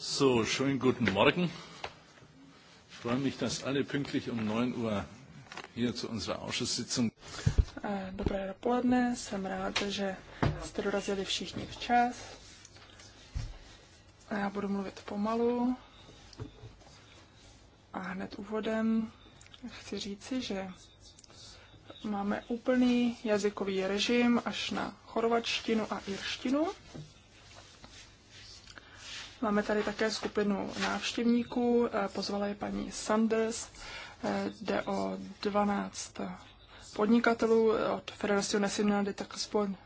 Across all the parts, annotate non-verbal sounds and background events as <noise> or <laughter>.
So, schönen guten Morgen. Ich freue mich, dass alle pünktlich um 9 Uhr hier zu unserer Ausschusssitzung. Eh, dobré dopoledne, jsem rád, že jste dorazili všichni včas. A já budu mluvit pomalu. A hned úvodem chci říci, že máme úplný jazykový režim až na chorvačtinu a irštinu. Máme tady také skupinu návštěvníků, eh, pozvala je paní Sanders, eh, jde o 12 podnikatelů eh, od Federacio Nacional de Taxpon.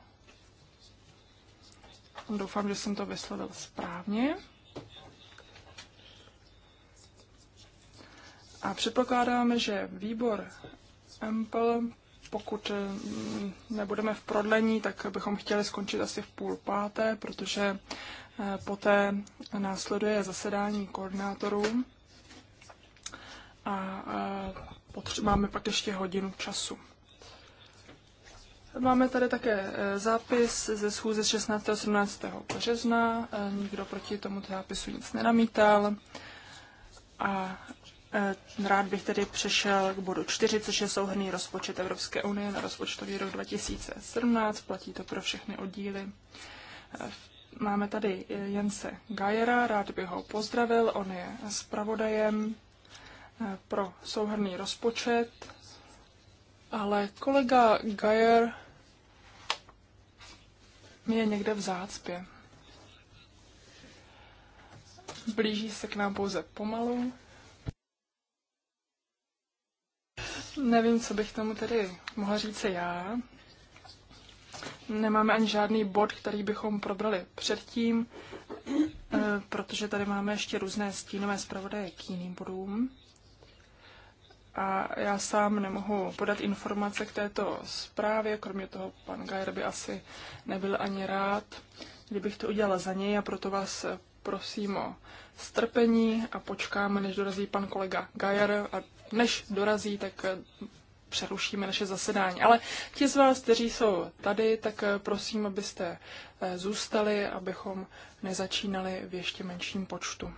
Doufám, že jsem to vyslovil správně. A předpokládáme, že výbor MPL pokud nebudeme v prodlení, tak bychom chtěli skončit asi v půl páté, protože Poté následuje zasedání koordinátorů a máme pak ještě hodinu času. Máme tady také e, zápis ze schůze 16. a 17. března. E, nikdo proti tomu zápisu nic nenamítal. A e, rád bych tedy přešel k bodu 4, což je souhrný rozpočet Evropské unie na rozpočtový rok 2017. Platí to pro všechny oddíly. V Máme tady eh, Jense Gajera, rád bych ho pozdravil, on je zpravodajem eh, pro souhrný rozpočet, ale kolega Gajer je někde v zácpě. Blíží se k nám pouze pomalu. Nevím, co bych tomu tedy mohla říct já. Nemáme ani žádný bod, který bychom probrali předtím, eh, protože tady máme ještě různé stínové zpravodaje k jiným bodům. A já sám nemohu podat informace k této zprávě, kromě toho pan Gajer by asi nebyl ani rád, kdybych to udělala za něj a proto vás eh, prosím o strpení a počkáme, než dorazí pan kolega Gajer a než dorazí, tak eh, přerušíme naše zasedání. Ale ti z vás, kteří jsou tady, tak eh, prosím, abyste eh, zůstali, abychom nezačínali v ještě menším počtu.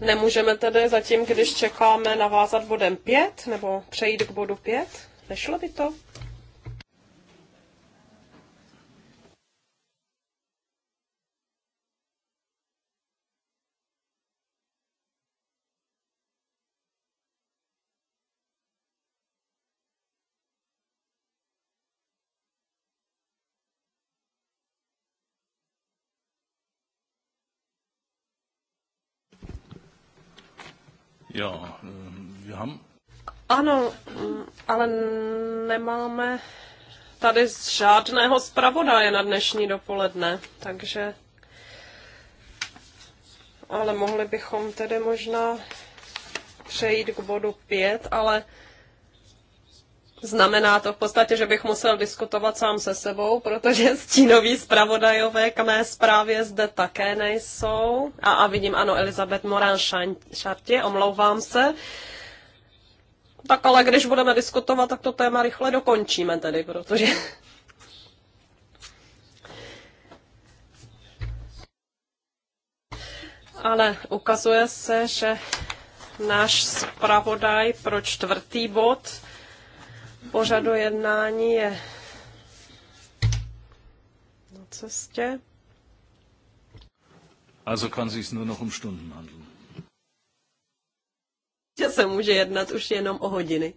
Nemůžeme tedy zatím, když čekáme, navázat bodem 5 nebo přejít k bodu 5? Nešlo by to? Jo, eh, já Ano, ale nemáme tady žádného zpravodaje na dnešní dopoledne, takže... Ale mohli bychom tedy možná přejít k bodu 5, ale Znamená to v podstatě, že bych musel diskutovat sám se sebou, protože stínoví zpravodajové k mé zprávě zde také nejsou. A, a vidím, ano, Elizabeth Moran Šartě, omlouvám se. Tak ale když budeme diskutovat, tak to téma rychle dokončíme tedy, protože... Ale ukazuje se, že náš zpravodaj pro čtvrtý bod pořadu jednání je na cestě. Also kann sich's nur noch um Stunden handeln. Se může jednat už jenom o hodiny.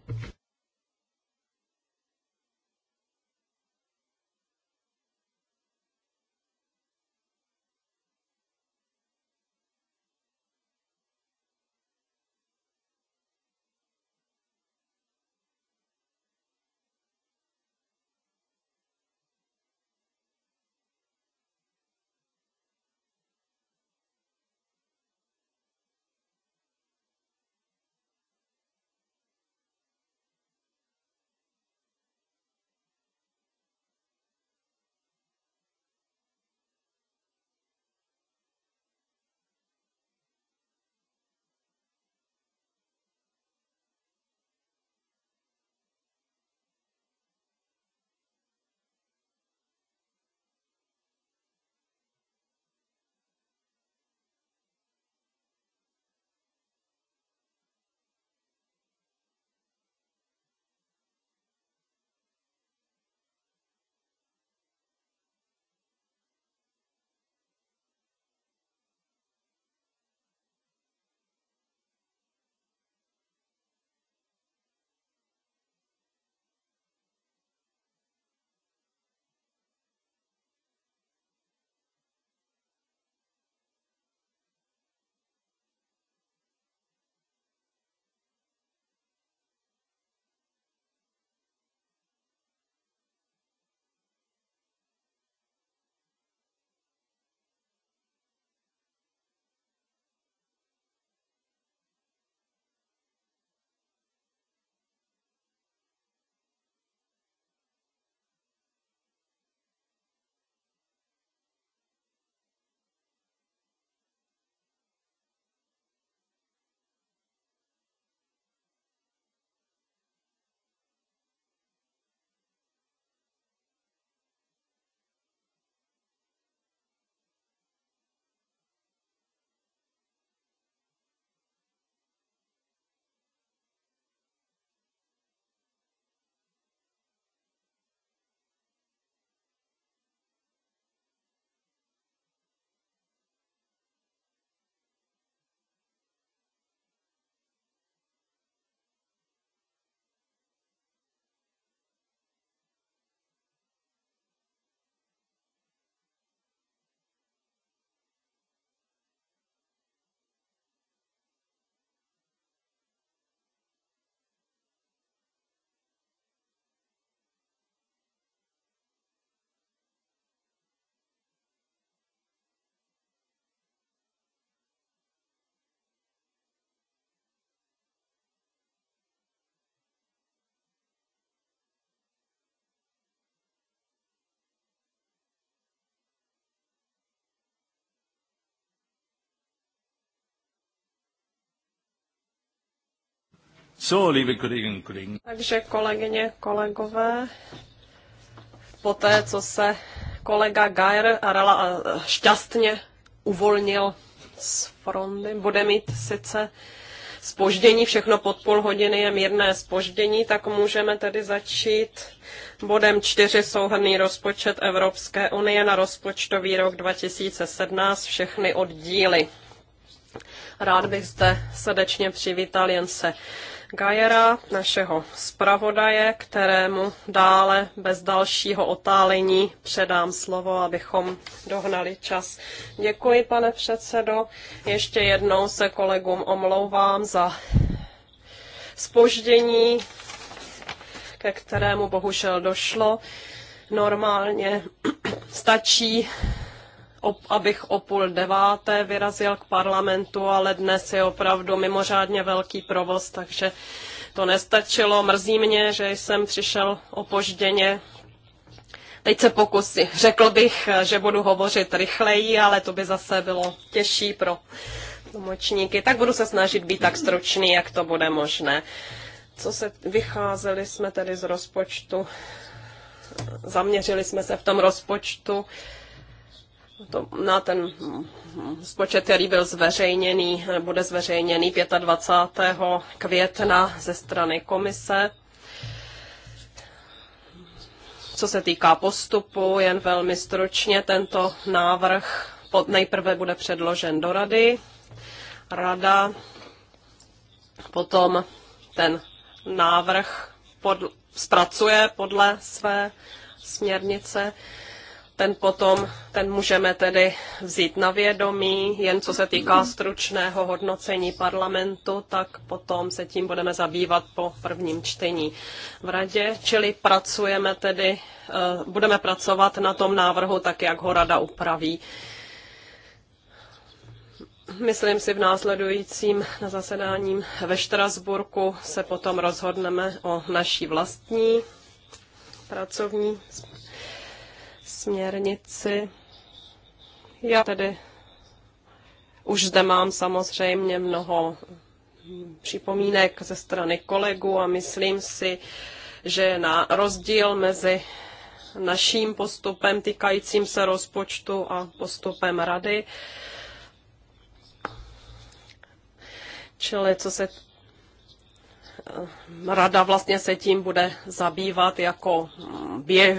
So, liebe Kolleginnen Kollegen. Takže kolegyně, kolegové, poté, co se kolega Geir Arala eh, šťastně uvolnil z fronty, bude mít sice spoždění, všechno pod půl hodiny je mírné spoždění, tak můžeme tedy začít bodem čtyři souhrný rozpočet Evropské unie na rozpočtový rok 2017 všechny oddíly. Rád bych zde srdečně přivítal Jense Gajera, našeho zpravodaje, kterému dále bez dalšího otálení předám slovo, abychom dohnali čas. Děkuji, pane předsedo. Ještě jednou se kolegům omlouvám za spoždění, ke kterému bohužel došlo. Normálně <clears throat> stačí abych o půl deváté vyrazil k parlamentu, ale dnes je opravdu mimořádně velký provoz, takže to nestačilo. Mrzí mě, že jsem přišel opožděně. Teď se pokusím. Řekl bych, že budu hovořit rychleji, ale to by zase bylo těžší pro tlumočníky. Tak budu se snažit být tak stručný, jak to bude možné. Co se vycházeli jsme tedy z rozpočtu, zaměřili jsme se v tom rozpočtu to, na ten spočet, který byl zveřejněný, bude zveřejněný 25. května ze strany komise. Co se týká postupu, jen velmi stručně tento návrh pod, nejprve bude předložen do rady. Rada potom ten návrh pod, zpracuje podle své směrnice ten potom, ten můžeme tedy vzít na vědomí, jen co se týká stručného hodnocení parlamentu, tak potom se tím budeme zabývat po prvním čtení v radě, čili pracujeme tedy, eh, budeme pracovat na tom návrhu tak, jak ho rada upraví. Myslím si, v následujícím na zasedáním ve Štrasburku se potom rozhodneme o naší vlastní pracovní směrnici. Já tedy už zde mám samozřejmě mnoho připomínek ze strany kolegů a myslím si, že na rozdíl mezi naším postupem týkajícím se rozpočtu a postupem rady, Čili co se rada vlastně se tím bude zabývat jako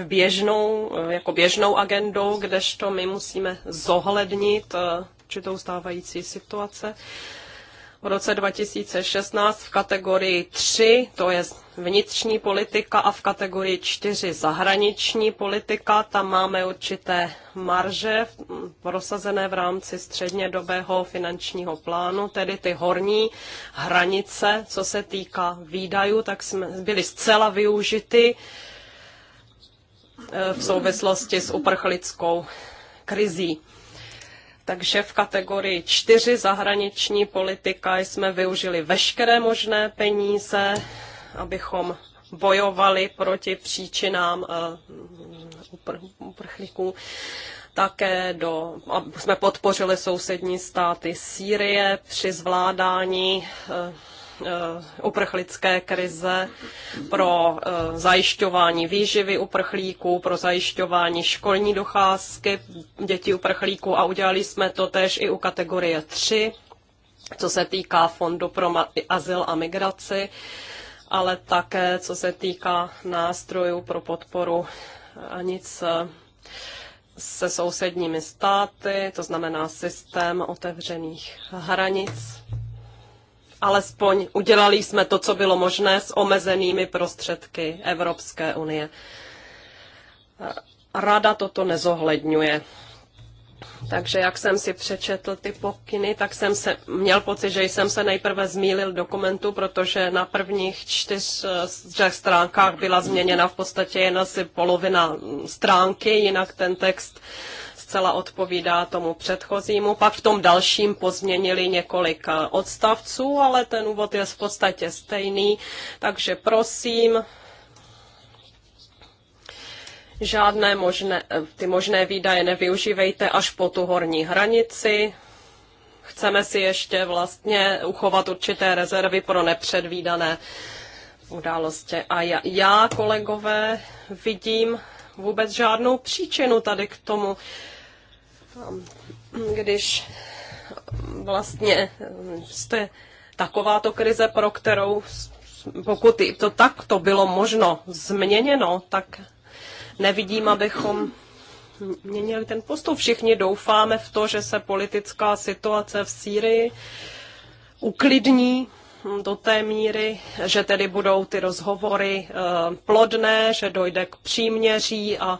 běžnou, jako běžnou agendou, kdežto my musíme zohlednit eh, určitou stávající situace v roce 2016 v kategorii 3, to je vnitřní politika, a v kategorii 4 zahraniční politika. Tam máme určité marže prosazené v rámci střednědobého finančního plánu, tedy ty horní hranice, co se týká výdajů, tak jsme byly zcela využity e, v souvislosti s uprchlickou krizí. Takže v kategorii 4 zahraniční politika jsme využili veškeré možné peníze, abychom bojovali proti příčinám eh, uprchlíků. Také do, jsme podpořili sousední státy Sýrie při zvládání eh, Eh, uprchlické krize, pro eh, zajišťování výživy uprchlíků, pro zajišťování školní docházky dětí uprchlíků a udělali jsme to též i u kategorie 3, co se týká Fondu pro azyl a migraci, ale také co se týká nástrojů pro podporu eh, a nic se sousedními státy, to znamená systém otevřených hranic alespoň udělali jsme to, co bylo možné s omezenými prostředky Evropské unie. Rada toto nezohledňuje. Takže jak jsem si přečetl ty pokyny, tak jsem se, měl pocit, že jsem se nejprve zmílil dokumentu, protože na prvních čtyř stránkách byla změněna v podstatě jen asi polovina stránky, jinak ten text uh, zcela odpovídá tomu předchozímu. Pak v tom dalším pozměnili několik eh, odstavců, ale ten úvod je v podstatě stejný. Takže prosím, žádné možné, eh, ty možné výdaje nevyužívejte až po tu horní hranici. Chceme si ještě vlastně uchovat určité rezervy pro nepředvídané události. A já, já kolegové, vidím vůbec žádnou příčinu tady k tomu když vlastně jste takováto krize, pro kterou pokud to takto bylo možno změněno, tak nevidím, abychom měnili ten postup. Všichni doufáme v to, že se politická situace v Sýrii uklidní do té míry, že tedy budou ty rozhovory eh, plodné, že dojde k příměří a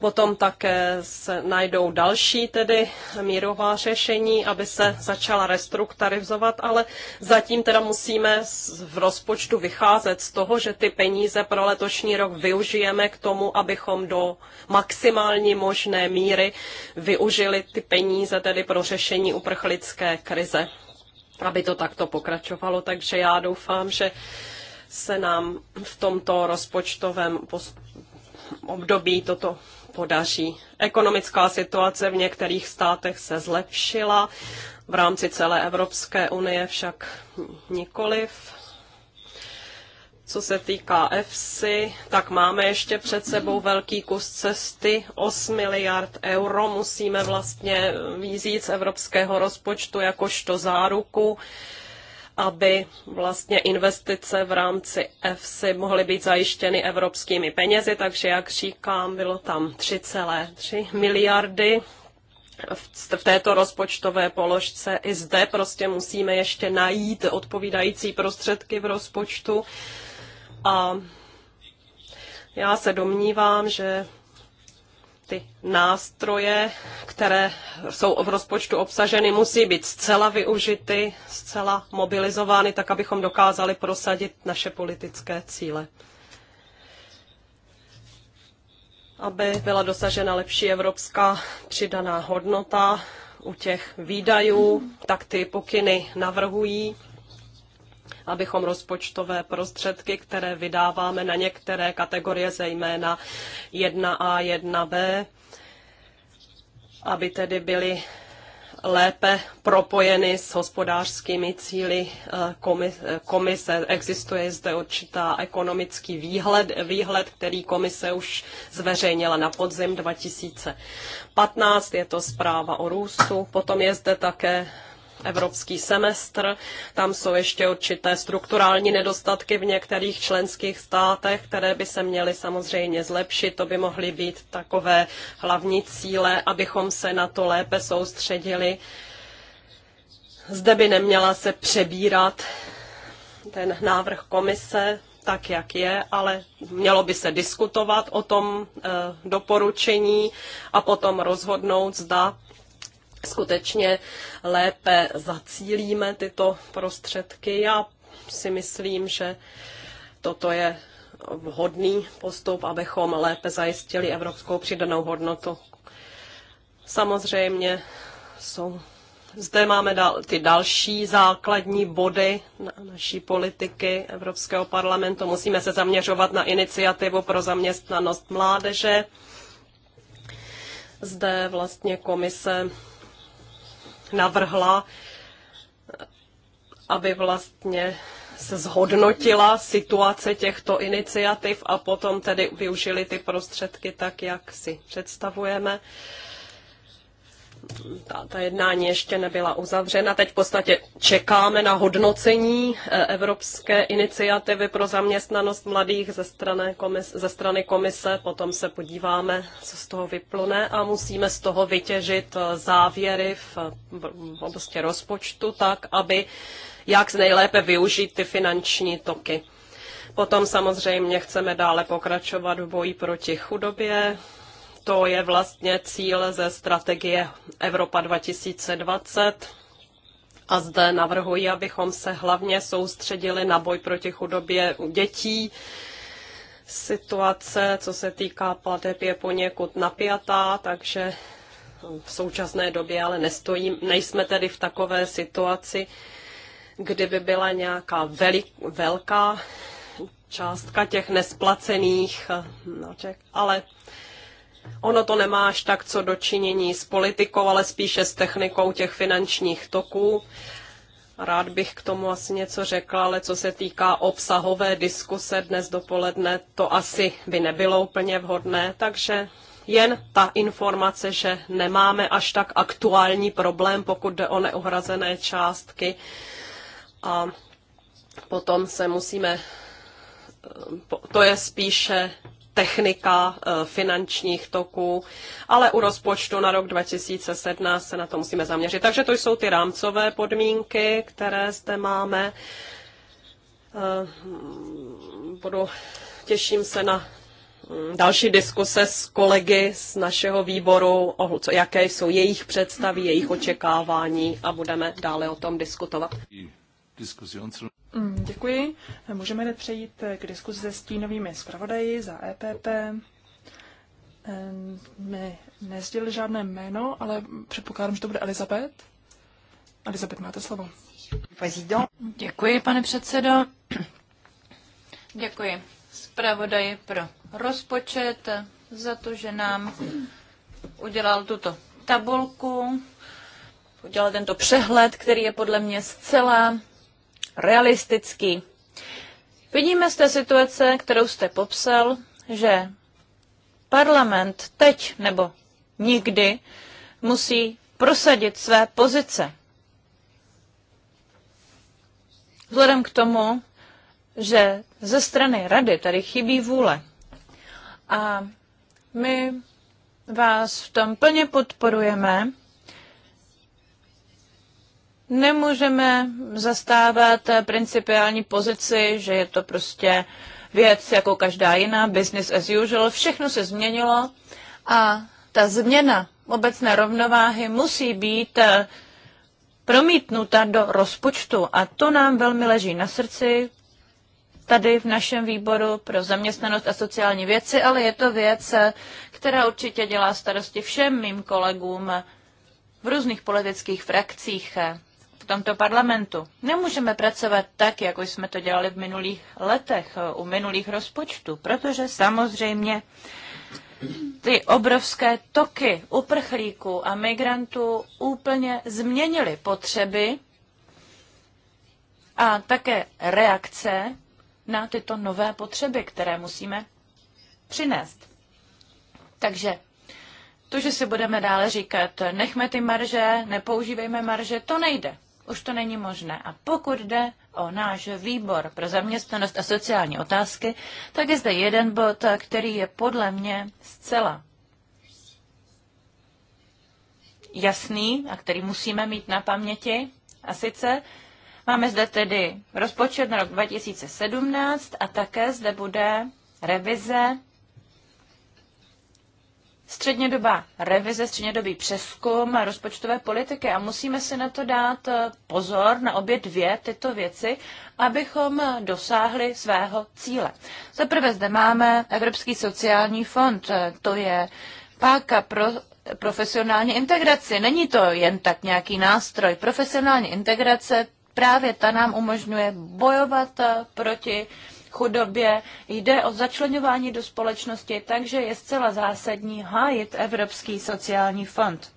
Potom také se najdou další tedy mírová řešení, aby se začala restrukturizovat, ale zatím teda musíme v rozpočtu vycházet z toho, že ty peníze pro letošní rok využijeme k tomu, abychom do maximální možné míry využili ty peníze tedy pro řešení uprchlické krize aby to takto pokračovalo. Takže já doufám, že se nám v tomto rozpočtovém období toto podaří. Ekonomická situace v některých státech se zlepšila, v rámci celé Evropské unie však nikoliv. Co se týká EFSI, tak máme ještě před sebou velký kus cesty. 8 miliard euro musíme vlastně výzít z evropského rozpočtu jakožto záruku. Uh, aby vlastně investice v rámci EFSI mohly být zajištěny evropskými penězi, takže jak říkám, bylo tam 3,3 miliardy v této rozpočtové položce. I zde prostě musíme ještě najít odpovídající prostředky v rozpočtu. A já se domnívám, že ty nástroje, které jsou v rozpočtu obsaženy, musí být zcela využity, zcela mobilizovány, tak abychom dokázali prosadit naše politické cíle. Aby byla dosažena lepší evropská přidaná hodnota u těch výdajů, tak ty pokyny navrhují abychom rozpočtové prostředky, které vydáváme na některé kategorie, zejména 1A, 1B, aby tedy byly lépe propojeny s hospodářskými cíly eh, komise. Existuje zde určitá ekonomický výhled, výhled, který komise už zveřejnila na podzim 2015. Je to zpráva o růstu. Potom je zde také evropský semestr. Tam jsou ještě určité strukturální nedostatky v některých členských státech, které by se měly samozřejmě zlepšit. To by mohly být takové hlavní cíle, abychom se na to lépe soustředili. Zde by neměla se přebírat ten návrh komise, tak, jak je, ale mělo by se diskutovat o tom e, doporučení a potom rozhodnout, zda skutečně lépe zacílíme tyto prostředky. Já si myslím, že toto je vhodný postup, abychom lépe zajistili evropskou přidanou hodnotu. Samozřejmě jsou zde máme dal, ty další základní body na naší politiky Evropského parlamentu. Musíme se zaměřovat na iniciativu pro zaměstnanost mládeže. Zde vlastně komise navrhla, aby vlastně se zhodnotila situace těchto iniciativ a potom tedy využili ty prostředky tak, jak si představujeme. Uh, ta, ta jednání ještě nebyla uzavřena. Teď v podstatě čekáme na hodnocení eh, Evropské iniciativy pro zaměstnanost mladých ze strany, komise, ze strany komise. Potom se podíváme, co z toho vyplune a musíme z toho vytěžit eh, závěry v, v oblasti rozpočtu tak, aby jak nejlépe využít ty finanční toky. Potom samozřejmě chceme dále pokračovat v boji proti chudobě, to je vlastně cíl ze strategie Evropa 2020. A zde navrhuji, abychom se hlavně soustředili na boj proti chudobě u dětí. Situace, co se týká plateb, je poněkud napjatá, takže v současné době ale nestojím, nejsme tedy v takové situaci, kdyby byla nějaká velik, velká částka těch nesplacených ček, no, ale Ono to nemá až tak co dočinění s politikou, ale spíše s technikou těch finančních toků. Rád bych k tomu asi něco řekla, ale co se týká obsahové diskuse dnes dopoledne, to asi by nebylo úplně vhodné, takže jen ta informace, že nemáme až tak aktuální problém, pokud jde o neuhrazené částky. A potom se musíme, eh, to je spíše technika eh, finančních toků, ale u rozpočtu na rok 2017 se na to musíme zaměřit. Takže to jsou ty rámcové podmínky, které zde máme. Eh, budu, těším se na mm, další diskuse s kolegy z našeho výboru, o co, jaké jsou jejich představy, jejich očekávání a budeme dále o tom diskutovat. Mm, děkuji. Můžeme jde přejít k diskuzi se stínovými zpravodaji za EPP. My ehm, nezdělili žádné jméno, ale předpokládám, že to bude Elizabet. Elizabet, máte slovo. Děkuji, pane předsedo. Děkuji zpravodaji pro rozpočet za to, že nám udělal tuto tabulku, udělal tento přehled, který je podle mě zcela realistický. Vidíme z té situace, kterou jste popsal, že parlament teď nebo nikdy musí prosadit své pozice. Vzhledem k tomu, že ze strany rady tady chybí vůle. A my vás v tom plně podporujeme nemůžeme zastávat principiální pozici, že je to prostě věc jako každá jiná, business as usual, všechno se změnilo a ta změna obecné rovnováhy musí být eh, promítnuta do rozpočtu a to nám velmi leží na srdci tady v našem výboru pro zaměstnanost a sociální věci, ale je to věc, eh, která určitě dělá starosti všem mým kolegům v různých politických frakcích. Eh tomto parlamentu. Nemůžeme pracovat tak, jako jsme to dělali v minulých letech, eh, u minulých rozpočtů, protože samozřejmě ty obrovské toky uprchlíků a migrantů úplně změnily potřeby a také reakce na tyto nové potřeby, které musíme přinést. Takže to, že si budeme dále říkat, nechme ty marže, nepoužívejme marže, to nejde už to není možné. A pokud jde o náš výbor pro zaměstnanost a sociální otázky, tak je zde jeden bod, který je podle mě zcela jasný a který musíme mít na paměti. A sice máme zde tedy rozpočet na rok 2017 a také zde bude revize střednědobá revize, střednědobý přeskum rozpočtové politiky a musíme si na to dát eh, pozor na obě dvě tyto věci, abychom dosáhli svého cíle. Za prvé zde máme Evropský sociální fond, eh, to je páka pro profesionální integraci. Není to jen tak nějaký nástroj. Profesionální integrace právě ta nám umožňuje bojovat eh, proti chudobě, jde o začlenování do společnosti, takže je zcela zásadní hájit Evropský sociální fond.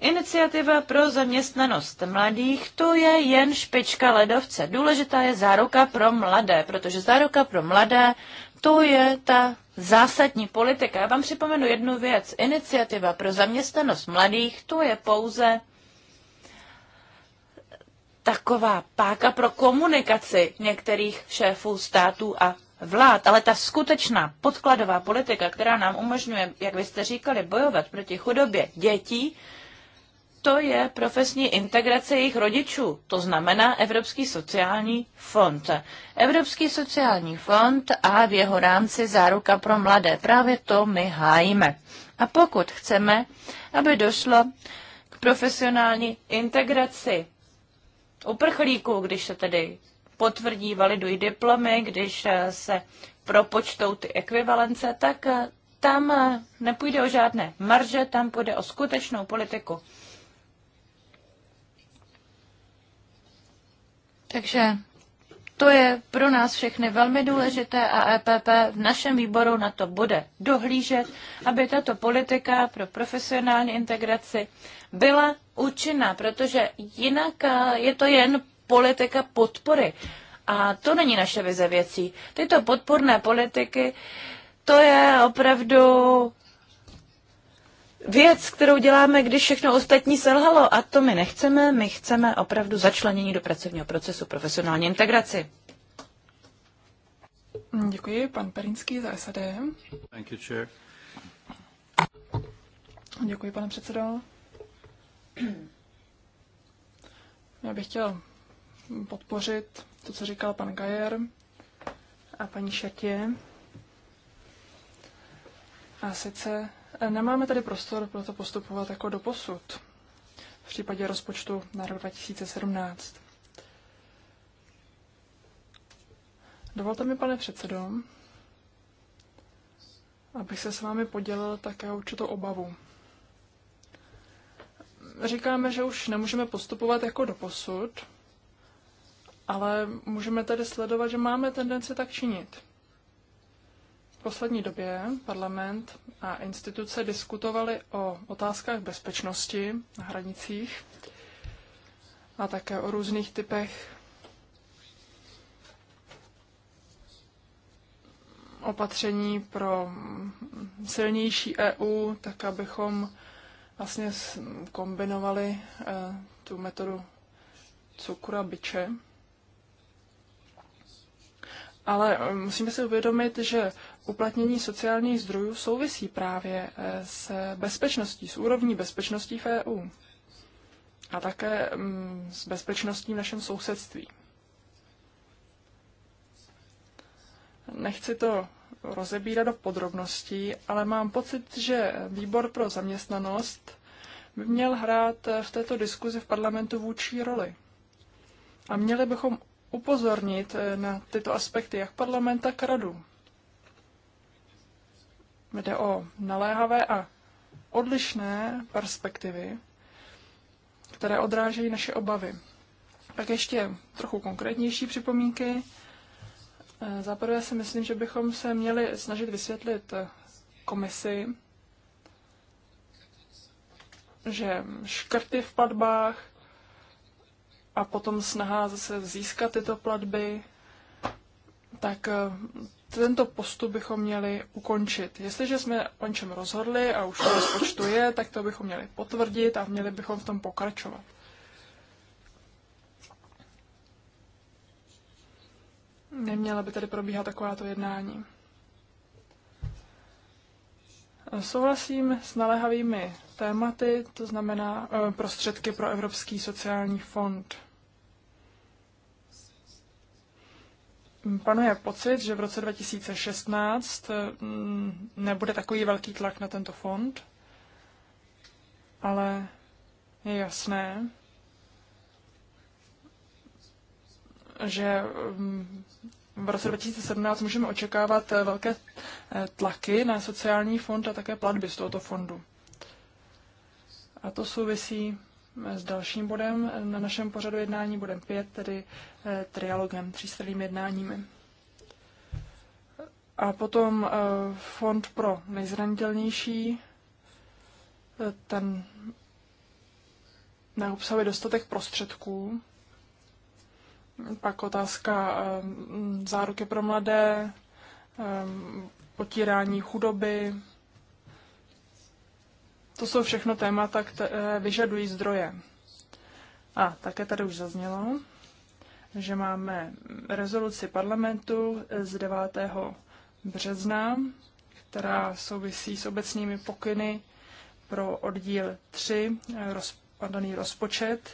Iniciativa pro zaměstnanost mladých, to je jen špička ledovce. Důležitá je záruka pro mladé, protože záruka pro mladé, to je ta zásadní politika. Já vám připomenu jednu věc. Iniciativa pro zaměstnanost mladých, to je pouze taková páka pro komunikaci některých šéfů států a vlád, ale ta skutečná podkladová politika, která nám umožňuje, jak vy jste říkali, bojovat proti chudobě dětí, to je profesní integrace jejich rodičů. To znamená Evropský sociální fond. Evropský sociální fond a v jeho rámci záruka pro mladé. Právě to my hájíme. A pokud chceme, aby došlo k profesionální integraci uprchlíků, když se tedy potvrdí, validují diplomy, když eh, se propočtou ty ekvivalence, tak eh, tam eh, nepůjde o žádné marže, tam půjde o skutečnou politiku. Takže to je pro nás všechny velmi důležité a EPP v našem výboru na to bude dohlížet, aby tato politika pro profesionální integraci byla účinná, protože jinak eh, je to jen politika podpory. A to není naše vize věcí. Tyto podporné politiky, to je opravdu věc, kterou děláme, když všechno ostatní selhalo. A to my nechceme, my chceme opravdu začlenění do pracovního procesu, profesionální integraci. Děkuji, pan Perinský za SAD. Thank you, chair. Děkuji, pane předsedo. Já bych chtěl podpořit to, co říkal pan Gajer a paní Šatě. A sice Nemáme tady prostor pro to postupovat jako do posud v případě rozpočtu na rok 2017. Dovolte mi, pane předsedo, abych se s vámi podělil také určitou obavu. Říkáme, že už nemůžeme postupovat jako do posud, ale můžeme tady sledovat, že máme tendenci tak činit poslední době parlament a instituce diskutovaly o otázkách bezpečnosti na hranicích a také o různých typech opatření pro silnější EU, tak abychom vlastně kombinovali eh, tu metodu cukru a biče. Ale eh, musíme si uvědomit, že uplatnění sociálních zdrojů souvisí právě eh, s bezpečností, s úrovní bezpečností v EU a také mm, s bezpečností v našem sousedství. Nechci to rozebírat do podrobností, ale mám pocit, že výbor pro zaměstnanost by měl hrát eh, v této diskuzi v parlamentu vůči roli. A měli bychom upozornit eh, na tyto aspekty jak parlament, tak radu. Jde o naléhavé a odlišné perspektivy, které odrážejí naše obavy. Pak ještě trochu konkrétnější připomínky. Eh, Za prvé si myslím, že bychom se měli snažit vysvětlit eh, komisi, že škrty v platbách a potom snaha zase získat tyto platby, tak eh, tento postup bychom měli ukončit. Jestliže jsme o něčem rozhodli a už to rozpočtu je, tak to bychom měli potvrdit a měli bychom v tom pokračovat. Neměla by tady probíhat takováto jednání. Souhlasím s naléhavými tématy, to znamená eh, prostředky pro Evropský sociální fond. panuje pocit, že v roce 2016 mm, nebude takový velký tlak na tento fond, ale je jasné, že mm, v roce 2017 můžeme očekávat eh, velké eh, tlaky na sociální fond a také platby z tohoto fondu. A to souvisí s dalším bodem na našem pořadu jednání, bodem 5, tedy eh, trialogem, třístrlým jednáními. A potom eh, fond pro nejzranitelnější, eh, ten neobsahuje dostatek prostředků. Pak otázka záruky pro mladé, potírání chudoby, to jsou všechno témata, které vyžadují zdroje. A také tady už zaznělo, že máme rezoluci parlamentu z 9. března, která souvisí s obecnými pokyny pro oddíl 3, rozpadaný rozpočet.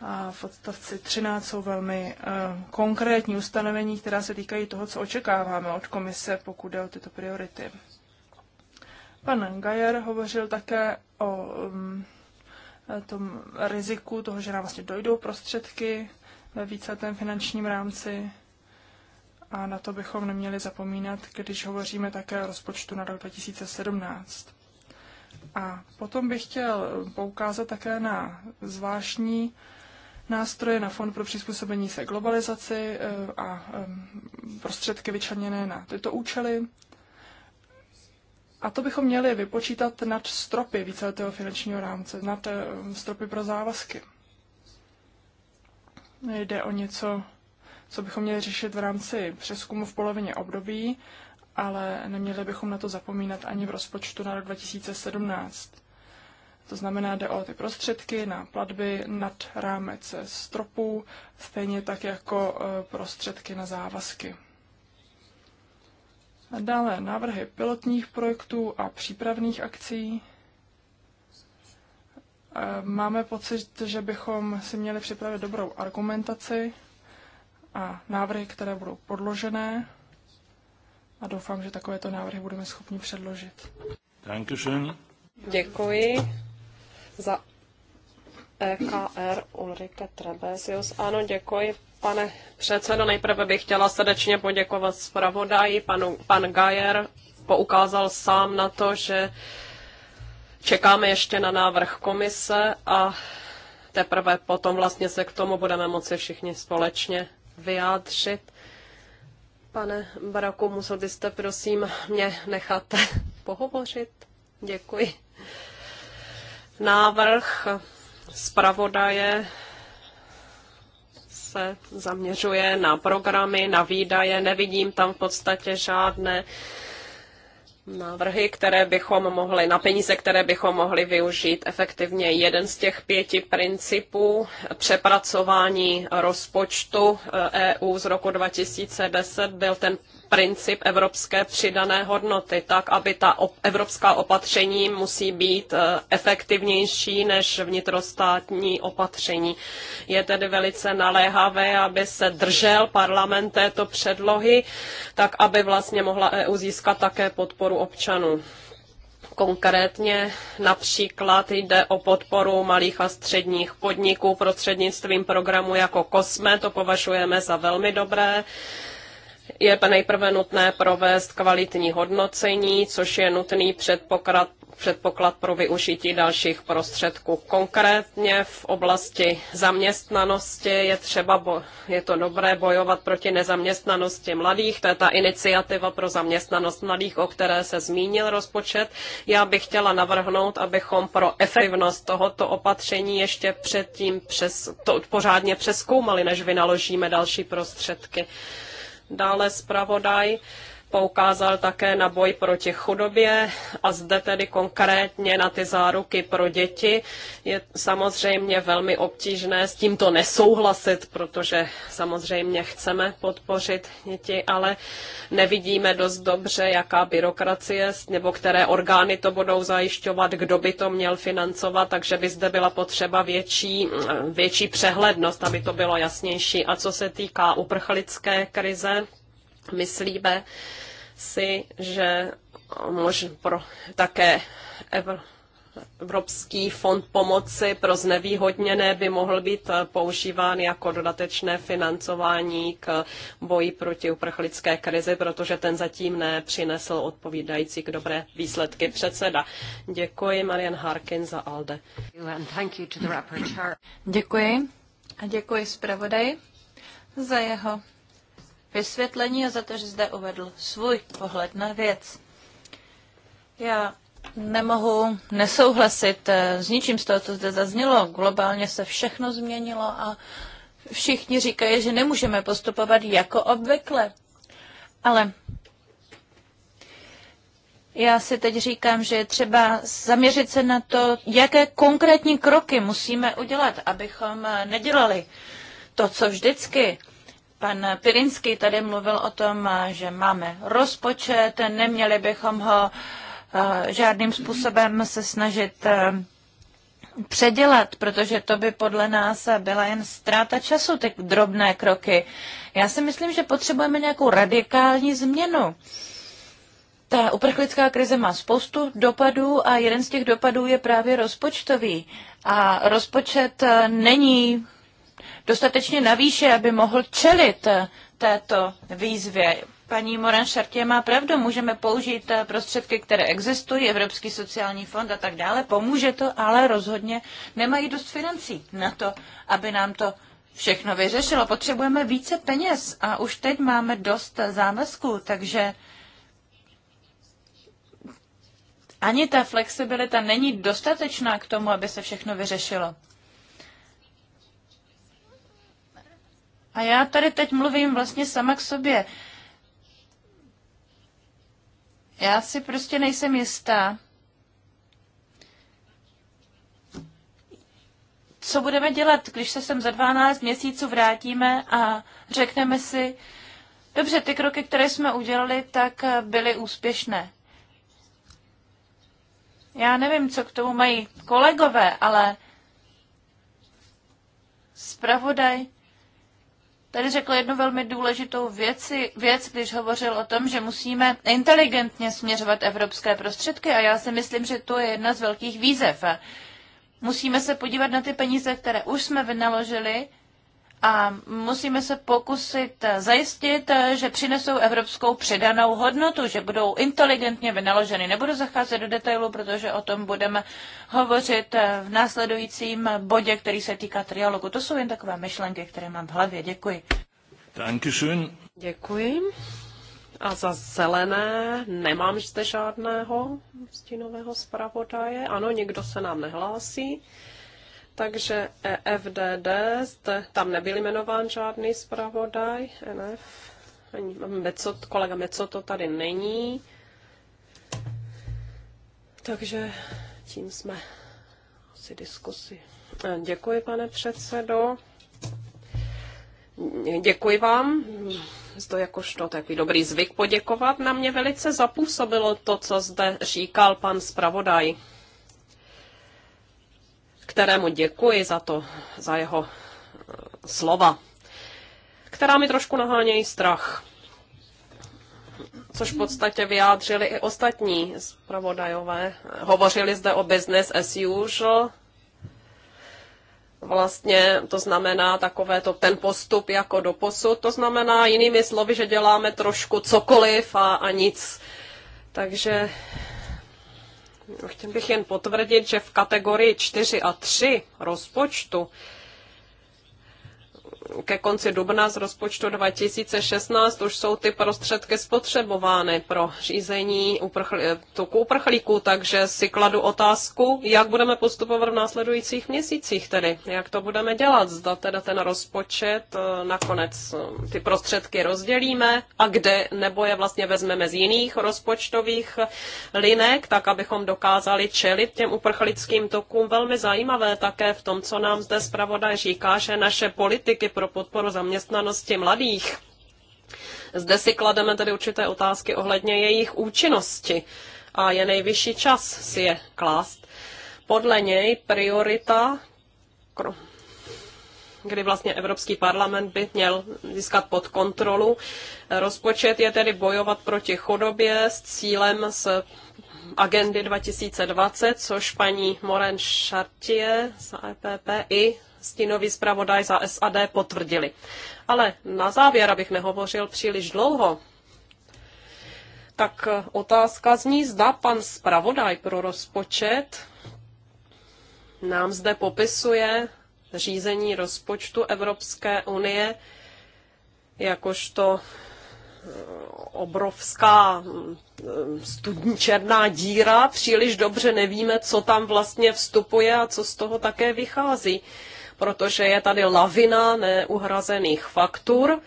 A v odstavci 13 jsou velmi uh, konkrétní ustanovení, která se týkají toho, co očekáváme od komise, pokud jde o tyto priority. Pan Gajer hovořil také o um, tom riziku toho, že nám vlastně dojdou prostředky ve víceletém finančním rámci. A na to bychom neměli zapomínat, když hovoříme také o rozpočtu na rok 2017. A potom bych chtěl poukázat také na zvláštní nástroje na Fond pro přizpůsobení se globalizaci eh, a eh, prostředky vyčleněné na tyto účely. A to bychom měli vypočítat nad stropy víceletého finančního rámce, nad eh, stropy pro závazky. Jde o něco, co bychom měli řešit v rámci přeskumu v polovině období, ale neměli bychom na to zapomínat ani v rozpočtu na rok 2017. To znamená, jde o ty prostředky na platby nad rámec stropů, stejně tak jako eh, prostředky na závazky. Dále návrhy pilotních projektů a přípravných akcí. Máme pocit, že bychom si měli připravit dobrou argumentaci a návrhy, které budou podložené. A doufám, že takovéto návrhy budeme schopni předložit. Děkuji za EKR Ulrike Trebesius. Ano, děkuji, pane předsedo. Nejprve bych chtěla srdečně poděkovat zpravodaji. Pan, pan Gajer poukázal sám na to, že čekáme ještě na návrh komise a teprve potom vlastně se k tomu budeme moci všichni společně vyjádřit. Pane Baraku, musel byste prosím mě nechat <laughs> pohovořit. Děkuji. Návrh zpravodaje se zaměřuje na programy, na výdaje. Nevidím tam v podstatě žádné návrhy, které bychom mohli, na peníze, které bychom mohli využít efektivně. Jeden z těch pěti principů přepracování rozpočtu EU eh, e z roku 2010 byl ten princip evropské přidané hodnoty, tak aby ta evropská opatření musí být eh, efektivnější než vnitrostátní opatření. Je tedy velice naléhavé, aby se držel parlament této předlohy, tak aby vlastně mohla EU získat také podporu občanů. Konkrétně například jde o podporu malých a středních podniků prostřednictvím programu jako COSME, to považujeme za velmi dobré je nejprve nutné provést kvalitní hodnocení, což je nutný předpoklad, předpoklad pro využití dalších prostředků. Konkrétně v oblasti zaměstnanosti je třeba, bo, je to dobré bojovat proti nezaměstnanosti mladých, to je ta iniciativa pro zaměstnanost mladých, o které se zmínil rozpočet. Já bych chtěla navrhnout, abychom pro efektivnost tohoto opatření ještě předtím přes, to pořádně přeskoumali, než vynaložíme další prostředky. Dále zpravodaj Poukázal také na boj proti chudobě a zde tedy konkrétně na ty záruky pro děti. Je samozřejmě velmi obtížné s tímto nesouhlasit, protože samozřejmě chceme podpořit děti, ale nevidíme dost dobře, jaká byrokracie nebo které orgány to budou zajišťovat, kdo by to měl financovat, takže by zde byla potřeba větší, větší přehlednost, aby to bylo jasnější. A co se týká uprchlické krize, Myslíme si, že možná pro také Evropský fond pomoci pro znevýhodněné by mohl být používán jako dodatečné financování k boji proti uprchlické krizi, protože ten zatím nepřinesl odpovídající k dobré výsledky předseda. Děkuji Marian Harkin za ALDE. Děkuji a děkuji zpravodaji za jeho vysvětlení a za to, že zde uvedl svůj pohled na věc. Já nemohu nesouhlasit eh, s ničím z toho, co zde zaznělo. Globálně se všechno změnilo a všichni říkají, že nemůžeme postupovat jako obvykle. Ale já si teď říkám, že je třeba zaměřit se na to, jaké konkrétní kroky musíme udělat, abychom eh, nedělali to, co vždycky. Pan Pirinský tady mluvil o tom, že máme rozpočet, neměli bychom ho eh, žádným způsobem se snažit eh, předělat, protože to by podle nás byla jen ztráta času, ty drobné kroky. Já si myslím, že potřebujeme nějakou radikální změnu. Ta uprchlická krize má spoustu dopadů a jeden z těch dopadů je právě rozpočtový. A rozpočet eh, není dostatečně navýše, aby mohl čelit eh, této výzvě. Paní Moran Šartě má pravdu, můžeme použít eh, prostředky, které existují, Evropský sociální fond a tak dále, pomůže to, ale rozhodně nemají dost financí na to, aby nám to všechno vyřešilo. Potřebujeme více peněz a už teď máme dost eh, závazků, takže ani ta flexibilita není dostatečná k tomu, aby se všechno vyřešilo. A já tady teď mluvím vlastně sama k sobě. Já si prostě nejsem jistá, co budeme dělat, když se sem za 12 měsíců vrátíme a řekneme si, dobře, ty kroky, které jsme udělali, tak byly úspěšné. Já nevím, co k tomu mají kolegové, ale zpravodaj Tady řekl jednu velmi důležitou věci, věc, když hovořil o tom, že musíme inteligentně směřovat evropské prostředky a já si myslím, že to je jedna z velkých výzev. Musíme se podívat na ty peníze, které už jsme vynaložili a musíme se pokusit zajistit, že přinesou evropskou přidanou hodnotu, že budou inteligentně vynaloženy. Nebudu zacházet do detailu, protože o tom budeme hovořit v následujícím bodě, který se týká trialogu. To jsou jen takové myšlenky, které mám v hlavě. Děkuji. Dankeschön. Děkuji. A za zelené nemám zde žádného stínového zpravodaje. Ano, někdo se nám nehlásí. Takže e FDD, jste, tam nebyl jmenován žádný zpravodaj, NF, ani Mecot, kolega Meco to tady není. Takže tím jsme si diskusi. E, děkuji, pane předsedo. Děkuji vám. Zde jakožto takový dobrý zvyk poděkovat. Na mě velice zapůsobilo to, co zde říkal pan zpravodaj kterému děkuji za to, za jeho eh, slova, která mi trošku nahánějí strach což v podstatě vyjádřili i ostatní zpravodajové. Hovořili zde o business as usual. Vlastně to znamená takové to, ten postup jako do posud, to znamená jinými slovy, že děláme trošku cokoliv a, a nic. Takže Chtěl bych jen potvrdit, že v kategorii 4 a 3 rozpočtu ke konci dubna z rozpočtu 2016 už jsou ty prostředky spotřebovány pro řízení uprchl- eh, toku uprchlíků, takže si kladu otázku, jak budeme postupovat v následujících měsících tedy, jak to budeme dělat, zda teda ten rozpočet eh, nakonec eh, ty prostředky rozdělíme a kde nebo je vlastně vezmeme z jiných rozpočtových linek, tak abychom dokázali čelit těm uprchlickým tokům. Velmi zajímavé také v tom, co nám zde zpravodaj říká, že naše politiky pro podporu zaměstnanosti mladých. Zde si klademe tedy určité otázky ohledně jejich účinnosti a je nejvyšší čas si je klást. Podle něj priorita, kdy vlastně Evropský parlament by měl získat pod kontrolu, rozpočet je tedy bojovat proti chudobě s cílem s agendy 2020, což paní Moren Chartier z EPP i stínový zpravodaj za SAD potvrdili. Ale na závěr, abych nehovořil příliš dlouho, tak otázka zní, zda pan zpravodaj pro rozpočet nám zde popisuje řízení rozpočtu Evropské unie jakožto eh, obrovská eh, studní černá díra, příliš dobře nevíme, co tam vlastně vstupuje a co z toho také vychází protože je tady lavina neuhrazených faktur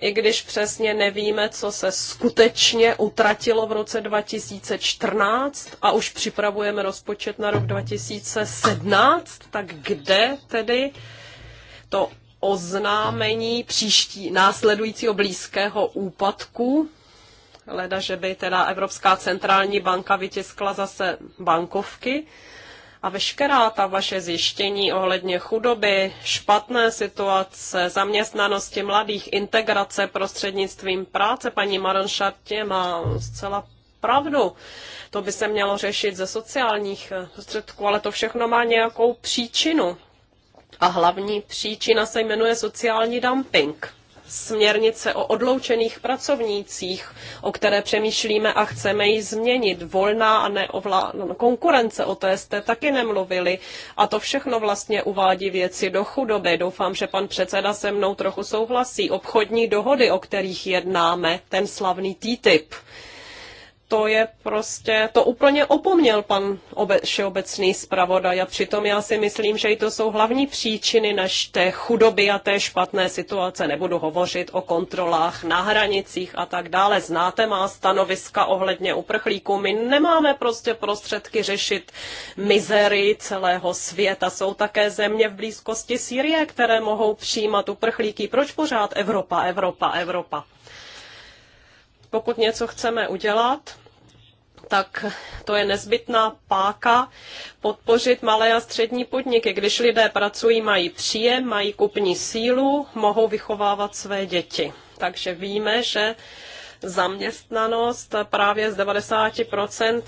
i když přesně nevíme, co se skutečně utratilo v roce 2014 a už připravujeme rozpočet na rok 2017, tak kde tedy to oznámení příští následujícího blízkého úpadku, leda, že by teda Evropská centrální banka vytiskla zase bankovky, a veškerá ta vaše zjištění ohledně chudoby, špatné situace, zaměstnanosti mladých, integrace prostřednictvím práce, paní Maron Šartě má zcela pravdu. To by se mělo řešit ze sociálních eh, prostředků, ale to všechno má nějakou příčinu. A hlavní příčina se jmenuje sociální dumping směrnice o odloučených pracovnících, o které přemýšlíme a chceme ji změnit. Volná a neovlá... konkurence, o té jste taky nemluvili. A to všechno vlastně uvádí věci do chudoby. Doufám, že pan předseda se mnou trochu souhlasí. Obchodní dohody, o kterých jednáme, ten slavný TTIP to je prostě, to úplně opomněl pan obe, všeobecný zpravodaj a přitom já si myslím, že i to jsou hlavní příčiny naš té chudoby a té špatné situace. Nebudu hovořit o kontrolách na hranicích a tak dále. Znáte má stanoviska ohledně uprchlíků. My nemáme prostě prostředky řešit mizery celého světa. Jsou také země v blízkosti Sýrie, které mohou přijímat uprchlíky. Proč pořád Evropa, Evropa, Evropa? pokud něco chceme udělat, tak to je nezbytná páka podpořit malé a střední podniky. Když lidé pracují, mají příjem, mají kupní sílu, mohou vychovávat své děti. Takže víme, že zaměstnanost právě z 90%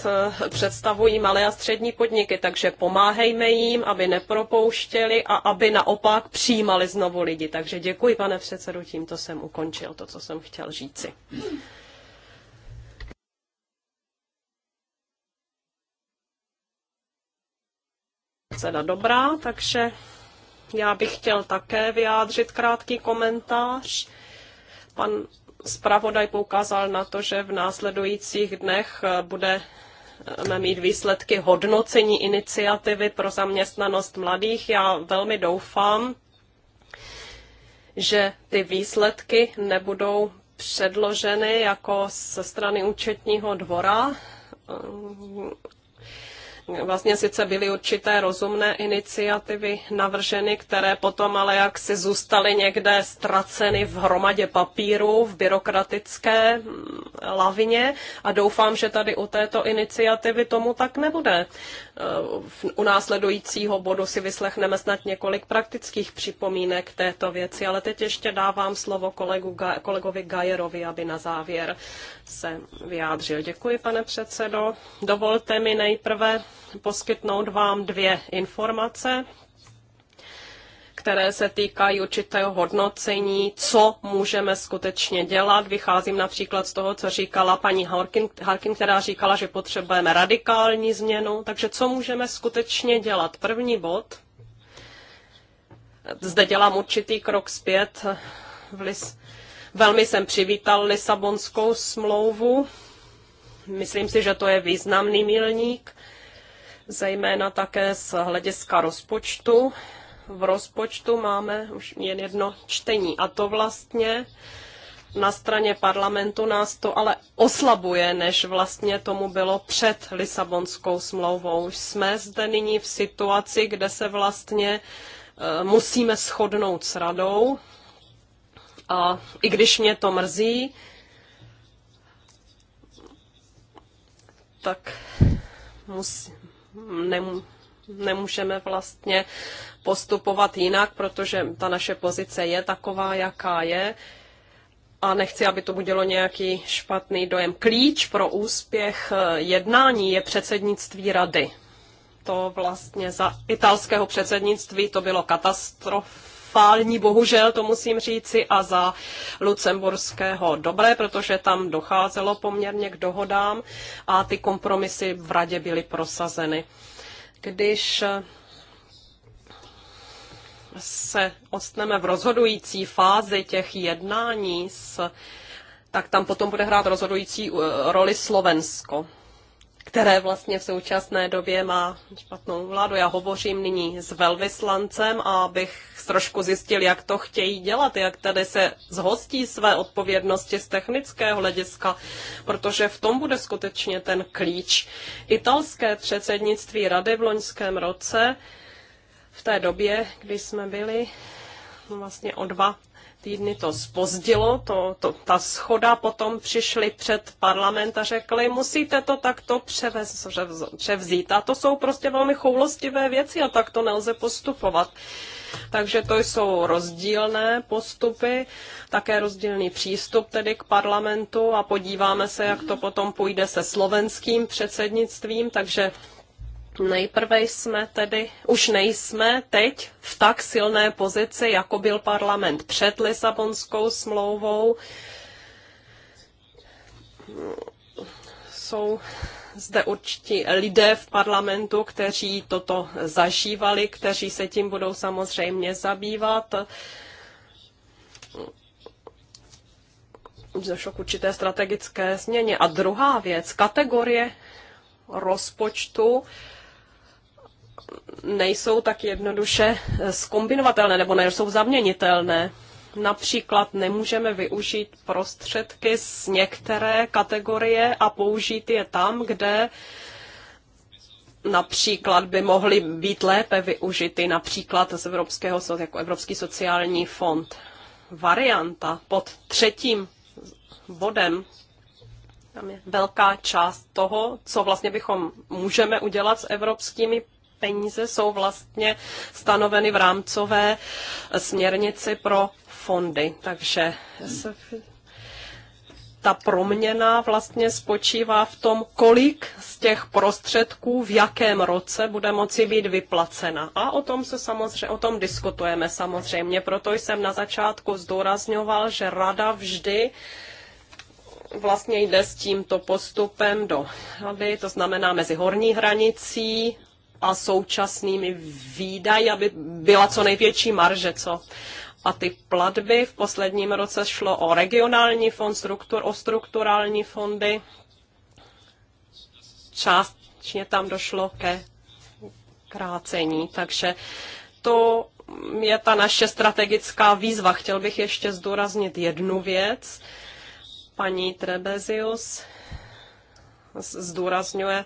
eh, představují malé a střední podniky, takže pomáhejme jim, aby nepropouštěli a aby naopak přijímali znovu lidi. Takže děkuji, pane předsedu, tímto jsem ukončil to, co jsem chtěl říci. Cena dobrá, takže já bych chtěl také vyjádřit krátký komentář. Pan zpravodaj poukázal na to, že v následujících dnech bude mít výsledky hodnocení iniciativy pro zaměstnanost mladých. Já velmi doufám, že ty výsledky nebudou předloženy jako ze strany účetního dvora, vlastně sice byly určité rozumné iniciativy navrženy, které potom ale jaksi zůstaly někde ztraceny v hromadě papíru, v byrokratické mm, lavině a doufám, že tady u této iniciativy tomu tak nebude. E, u následujícího bodu si vyslechneme snad několik praktických připomínek této věci, ale teď ještě dávám slovo kolegu, kolegovi Gajerovi, aby na závěr se vyjádřil. Děkuji, pane předsedo. Dovolte mi nejprve poskytnout vám dvě informace, které se týkají určitého hodnocení, co můžeme skutečně dělat. Vycházím například z toho, co říkala paní Harkin, Harkin která říkala, že potřebujeme radikální změnu. Takže co můžeme skutečně dělat? První bod. Zde dělám určitý krok zpět v list Velmi jsem přivítal Lisabonskou smlouvu. Myslím si, že to je významný milník, zejména také z hlediska rozpočtu. V rozpočtu máme už jen jedno čtení a to vlastně na straně parlamentu nás to ale oslabuje, než vlastně tomu bylo před Lisabonskou smlouvou. Jsme zde nyní v situaci, kde se vlastně eh, musíme shodnout s radou a i když mě to mrzí, tak musí, nemů, nemůžeme vlastně postupovat jinak, protože ta naše pozice je taková, jaká je. A nechci, aby to budilo nějaký špatný dojem. Klíč pro úspěch eh, jednání je předsednictví rady. To vlastně za italského předsednictví to bylo katastrof chválení, bohužel to musím říci, a za Lucemburského dobré, protože tam docházelo poměrně k dohodám a ty kompromisy v radě byly prosazeny. Když eh, se ostneme v rozhodující fázi těch jednání, s, tak tam potom bude hrát rozhodující eh, roli Slovensko které vlastně v současné době má špatnou vládu. Já hovořím nyní s velvyslancem, abych trošku zjistil, jak to chtějí dělat, jak tady se zhostí své odpovědnosti z technického hlediska, protože v tom bude skutečně ten klíč. Italské předsednictví rady v loňském roce v té době, kdy jsme byli, vlastně o dva týdny to spozdilo, to, to, ta schoda potom přišli před parlament a řekli, musíte to takto převez, převzít. A to jsou prostě velmi choulostivé věci a tak to nelze postupovat. Takže to jsou rozdílné postupy, také rozdílný přístup tedy k parlamentu a podíváme se, jak to potom půjde se slovenským předsednictvím, takže Nejprve jsme tedy, už nejsme teď v tak silné pozici, jako byl parlament před Lisabonskou smlouvou. Jsou zde určití lidé v parlamentu, kteří toto zažívali, kteří se tím budou samozřejmě zabývat. Došlo k určité strategické změně. A druhá věc, kategorie rozpočtu nejsou tak jednoduše eh, skombinovatelné nebo nejsou zaměnitelné. Například nemůžeme využít prostředky z některé kategorie a použít je tam, kde například by mohly být lépe využity, například z Evropského, jako Evropský sociální fond. Varianta pod třetím bodem tam je velká část toho, co vlastně bychom můžeme udělat s evropskými peníze jsou vlastně stanoveny v rámcové směrnici pro fondy. Takže ta proměna vlastně spočívá v tom, kolik z těch prostředků v jakém roce bude moci být vyplacena. A o tom se samozřejmě, o tom diskutujeme samozřejmě. Proto jsem na začátku zdůrazňoval, že rada vždy vlastně jde s tímto postupem do hlavy, to znamená mezi horní hranicí a současnými výdaji, aby byla co největší marže, co a ty platby v posledním roce šlo o regionální fond, struktur, o strukturální fondy. Částečně tam došlo ke krácení, takže to je ta naše strategická výzva. Chtěl bych ještě zdůraznit jednu věc. Paní Trebezius zdůrazňuje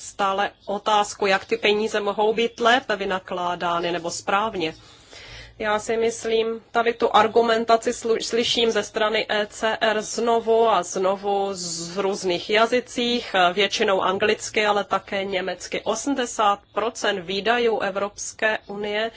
stále otázku, jak ty peníze mohou být lépe vynakládány nebo správně. Já si myslím, tady tu argumentaci slyším ze strany ECR znovu a znovu z různých jazycích, většinou anglicky, ale také německy. 80% výdajů Evropské unie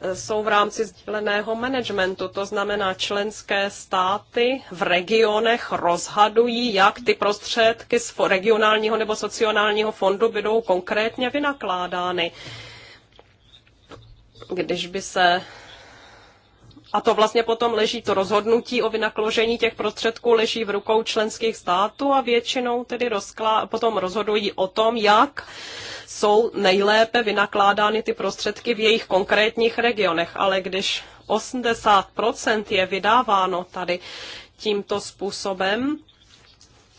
e, jsou v rámci sdíleného managementu, to znamená členské státy v regionech rozhadují, jak ty prostředky z regionálního nebo sociálního fondu budou konkrétně vynakládány. Když by se a to vlastně potom leží, to rozhodnutí o vynakložení těch prostředků leží v rukou členských států a většinou tedy rozklá, potom rozhodují o tom, jak jsou nejlépe vynakládány ty prostředky v jejich konkrétních regionech. Ale když 80% je vydáváno tady tímto způsobem,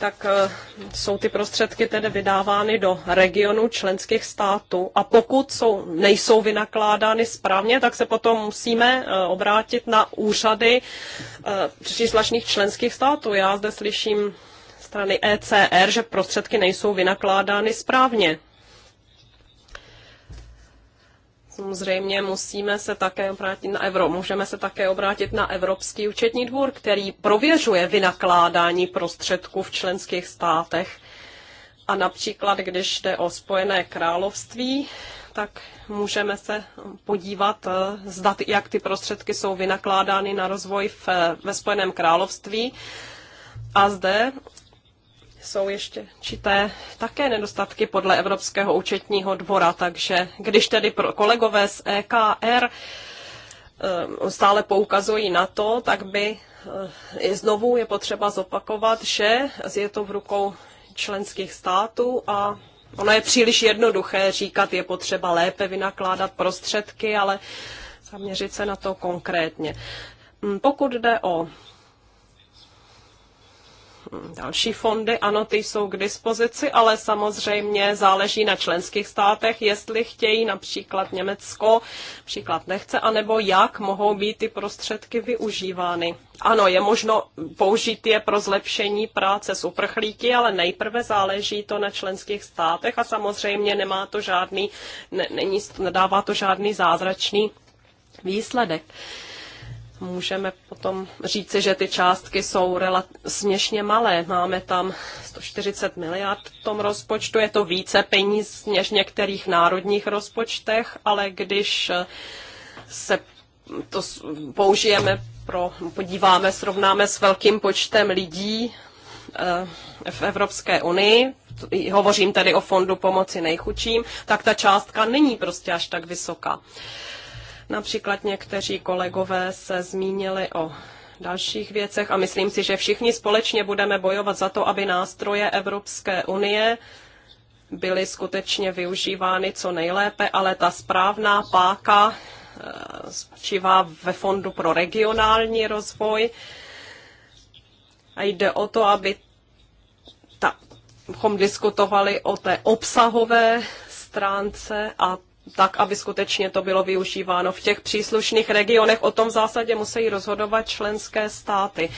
tak eh, jsou ty prostředky tedy vydávány do regionu členských států a pokud jsou, nejsou vynakládány správně, tak se potom musíme eh, obrátit na úřady eh, příslušných členských států. Já zde slyším strany ECR, že prostředky nejsou vynakládány správně. Samozřejmě musíme se také obrátit na euro. Můžeme se také obrátit na Evropský účetní dvůr, který prověřuje vynakládání prostředků v členských státech. A například, když jde o Spojené království, tak můžeme se podívat, eh, zda, jak ty prostředky jsou vynakládány na rozvoj v, eh, ve Spojeném království. A zde jsou ještě čité také nedostatky podle Evropského účetního dvora, takže když tedy pro kolegové z EKR eh, stále poukazují na to, tak by eh, znovu je potřeba zopakovat, že je to v rukou členských států a ono je příliš jednoduché říkat, je potřeba lépe vynakládat prostředky, ale zaměřit se na to konkrétně. Hm, pokud jde o další fondy, ano, ty jsou k dispozici, ale samozřejmě záleží na členských státech, jestli chtějí například Německo, příklad nechce, anebo jak mohou být ty prostředky využívány. Ano, je možno použít je pro zlepšení práce s uprchlíky, ale nejprve záleží to na členských státech a samozřejmě nemá to žádný, ne, není, nedává to žádný zázračný výsledek. Uh, můžeme potom říci, že ty částky jsou směšně malé. Máme tam 140 miliard v tom rozpočtu, je to více peníz než v některých národních rozpočtech, ale když eh, se to použijeme pro, podíváme, srovnáme s velkým počtem lidí eh, v Evropské unii, hovořím tedy o fondu pomoci nejchučím, tak ta částka není prostě až tak vysoká. Například někteří kolegové se zmínili o dalších věcech a myslím si, že všichni společně budeme bojovat za to, aby nástroje Evropské unie byly skutečně využívány co nejlépe, ale ta správná páka eh, spočívá ve Fondu pro regionální rozvoj a jde o to, aby ta, bychom diskutovali o té obsahové stránce a tak, aby skutečně to bylo využíváno. V těch příslušných regionech o tom v zásadě musí rozhodovat členské státy.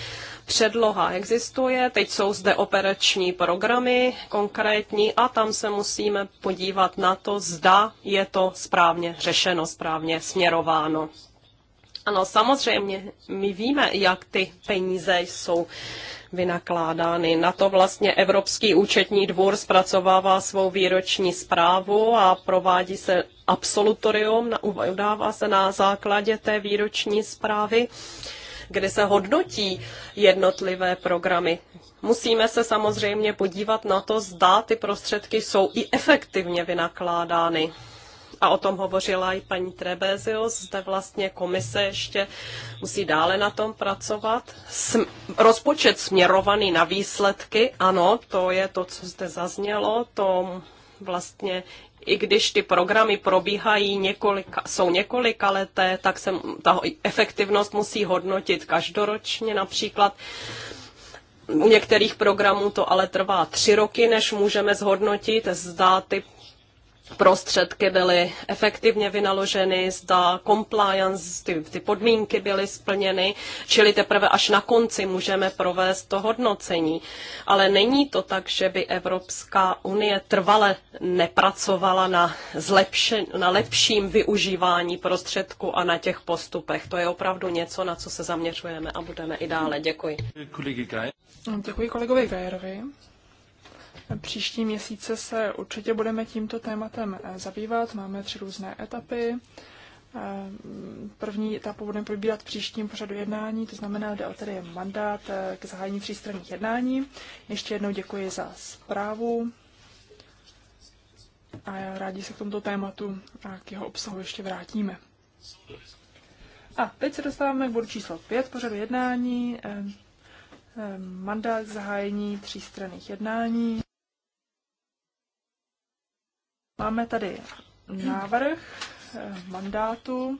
Předloha existuje, teď jsou zde operační programy konkrétní a tam se musíme podívat na to, zda je to správně řešeno, správně směrováno. Ano, samozřejmě, my víme, jak ty peníze jsou vynakládány. Na to vlastně Evropský účetní dvůr zpracovává svou výroční zprávu a provádí se absolutorium, udává se na základě té výroční zprávy, kde se hodnotí jednotlivé programy. Musíme se samozřejmě podívat na to, zda ty prostředky jsou i efektivně vynakládány a o tom hovořila i paní Trebezius, zde vlastně komise ještě musí dále na tom pracovat. Sm- rozpočet směrovaný na výsledky, ano, to je to, co zde zaznělo, to vlastně i když ty programy probíhají několika, jsou několika leté, tak se ta efektivnost musí hodnotit každoročně například. U některých programů to ale trvá tři roky, než můžeme zhodnotit, zda ty prostředky byly efektivně vynaloženy, zda compliance, ty, ty podmínky byly splněny, čili teprve až na konci můžeme provést to hodnocení. Ale není to tak, že by Evropská unie trvale nepracovala na, zlepši, na lepším využívání prostředku a na těch postupech. To je opravdu něco, na co se zaměřujeme a budeme i dále. Děkuji. Děkuji kolegovi Gajerovi. Příští měsíce se určitě budeme tímto tématem eh, zabývat. Máme tři různé etapy. Eh, první etapu budeme probírat v příštím pořadu jednání, to znamená, jde o tedy mandát eh, k zahájení třístranných jednání. Ještě jednou děkuji za zprávu a rádi se k tomuto tématu a k jeho obsahu ještě vrátíme. A teď se dostáváme k bodu číslo 5 pořadu jednání, mandát k zahájení třístranných jednání. Máme tady návrh eh, mandátu.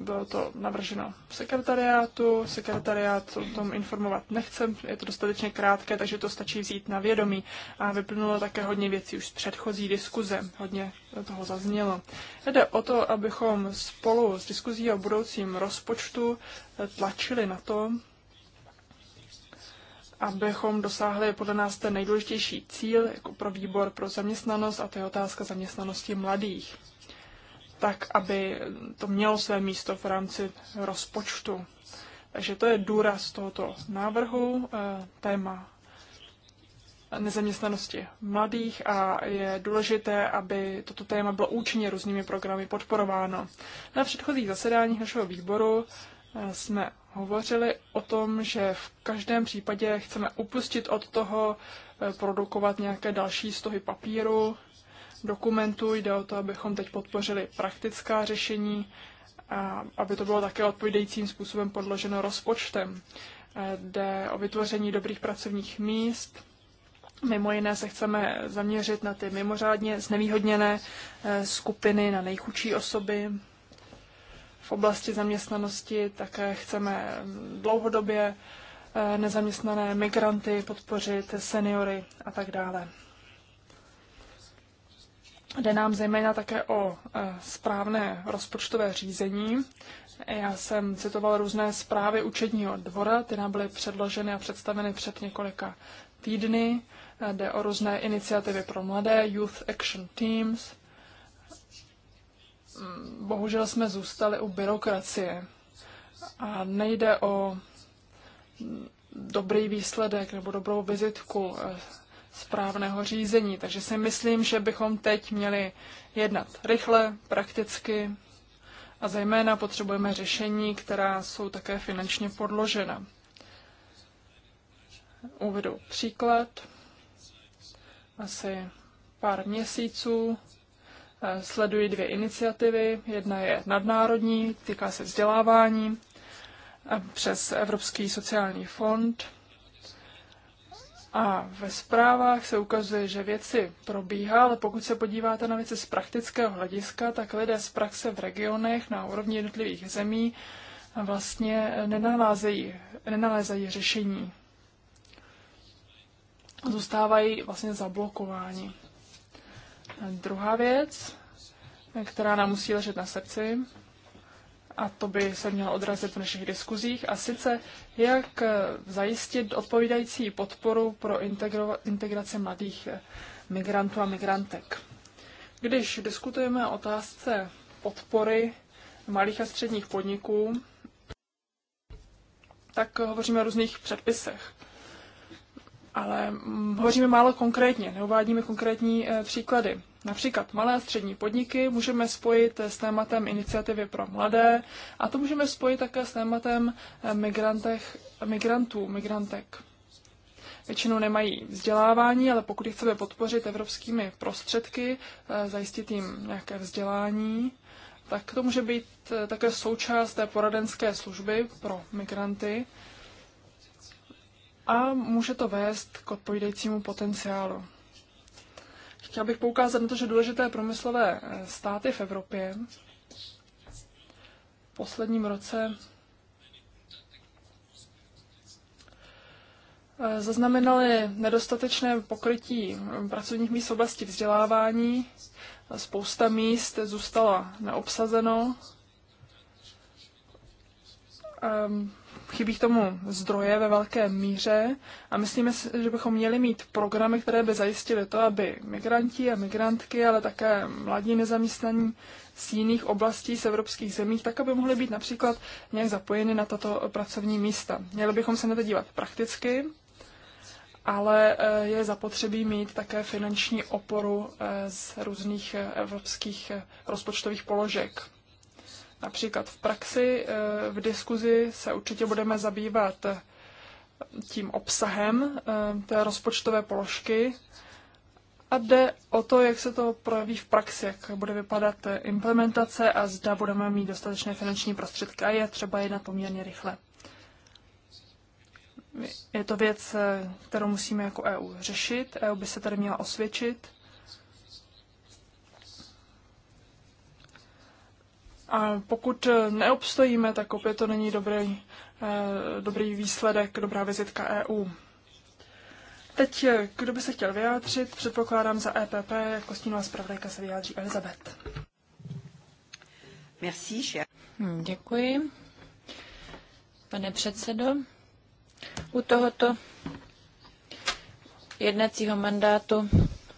Bylo to navrženo sekretariátu. Sekretariát o tom informovat nechce, je to dostatečně krátké, takže to stačí vzít na vědomí. A vyplnulo také hodně věcí už z předchozí diskuze, hodně toho zaznělo. Jde o to, abychom spolu s diskuzí o budoucím rozpočtu eh, tlačili na to, abychom dosáhli podle nás ten nejdůležitější cíl jako pro výbor pro zaměstnanost, a to je otázka zaměstnanosti mladých, tak aby to mělo své místo v rámci rozpočtu. Takže to je důraz tohoto návrhu, eh, téma nezaměstnanosti mladých a je důležité, aby toto téma bylo účinně různými programy podporováno. Na předchozích zasedáních našeho výboru jsme hovořili o tom, že v každém případě chceme upustit od toho eh, produkovat nějaké další stohy papíru, dokumentů. Jde o to, abychom teď podpořili praktická řešení, a aby to bylo také odpovídajícím způsobem podloženo rozpočtem. Eh, jde o vytvoření dobrých pracovních míst. Mimo jiné se chceme zaměřit na ty mimořádně znevýhodněné eh, skupiny, na nejchudší osoby, v oblasti zaměstnanosti také chceme dlouhodobě eh, nezaměstnané migranty podpořit, seniory a tak dále. Jde nám zejména také o eh, správné rozpočtové řízení. Já jsem citoval různé zprávy učedního dvora, ty nám byly předloženy a představeny před několika týdny. Eh, jde o různé iniciativy pro mladé, Youth Action Teams, bohužel jsme zůstali u byrokracie. A nejde o dobrý výsledek nebo dobrou vizitku eh, správného řízení. Takže si myslím, že bychom teď měli jednat rychle, prakticky a zejména potřebujeme řešení, která jsou také finančně podložena. Uvedu příklad. Asi pár měsíců sleduji dvě iniciativy. Jedna je nadnárodní, týká se vzdělávání přes Evropský sociální fond. A ve zprávách se ukazuje, že věci probíhá, ale pokud se podíváte na věci z praktického hlediska, tak lidé z praxe v regionech na úrovni jednotlivých zemí vlastně nenalázejí, nenalézají řešení. Zůstávají vlastně zablokováni. Druhá věc, která nám musí ležet na srdci, a to by se mělo odrazit v našich diskuzích, a sice jak eh, zajistit odpovídající podporu pro integraci mladých eh, migrantů a migrantek. Když diskutujeme o otázce podpory malých a středních podniků, tak hovoříme o různých předpisech ale hovoříme málo konkrétně, neuvádíme konkrétní eh, příklady. Například malé a střední podniky můžeme spojit eh, s tématem iniciativy pro mladé a to můžeme spojit také s tématem eh, migrantech, migrantů, migrantek. Většinou nemají vzdělávání, ale pokud je chceme podpořit evropskými prostředky, zajistit jim nějaké vzdělání, tak to může být také součást té poradenské služby pro migranty, a může to vést k odpovídajícímu potenciálu. Chtěl bych poukázat na to, že důležité průmyslové eh, státy v Evropě v posledním roce eh, zaznamenaly nedostatečné pokrytí eh, pracovních míst v oblasti vzdělávání. Spousta míst zůstala neobsazeno. Ehm, chybí k tomu zdroje ve velké míře a myslíme si, že bychom měli mít programy, které by zajistily to, aby migranti a migrantky, ale také mladí nezaměstnaní z jiných oblastí, z evropských zemí, tak aby mohly být například nějak zapojeny na tato pracovní místa. Měli bychom se na to dívat prakticky, ale eh, je zapotřebí mít také finanční oporu eh, z různých eh, evropských rozpočtových položek například v praxi. Eh, v diskuzi se určitě budeme zabývat eh, tím obsahem eh, té rozpočtové položky a jde o to, jak se to projeví v praxi, jak bude vypadat implementace a zda budeme mít dostatečné finanční prostředky a je třeba jednat poměrně rychle. Je to věc, kterou musíme jako EU řešit. EU by se tady měla osvědčit A pokud eh, neobstojíme, tak opět to není dobrý, eh, dobrý výsledek, dobrá vizitka EU. Teď, eh, kdo by se chtěl vyjádřit, předpokládám za EPP, jako stínová zpravodajka se vyjádří Elizabeth. Merci, hm, Děkuji. Pane předsedo, u tohoto jednacího mandátu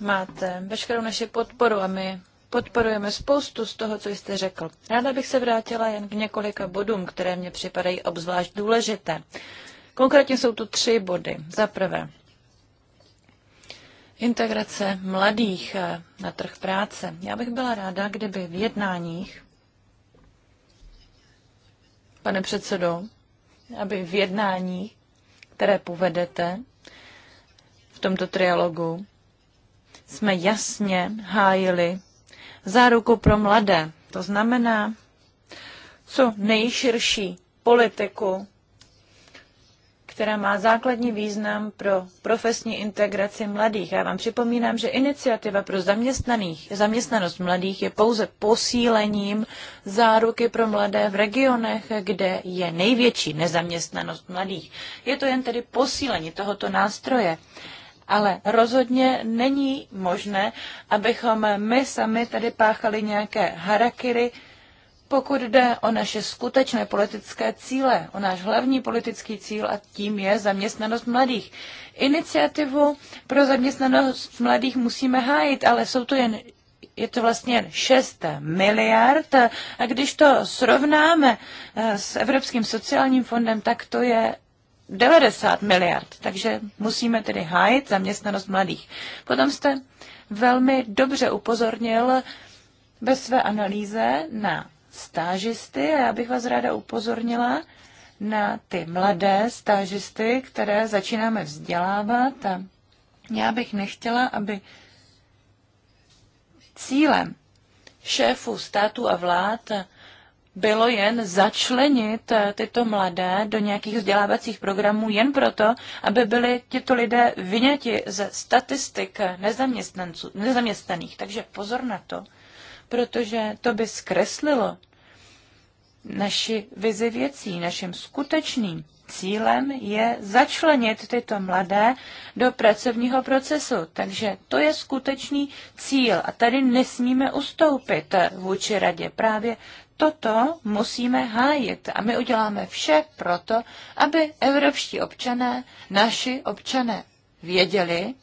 máte veškerou naši podporu a my podporujeme spoustu z toho, co jste řekl. Ráda bych se vrátila jen k několika bodům, které mě připadají obzvlášť důležité. Konkrétně jsou tu tři body. Za prvé, integrace mladých eh, na trh práce. Já bych byla ráda, kdyby v jednáních, pane předsedo, aby v jednáních, které povedete v tomto trialogu, jsme jasně hájili záruku pro mladé. To znamená, co nejširší politiku, která má základní význam pro profesní integraci mladých. Já vám připomínám, že iniciativa pro zaměstnaných, zaměstnanost mladých je pouze posílením záruky pro mladé v regionech, kde je největší nezaměstnanost mladých. Je to jen tedy posílení tohoto nástroje ale rozhodně není možné, abychom my sami tady páchali nějaké harakiry, pokud jde o naše skutečné politické cíle, o náš hlavní politický cíl a tím je zaměstnanost mladých. Iniciativu pro zaměstnanost mladých musíme hájit, ale jsou to jen je to vlastně jen 6 miliard a když to srovnáme eh, s Evropským sociálním fondem, tak to je 90 miliard, takže musíme tedy hájit zaměstnanost mladých. Potom jste velmi dobře upozornil ve své analýze na stážisty a já bych vás ráda upozornila na ty mladé stážisty, které začínáme vzdělávat a já bych nechtěla, aby cílem šéfů států a vlád bylo jen začlenit eh, tyto mladé do nějakých vzdělávacích programů jen proto, aby byli tito lidé vyňati ze statistik nezaměstnaných. Takže pozor na to, protože to by zkreslilo naši vizi věcí, naším skutečným cílem je začlenit tyto mladé do pracovního procesu. Takže to je skutečný cíl a tady nesmíme ustoupit eh, vůči radě. Právě toto musíme hájit a my uděláme vše proto, aby evropští občané, naši občané věděli,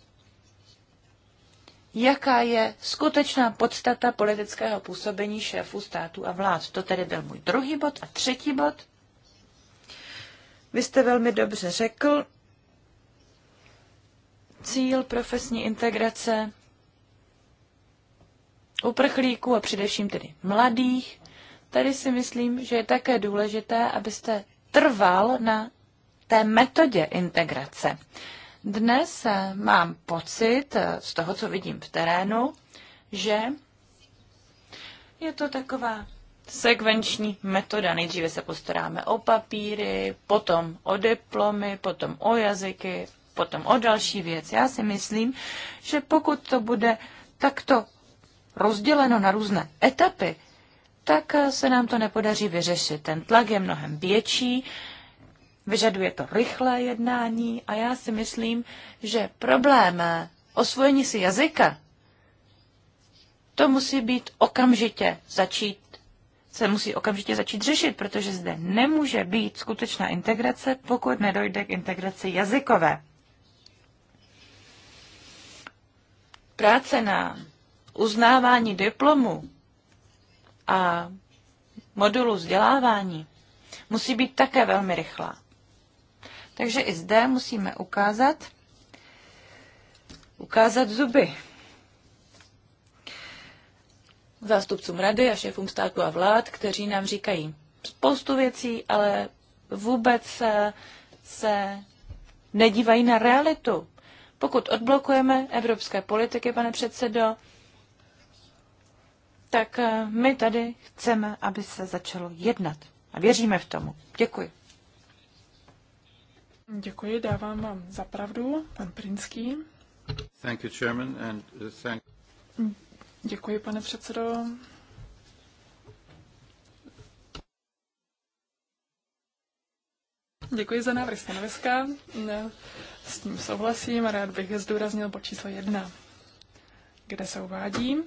jaká je skutečná podstata politického působení šéfů států a vlád. To tedy byl můj druhý bod. A třetí bod. Vy jste velmi dobře řekl, cíl profesní integrace uprchlíků a především tedy mladých tady si myslím, že je také důležité, abyste trval na té metodě integrace. Dnes eh, mám pocit eh, z toho, co vidím v terénu, že je to taková sekvenční metoda. Nejdříve se postaráme o papíry, potom o diplomy, potom o jazyky, potom o další věc. Já si myslím, že pokud to bude takto rozděleno na různé etapy, tak se nám to nepodaří vyřešit. Ten tlak je mnohem větší, vyžaduje to rychlé jednání a já si myslím, že problém osvojení si jazyka, to musí být okamžitě začít se musí okamžitě začít řešit, protože zde nemůže být skutečná integrace, pokud nedojde k integraci jazykové. Práce na uznávání diplomu a modulu vzdělávání musí být také velmi rychlá. Takže i zde musíme ukázat, ukázat zuby zástupcům rady a šéfům státu a vlád, kteří nám říkají spoustu věcí, ale vůbec se, se nedívají na realitu. Pokud odblokujeme evropské politiky, pane předsedo, tak eh, my tady chceme, aby se začalo jednat. A věříme v tomu. Děkuji. Děkuji, dávám vám za pravdu, pan Prinský. Thank you, Chairman, and uh, thank... Děkuji, pane předsedo. Děkuji za návrh stanoviska. S tím souhlasím a rád bych zdůraznil po číslo jedna, kde se uvádí,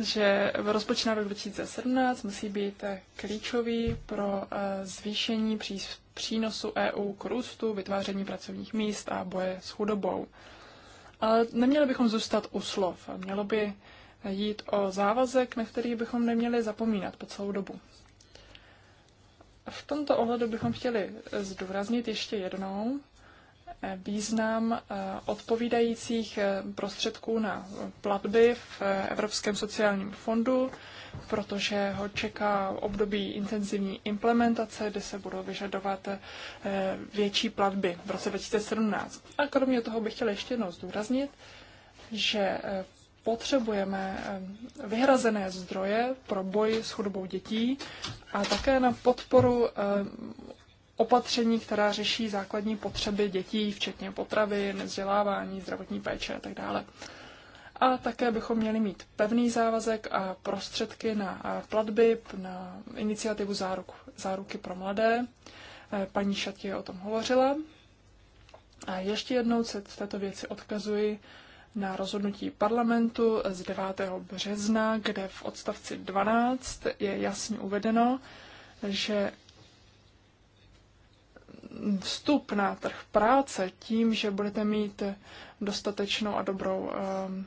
že v rozpočtu na rok 2017 musí být eh, klíčový pro eh, zvýšení přínosu EU k růstu, vytváření pracovních míst a boje s chudobou. Ale neměli bychom zůstat u slov. Mělo by eh, jít o závazek, na který bychom neměli zapomínat po celou dobu. V tomto ohledu bychom chtěli zdůraznit ještě jednou, význam eh, odpovídajících eh, prostředků na platby v eh, Evropském sociálním fondu, protože ho čeká období intenzivní implementace, kde se budou vyžadovat větší platby v roce 2017. A kromě toho bych chtěla ještě jednou zdůraznit, že potřebujeme vyhrazené zdroje pro boj s chudobou dětí a také na podporu opatření, která řeší základní potřeby dětí, včetně potravy, vzdělávání, zdravotní péče a tak dále. A také bychom měli mít pevný závazek a prostředky na platby, na iniciativu záruk, záruky pro mladé. Eh, paní Šatě o tom hovořila. A ještě jednou se v této věci odkazuji na rozhodnutí parlamentu z 9. března, kde v odstavci 12 je jasně uvedeno, že vstup na trh práce tím, že budete mít dostatečnou a dobrou ehm,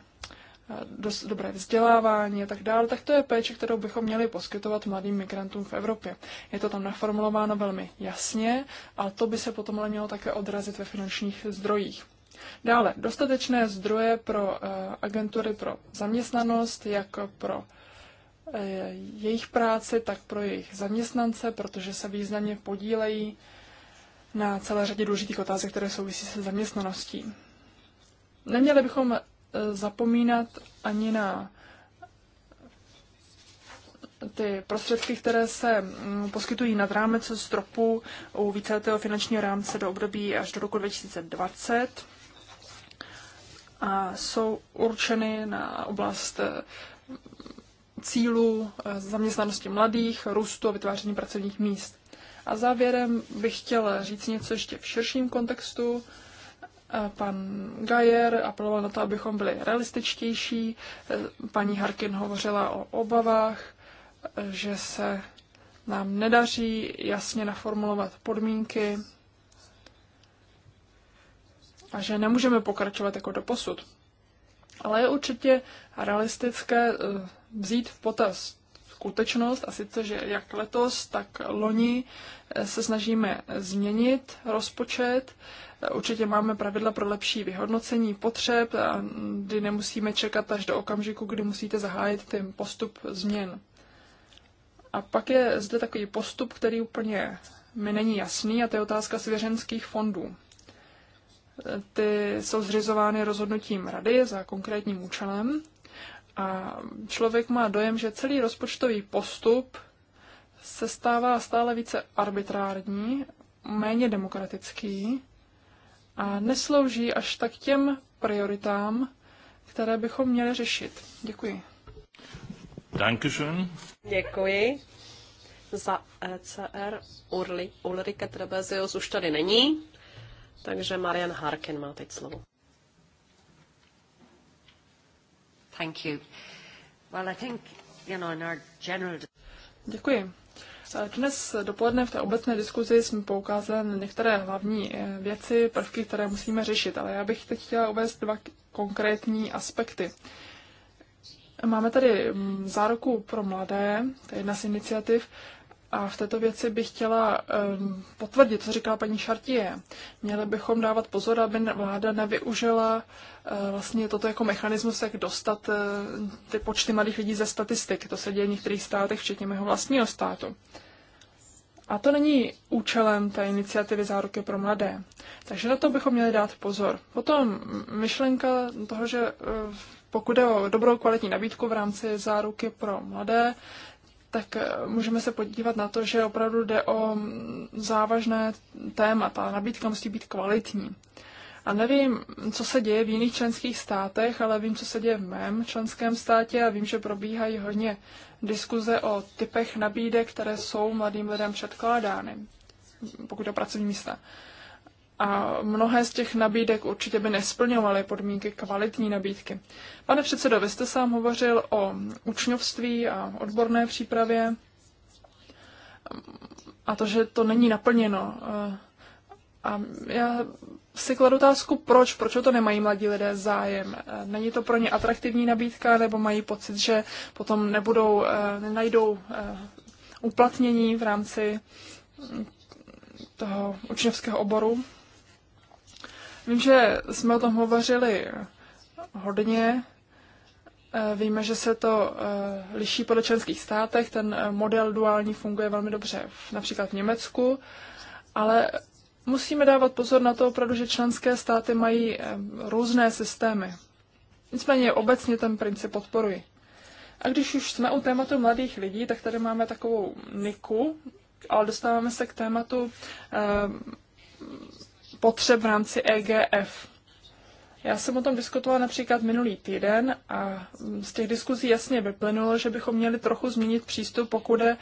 eh, dost dobré vzdělávání a tak dále, tak to je péče, kterou bychom měli poskytovat mladým migrantům v Evropě. Je to tam naformulováno velmi jasně a to by se potom ale mělo také odrazit ve finančních zdrojích. Dále, dostatečné zdroje pro eh, agentury pro zaměstnanost, jak pro eh, jejich práci, tak pro jejich zaměstnance, protože se významně podílejí na celé řadě důležitých otázek, které souvisí se zaměstnaností. Neměli bychom e, zapomínat ani na ty prostředky, které se mm, poskytují nad rámec stropu u víceletého finančního rámce do období až do roku 2020 a jsou určeny na oblast e, cílů e, zaměstnanosti mladých, růstu a vytváření pracovních míst. A závěrem bych chtěla říct něco ještě v širším kontextu. Pan Gajer apeloval na to, abychom byli realističtější. Paní Harkin hovořila o obavách, že se nám nedaří jasně naformulovat podmínky a že nemůžeme pokračovat jako do posud. Ale je určitě realistické eh, vzít v potaz skutečnost, a sice, že jak letos, tak loni eh, se snažíme změnit rozpočet. Eh, určitě máme pravidla pro lepší vyhodnocení potřeb, kdy nemusíme čekat až do okamžiku, kdy musíte zahájit ten postup změn. A pak je zde takový postup, který úplně mi není jasný, a to je otázka svěřenských fondů. Eh, ty jsou zřizovány rozhodnutím rady za konkrétním účelem a člověk má dojem, že celý rozpočtový postup se stává stále více arbitrární, méně demokratický a neslouží až tak těm prioritám, které bychom měli řešit. Děkuji. Dankeschön. Děkuji. Za ECR Urli, Ulrike Trebezius už tady není, takže Marian Harkin má teď slovo. Thank you. Well, I think, you know, in our general... Děkuji. Eh, dnes dopoledne v té obecné diskuzi jsme poukázali na některé hlavní eh, věci, prvky, které musíme řešit, ale já bych teď chtěla uvést dva konkrétní aspekty. Máme tady mm, záruku pro mladé, to je jedna z iniciativ, a v této věci bych chtěla um, potvrdit, co říkala paní Šartie. Měli bychom dávat pozor, aby vláda nevyužila uh, vlastně toto jako mechanismus, jak dostat uh, ty počty malých lidí ze statistik. To se děje v některých státech, včetně mého vlastního státu. A to není účelem té iniciativy záruky pro mladé. Takže na to bychom měli dát pozor. Potom myšlenka toho, že eh, pokud je o dobrou kvalitní nabídku v rámci záruky pro mladé, tak eh, můžeme se podívat na to, že opravdu jde o závažné témata. Nabídka musí být kvalitní. A nevím, co se děje v jiných členských státech, ale vím, co se děje v mém členském státě a vím, že probíhají hodně diskuze o typech nabídek, které jsou mladým lidem předkládány, pokud o pracovní místa. Uh, a mnohé z těch nabídek určitě by nesplňovaly podmínky kvalitní nabídky. Pane předsedo, vy jste sám hovořil o učňovství a odborné přípravě a to, že to není naplněno. A já si kladu otázku, proč, proč o to nemají mladí lidé zájem. Není to pro ně atraktivní nabídka, nebo mají pocit, že potom nebudou, nenajdou uplatnění v rámci toho učňovského oboru. Vím, že jsme o tom hovořili hodně. Eh, víme, že se to eh, liší podle členských státech. Ten eh, model duální funguje velmi dobře například v Německu, ale musíme dávat pozor na to opravdu, že členské státy mají různé systémy. Nicméně obecně ten princip podporuji. A když už jsme u tématu mladých lidí, tak tady máme takovou niku, ale dostáváme se k tématu eh, potřeb v rámci EGF. Já jsem o tom diskutovala například minulý týden a z těch diskuzí jasně vyplynulo, že bychom měli trochu změnit přístup, pokud je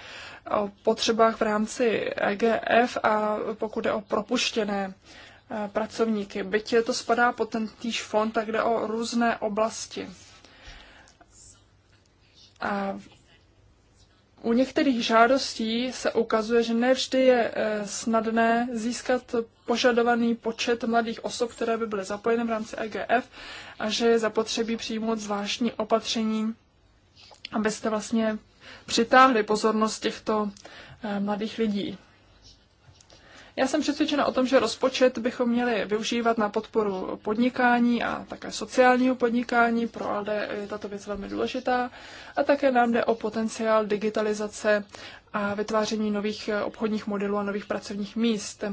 o potřebách v rámci EGF a pokud je o propuštěné e, pracovníky. Byť to spadá pod ten týž fond, tak jde o různé oblasti. A u některých žádostí se ukazuje, že nevždy je eh, snadné získat požadovaný počet mladých osob, které by byly zapojeny v rámci EGF a že je zapotřebí přijmout zvláštní opatření, abyste vlastně přitáhli pozornost těchto eh, mladých lidí. Já jsem přesvědčena o tom, že rozpočet bychom měli využívat na podporu podnikání a také sociálního podnikání. Pro ALDE je tato věc velmi důležitá. A také nám jde o potenciál digitalizace a vytváření nových obchodních modelů a nových pracovních míst.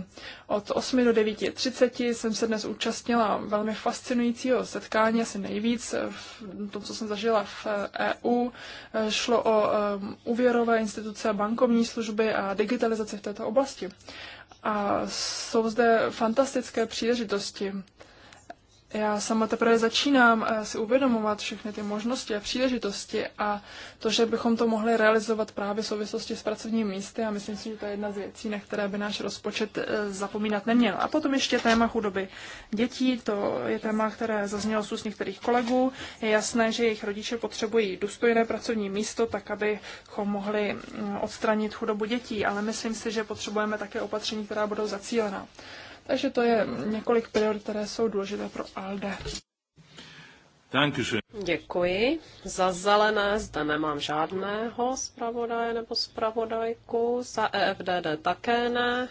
Od 8 do 9.30 jsem se dnes účastnila velmi fascinujícího setkání, asi nejvíc v tom, co jsem zažila v EU. Šlo o um, úvěrové instituce, bankovní služby a digitalizaci v této oblasti. A jsou zde fantastické příležitosti já sama teprve začínám eh, si uvědomovat všechny ty možnosti a příležitosti a to, že bychom to mohli realizovat právě v souvislosti s pracovními místy a myslím si, že to je jedna z věcí, na které by náš rozpočet eh, zapomínat neměl. A potom ještě téma chudoby dětí, to je téma, které zaznělo z úst některých kolegů. Je jasné, že jejich rodiče potřebují důstojné pracovní místo, tak abychom mohli mm, odstranit chudobu dětí, ale myslím si, že potřebujeme také opatření, která budou zacílená. Takže to je několik priorit, které jsou důležité pro ALDE. Děkuji. Za zelené zde nemám žádného zpravodaje nebo zpravodajku. Za EFDD také ne.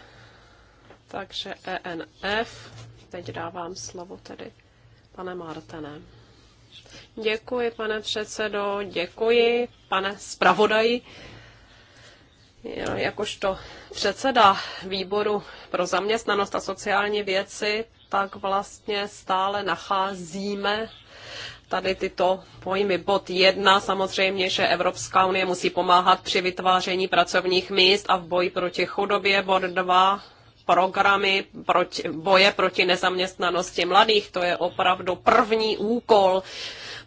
Takže ENF. Teď dávám slovo tedy pane Martene. Děkuji, pane předsedo, děkuji, pane zpravodaji. Jakožto předseda výboru pro zaměstnanost a sociální věci, tak vlastně stále nacházíme tady tyto pojmy. Bod jedna samozřejmě, že Evropská unie musí pomáhat při vytváření pracovních míst a v boji proti chudobě. Bod dva programy proti, boje proti nezaměstnanosti mladých. To je opravdu první úkol,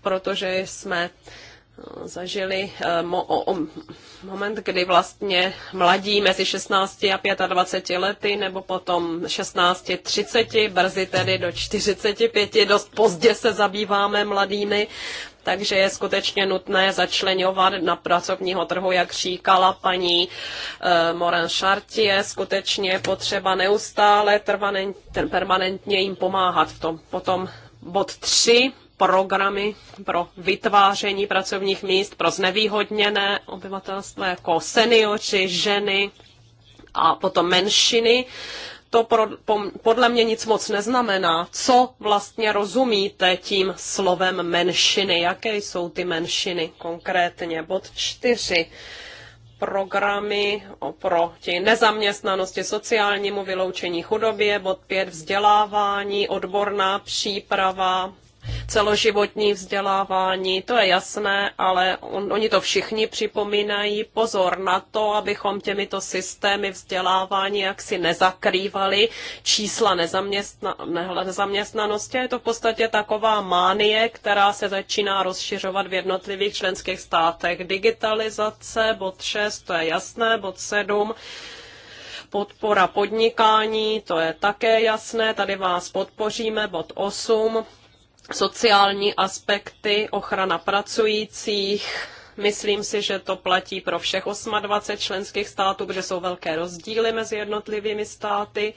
protože jsme zažili eh, moment, kdy vlastně mladí mezi 16 a 25 lety, nebo potom 16, 30, brzy tedy do 45, dost pozdě se zabýváme mladými, takže je skutečně nutné začlenovat na pracovního trhu, jak říkala paní eh, Moran Šarti, je skutečně potřeba neustále trvanen, permanentně jim pomáhat v tom. Potom bod 3, programy pro vytváření pracovních míst pro znevýhodněné obyvatelstvo, jako seniori, ženy a potom menšiny to pro, podle mě nic moc neznamená. Co vlastně rozumíte tím slovem menšiny? Jaké jsou ty menšiny konkrétně? Bod čtyři. Programy oproti nezaměstnanosti, sociálnímu vyloučení chudobě, bod pět vzdělávání, odborná příprava, celoživotní vzdělávání, to je jasné, ale on, oni to všichni připomínají. Pozor na to, abychom těmito systémy vzdělávání jaksi nezakrývali čísla nezaměstna, nezaměstnanosti. Je to v podstatě taková mánie, která se začíná rozšiřovat v jednotlivých členských státech. Digitalizace, bod 6, to je jasné, bod 7, podpora podnikání, to je také jasné, tady vás podpoříme, bod 8, sociální aspekty, ochrana pracujících, Myslím si, že to platí pro všech 28 členských států, protože jsou velké rozdíly mezi jednotlivými státy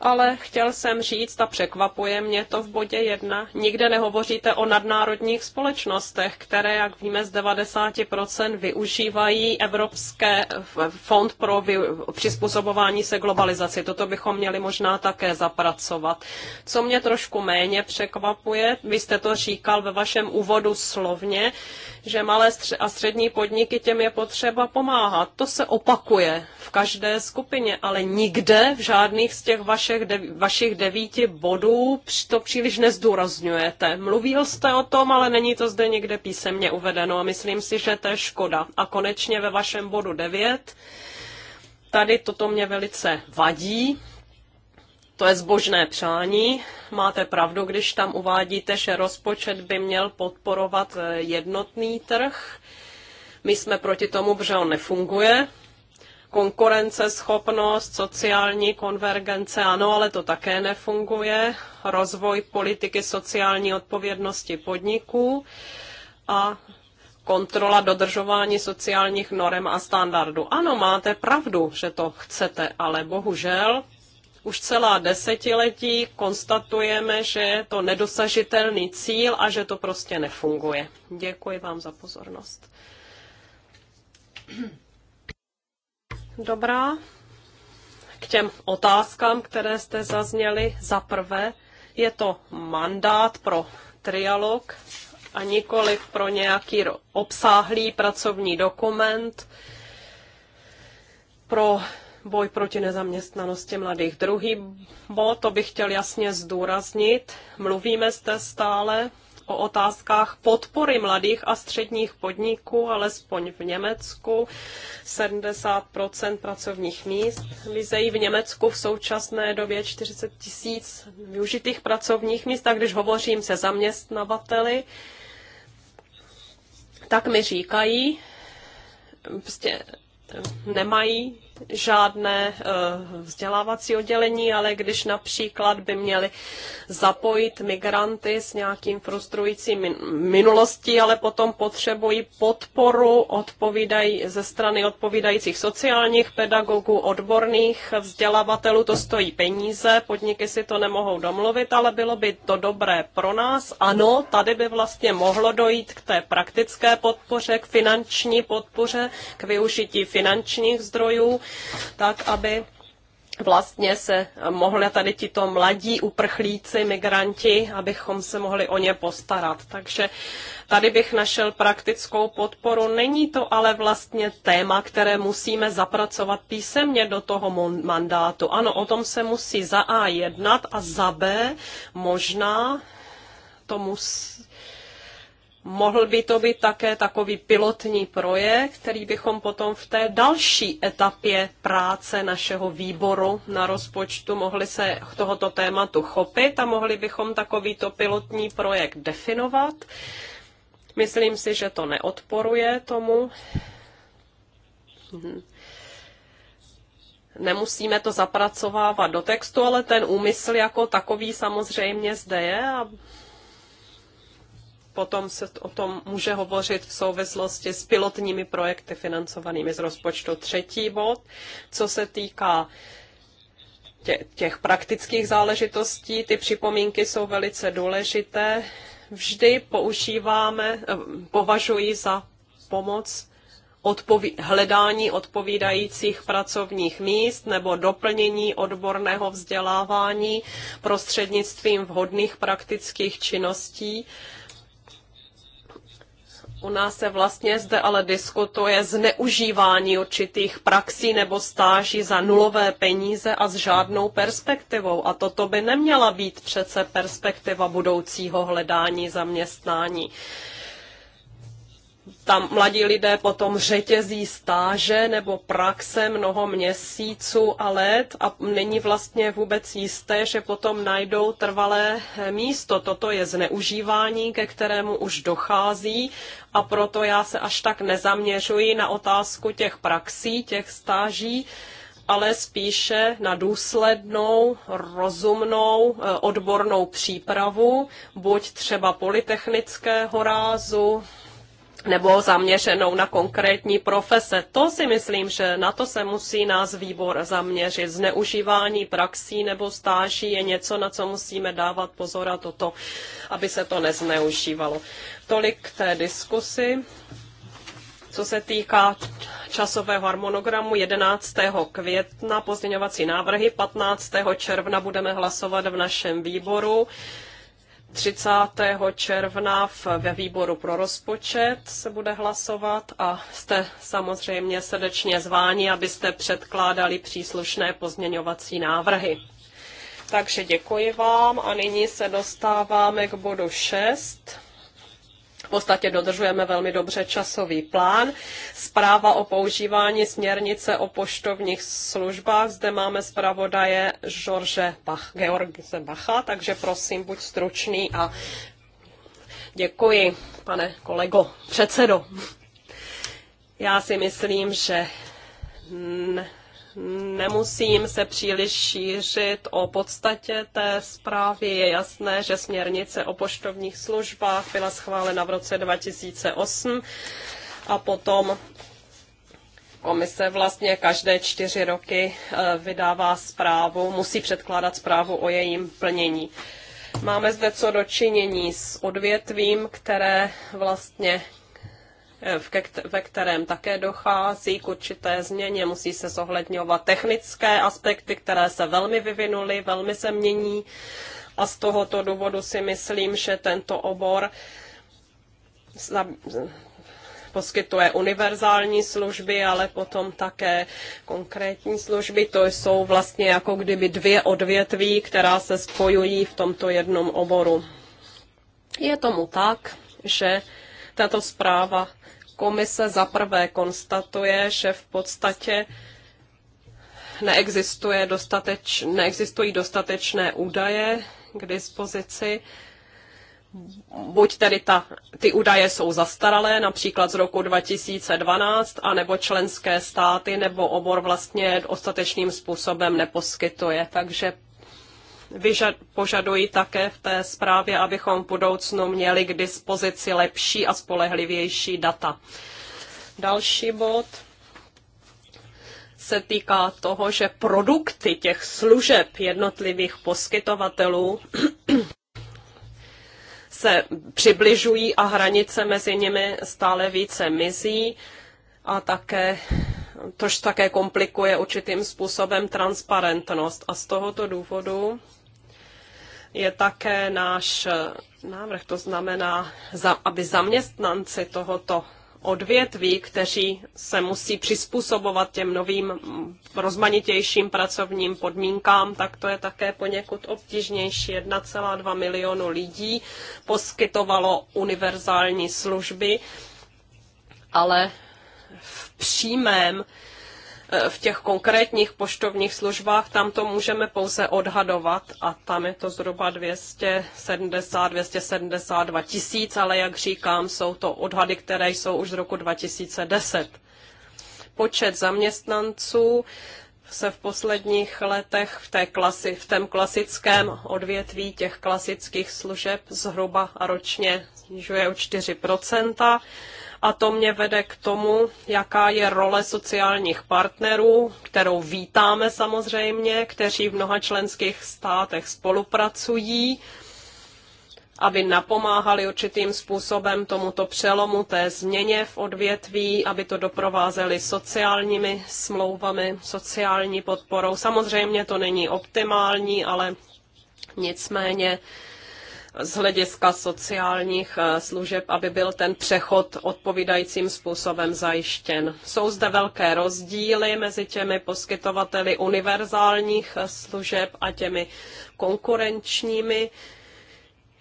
ale chtěl jsem říct a překvapuje mě to v bodě jedna. Nikde nehovoříte o nadnárodních společnostech, které, jak víme, z 90% využívají Evropské eh, fond pro přizpůsobování se globalizaci. Toto bychom měli možná také zapracovat. Co mě trošku méně překvapuje, vy jste to říkal ve vašem úvodu slovně, že malé a střední podniky těm je potřeba pomáhat. To se opakuje v každé skupině, ale nikde v žádných z těch vašich vašich, de, vašich devíti bodů to příliš nezdůrazňujete. Mluvil jste o tom, ale není to zde někde písemně uvedeno a myslím si, že to je škoda. A konečně ve vašem bodu 9, tady toto mě velice vadí, to je zbožné přání. Máte pravdu, když tam uvádíte, že rozpočet by měl podporovat eh, jednotný trh. My jsme proti tomu, protože on nefunguje konkurenceschopnost, sociální konvergence, ano, ale to také nefunguje. Rozvoj politiky sociální odpovědnosti podniků a kontrola dodržování sociálních norem a standardů. Ano, máte pravdu, že to chcete, ale bohužel už celá desetiletí konstatujeme, že je to nedosažitelný cíl a že to prostě nefunguje. Děkuji vám za pozornost. Dobrá. K těm otázkám, které jste zazněly, za prvé je to mandát pro trialog a nikoli pro nějaký obsáhlý pracovní dokument pro boj proti nezaměstnanosti mladých. Druhý bod, to bych chtěl jasně zdůraznit, mluvíme zde stále o otázkách podpory mladých a středních podniků, alespoň v Německu. 70 pracovních míst lizejí v Německu v současné době 40 tisíc využitých pracovních míst. A když hovořím se zaměstnavateli, tak mi říkají, prostě nemají žádné eh, vzdělávací oddělení, ale když například by měli zapojit migranty s nějakým frustrujícím minulostí, ale potom potřebují podporu odpovídají ze strany odpovídajících sociálních pedagogů, odborných vzdělavatelů, to stojí peníze, podniky si to nemohou domluvit, ale bylo by to dobré pro nás. Ano, tady by vlastně mohlo dojít k té praktické podpoře, k finanční podpoře, k využití finančních zdrojů, tak aby vlastně se mohli tady tito mladí uprchlíci, migranti, abychom se mohli o ně postarat. Takže tady bych našel praktickou podporu. Není to ale vlastně téma, které musíme zapracovat písemně do toho mandátu. Ano, o tom se musí za A jednat a za B možná to musí mohl by to být také takový pilotní projekt, který bychom potom v té další etapě práce našeho výboru na rozpočtu mohli se tohoto tématu chopit a mohli bychom takovýto pilotní projekt definovat. Myslím si, že to neodporuje tomu. Nemusíme to zapracovávat do textu, ale ten úmysl jako takový samozřejmě zde je a potom se o tom může hovořit v souvislosti s pilotními projekty financovanými z rozpočtu. Třetí bod, co se týká těch praktických záležitostí, ty připomínky jsou velice důležité. Vždy používáme, eh, považuji za pomoc odpoví- hledání odpovídajících pracovních míst nebo doplnění odborného vzdělávání prostřednictvím vhodných praktických činností. Uh, u nás se vlastně zde ale diskutuje zneužívání určitých praxí nebo stáží za nulové peníze a s žádnou perspektivou. A toto by neměla být přece perspektiva budoucího hledání zaměstnání tam mladí lidé potom řetězí stáže nebo praxe mnoho měsíců a let a není vlastně vůbec jisté, že potom najdou trvalé místo. Toto je zneužívání, ke kterému už dochází a proto já se až tak nezaměřuji na otázku těch praxí, těch stáží, ale spíše na důslednou, rozumnou e, odbornou přípravu, buď třeba politechnického rázu, nebo zaměřenou na konkrétní profese. To si myslím, že na to se musí nás výbor zaměřit. Zneužívání praxí nebo stáží je něco, na co musíme dávat pozor a toto, aby se to nezneužívalo. Tolik k té diskusi. Co se týká časového harmonogramu 11. května pozměňovací návrhy, 15. června budeme hlasovat v našem výboru. 30. června v, ve výboru pro rozpočet se bude hlasovat a jste samozřejmě srdečně zváni, abyste předkládali příslušné pozměňovací návrhy. Takže děkuji vám a nyní se dostáváme k bodu 6 podstatě dodržujeme velmi dobře časový plán. Zpráva o používání směrnice o poštovních službách. Zde máme zpravodaje George Bach, George Bacha, takže prosím, buď stručný a děkuji, pane kolego předsedo. Já si myslím, že Nemusím se příliš šířit o podstatě té zprávy. Je jasné, že směrnice o poštovních službách byla schválena v roce 2008 a potom komise vlastně každé čtyři roky eh, vydává zprávu, musí předkládat zprávu o jejím plnění. Máme zde co dočinění s odvětvím, které vlastně ve kterém také dochází k určité změně. Musí se zohledňovat technické aspekty, které se velmi vyvinuly, velmi se mění. A z tohoto důvodu si myslím, že tento obor poskytuje univerzální služby, ale potom také konkrétní služby. To jsou vlastně jako kdyby dvě odvětví, která se spojují v tomto jednom oboru. Je tomu tak, že tato zpráva komise zaprvé konstatuje, že v podstatě neexistuje dostateč, neexistují dostatečné údaje k dispozici. Buď tedy ta, ty údaje jsou zastaralé, například z roku 2012, anebo členské státy nebo obor vlastně dostatečným způsobem neposkytuje. Takže požadují také v té zprávě, abychom v budoucnu měli k dispozici lepší a spolehlivější data. Další bod se týká toho, že produkty těch služeb jednotlivých poskytovatelů <clears throat> se přibližují a hranice mezi nimi stále více mizí a také tož také komplikuje určitým způsobem transparentnost. A z tohoto důvodu je také náš eh, návrh, to znamená, aby zaměstnanci tohoto odvětví, kteří se musí přizpůsobovat těm novým mm, rozmanitějším pracovním podmínkám, tak to je také poněkud obtížnější. 1,2 milionu lidí poskytovalo univerzální služby, ale v přímém v těch konkrétních poštovních službách, tam to můžeme pouze odhadovat a tam je to zhruba 270, 272 tisíc, ale jak říkám, jsou to odhady, které jsou už z roku 2010. Počet zaměstnanců se v posledních letech v, té klasi, v tom klasickém odvětví těch klasických služeb zhruba ročně snižuje o 4 a to mě vede k tomu, jaká je role sociálních partnerů, kterou vítáme samozřejmě, kteří v mnoha členských státech spolupracují, aby napomáhali určitým způsobem tomuto přelomu, té změně v odvětví, aby to doprovázeli sociálními smlouvami, sociální podporou. Samozřejmě to není optimální, ale nicméně z hlediska sociálních eh, služeb, aby byl ten přechod odpovídajícím způsobem zajištěn. Jsou zde velké rozdíly mezi těmi poskytovateli univerzálních eh, služeb a těmi konkurenčními,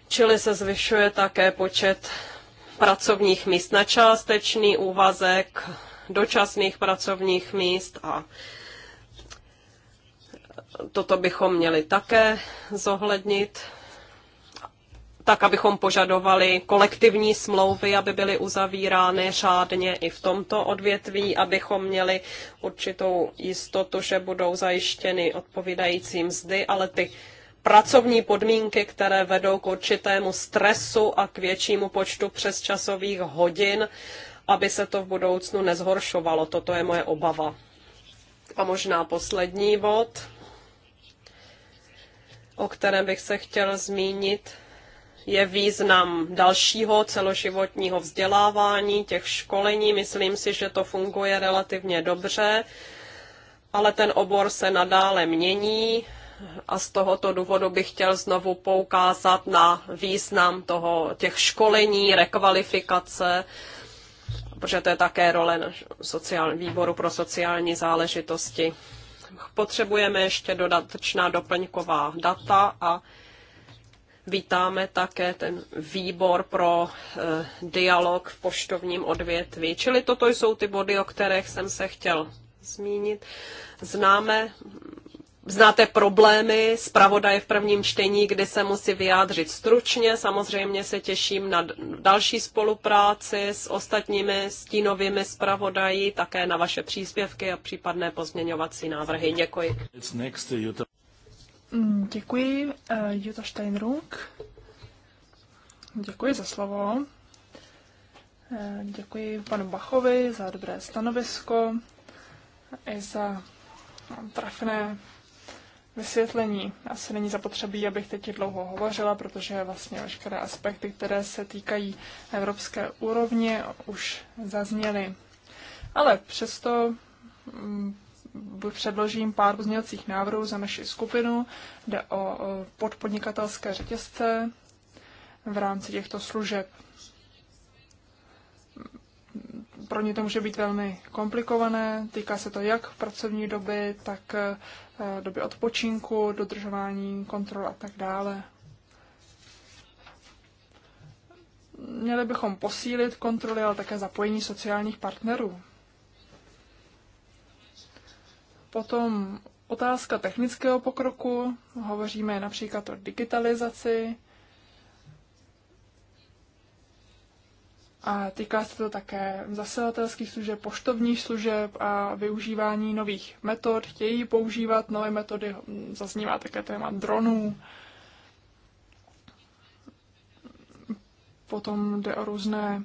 čili se zvyšuje také počet pracovních míst na částečný úvazek, dočasných pracovních míst a toto bychom měli také zohlednit tak, abychom požadovali kolektivní smlouvy, aby byly uzavírány řádně i v tomto odvětví, abychom měli určitou jistotu, že budou zajištěny odpovídající mzdy, ale ty pracovní podmínky, které vedou k určitému stresu a k většímu počtu přesčasových hodin, aby se to v budoucnu nezhoršovalo. Toto je moje obava. A možná poslední bod, o kterém bych se chtěl zmínit, je význam dalšího celoživotního vzdělávání, těch školení. Myslím si, že to funguje relativně dobře, ale ten obor se nadále mění a z tohoto důvodu bych chtěl znovu poukázat na význam toho, těch školení, rekvalifikace, protože to je také role naš, sociál, výboru pro sociální záležitosti. Potřebujeme ještě dodatečná doplňková data a Vítáme také ten výbor pro eh, dialog v poštovním odvětví. Čili toto jsou ty body, o kterých jsem se chtěl zmínit. Známe Znáte problémy zpravodaje v prvním čtení, kdy se musí vyjádřit stručně. Samozřejmě se těším na další spolupráci s ostatními stínovými zpravodají, také na vaše příspěvky a případné pozměňovací návrhy. Děkuji. Mm, děkuji, eh, Jutta Steinrung. Děkuji za slovo. Eh, děkuji panu Bachovi za dobré stanovisko i za trafné vysvětlení. Asi není zapotřebí, abych teď dlouho hovořila, protože vlastně veškeré aspekty, které se týkají evropské úrovně, už zazněly. Ale přesto mm, předložím pár pozměňovacích návrhů za naši skupinu. Jde o podpodnikatelské řetězce v rámci těchto služeb. Pro ně to může být velmi komplikované. Týká se to jak pracovní doby, tak eh, doby odpočinku, dodržování kontrol a tak dále. Měli bychom posílit kontroly, ale také zapojení sociálních partnerů. Potom otázka technického pokroku. Hovoříme například o digitalizaci. A týká se to také zasilatelských služeb, poštovních služeb a využívání nových metod. Chtějí používat nové metody, zaznívá také téma dronů. Potom jde o různé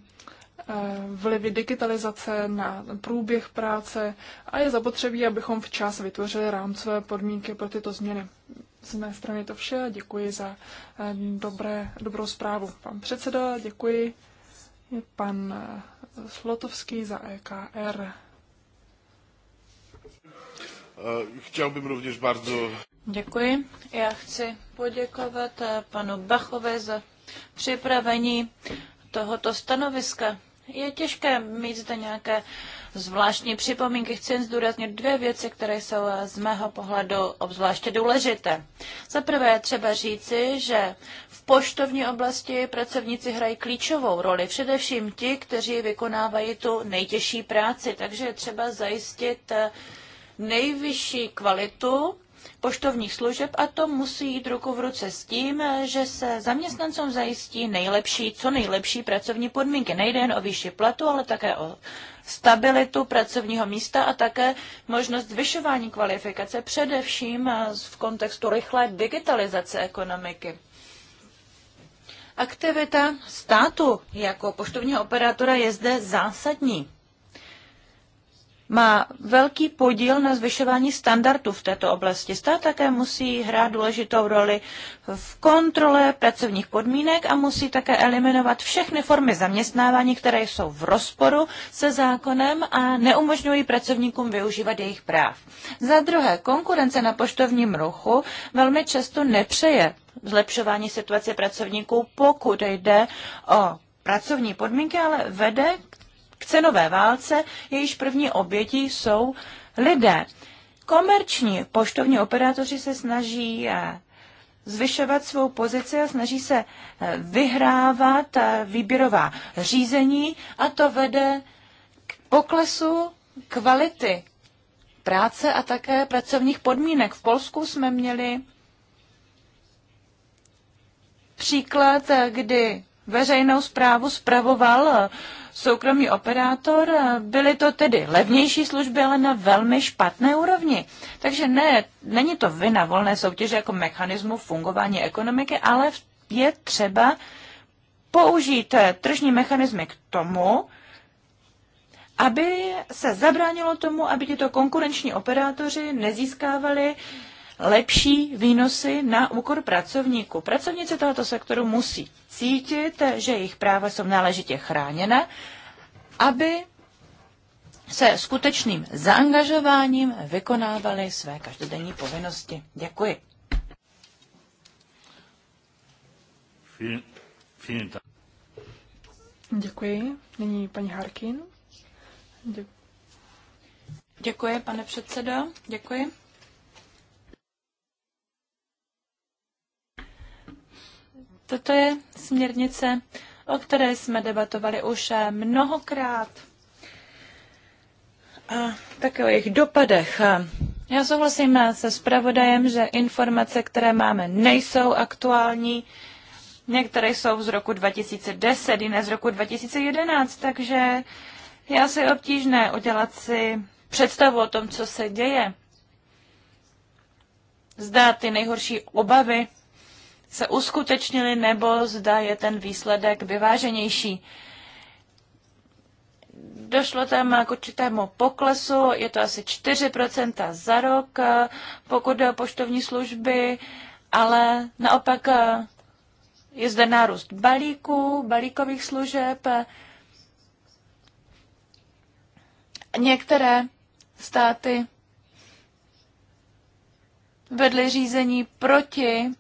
Eh, vlivy digitalizace na průběh práce a je zapotřebí, abychom včas vytvořili rámcové podmínky pro tyto změny. Z mé strany to vše a děkuji za eh, dobré, dobrou zprávu. Pan předseda, děkuji. Pan Slotovský eh, za EKR. Chtěl bych rovněž bardzo... Děkuji. Já chci poděkovat panu Bachové za připravení tohoto stanoviska. Je těžké mít zde nějaké zvláštní připomínky. Chci jen zdůraznit dvě věci, které jsou z mého pohledu obzvláště důležité. Za prvé třeba říci, že v poštovní oblasti pracovníci hrají klíčovou roli, především ti, kteří vykonávají tu nejtěžší práci, takže je třeba zajistit eh, nejvyšší kvalitu poštovních služeb a to musí jít ruku v ruce s tím, že se zaměstnancům zajistí nejlepší, co nejlepší pracovní podmínky. Nejde jen o výši platu, ale také o stabilitu pracovního místa a také možnost zvyšování kvalifikace, především v kontextu rychlé digitalizace ekonomiky. Aktivita státu jako poštovního operátora je zde zásadní má velký podíl na zvyšování standardů v této oblasti. Stát také musí hrát důležitou roli v kontrole pracovních podmínek a musí také eliminovat všechny formy zaměstnávání, které jsou v rozporu se zákonem a neumožňují pracovníkům využívat jejich práv. Za druhé, konkurence na poštovním ruchu velmi často nepřeje zlepšování situace pracovníků, pokud jde o pracovní podmínky, ale vede k k cenové válce, jejíž první oběti jsou lidé. Komerční poštovní operátoři se snaží eh, zvyšovat svou pozici a snaží se eh, vyhrávat eh, výběrová řízení a to vede k poklesu kvality práce a také pracovních podmínek. V Polsku jsme měli příklad, kdy veřejnou zprávu spravoval eh, soukromý operátor. Eh, byly to tedy levnější služby, ale na velmi špatné úrovni. Takže ne, není to vina volné soutěže jako mechanismu fungování ekonomiky, ale je třeba použít eh, tržní mechanismy k tomu, aby se zabránilo tomu, aby tito konkurenční operátoři nezískávali lepší výnosy na úkor pracovníků. Pracovníci tohoto sektoru musí cítit, že jejich práva jsou náležitě chráněna, aby se skutečným zaangažováním vykonávali své každodenní povinnosti. Děkuji. Děkuji. Nyní paní Harkin. Děkuji. Děkuji, pane předsedo. Děkuji. Toto je směrnice, o které jsme debatovali už eh, mnohokrát a také o jejich dopadech. Eh, já souhlasím eh, se zpravodajem, že informace, které máme, nejsou aktuální. Některé jsou z roku 2010, jiné z roku 2011, takže já si obtížné udělat si představu o tom, co se děje. Zdá ty nejhorší obavy se uskutečnili nebo zda je ten výsledek vyváženější. Došlo tam k určitému poklesu, je to asi 4% za rok, pokud jde o poštovní služby, ale naopak je zde nárůst balíků, balíkových služeb. Některé státy vedly řízení proti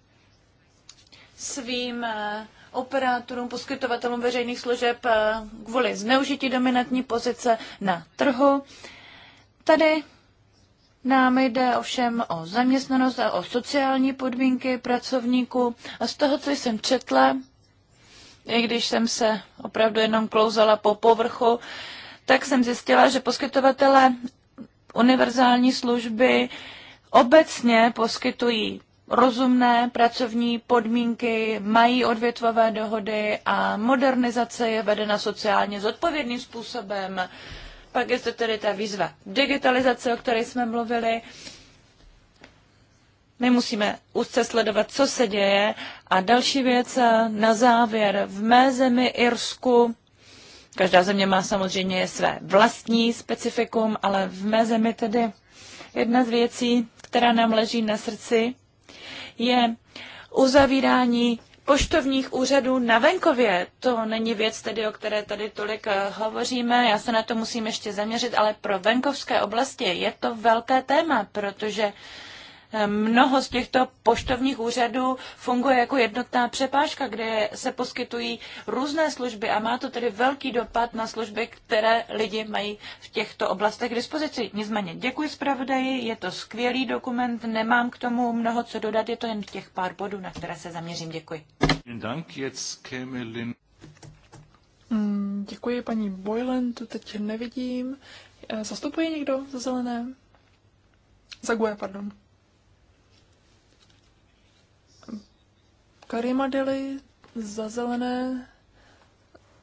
svým eh, operátorům, poskytovatelům veřejných služeb eh, kvůli zneužití dominantní pozice na trhu. Tady nám jde ovšem o zaměstnanost a o sociální podmínky pracovníků. A z toho, co jsem četla, i když jsem se opravdu jenom klouzala po povrchu, tak jsem zjistila, že poskytovatele univerzální služby obecně poskytují rozumné pracovní podmínky, mají odvětvové dohody a modernizace je vedena sociálně zodpovědným způsobem. Pak je to tedy ta výzva digitalizace, o které jsme mluvili. My musíme úzce sledovat, co se děje. A další věc na závěr. V mé zemi Irsku, každá země má samozřejmě své vlastní specifikum, ale v mé zemi tedy jedna z věcí, která nám leží na srdci, je uzavírání poštovních úřadů na venkově. To není věc tedy, o které tady tolik eh, hovoříme, já se na to musím ještě zaměřit, ale pro venkovské oblasti je to velké téma, protože mnoho z těchto poštovních úřadů funguje jako jednotná přepážka, kde se poskytují různé služby a má to tedy velký dopad na služby, které lidi mají v těchto oblastech k dispozici. Nicméně děkuji zpravodaji, je to skvělý dokument, nemám k tomu mnoho co dodat, je to jen těch pár bodů, na které se zaměřím. Děkuji. Mm, děkuji paní Boylen, tu teď nevidím. Eh, zastupuje někdo za zelené? Za GUE, pardon. Karimadely za zelené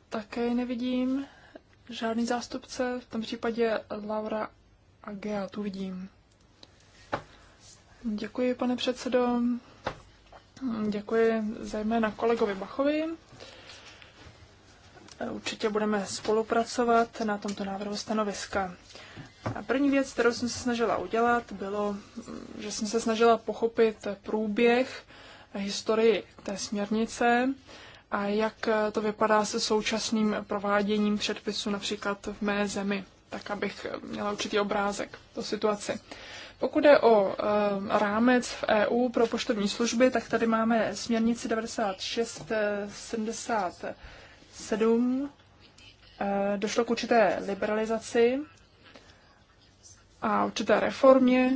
také nevidím. Žádný zástupce, v tom případě Laura Gea, tu vidím. Děkuji, pane předsedo. Děkuji zejména kolegovi Bachovi. Určitě budeme spolupracovat na tomto návrhu stanoviska. A první věc, kterou jsem se snažila udělat, bylo, že jsem se snažila pochopit průběh historii té směrnice a jak to vypadá se současným prováděním předpisu například v mé zemi, tak abych měla určitý obrázek do situaci. Pokud je o e, rámec v EU pro poštovní služby, tak tady máme směrnici 9677. E, eh, došlo k určité liberalizaci a určité reformě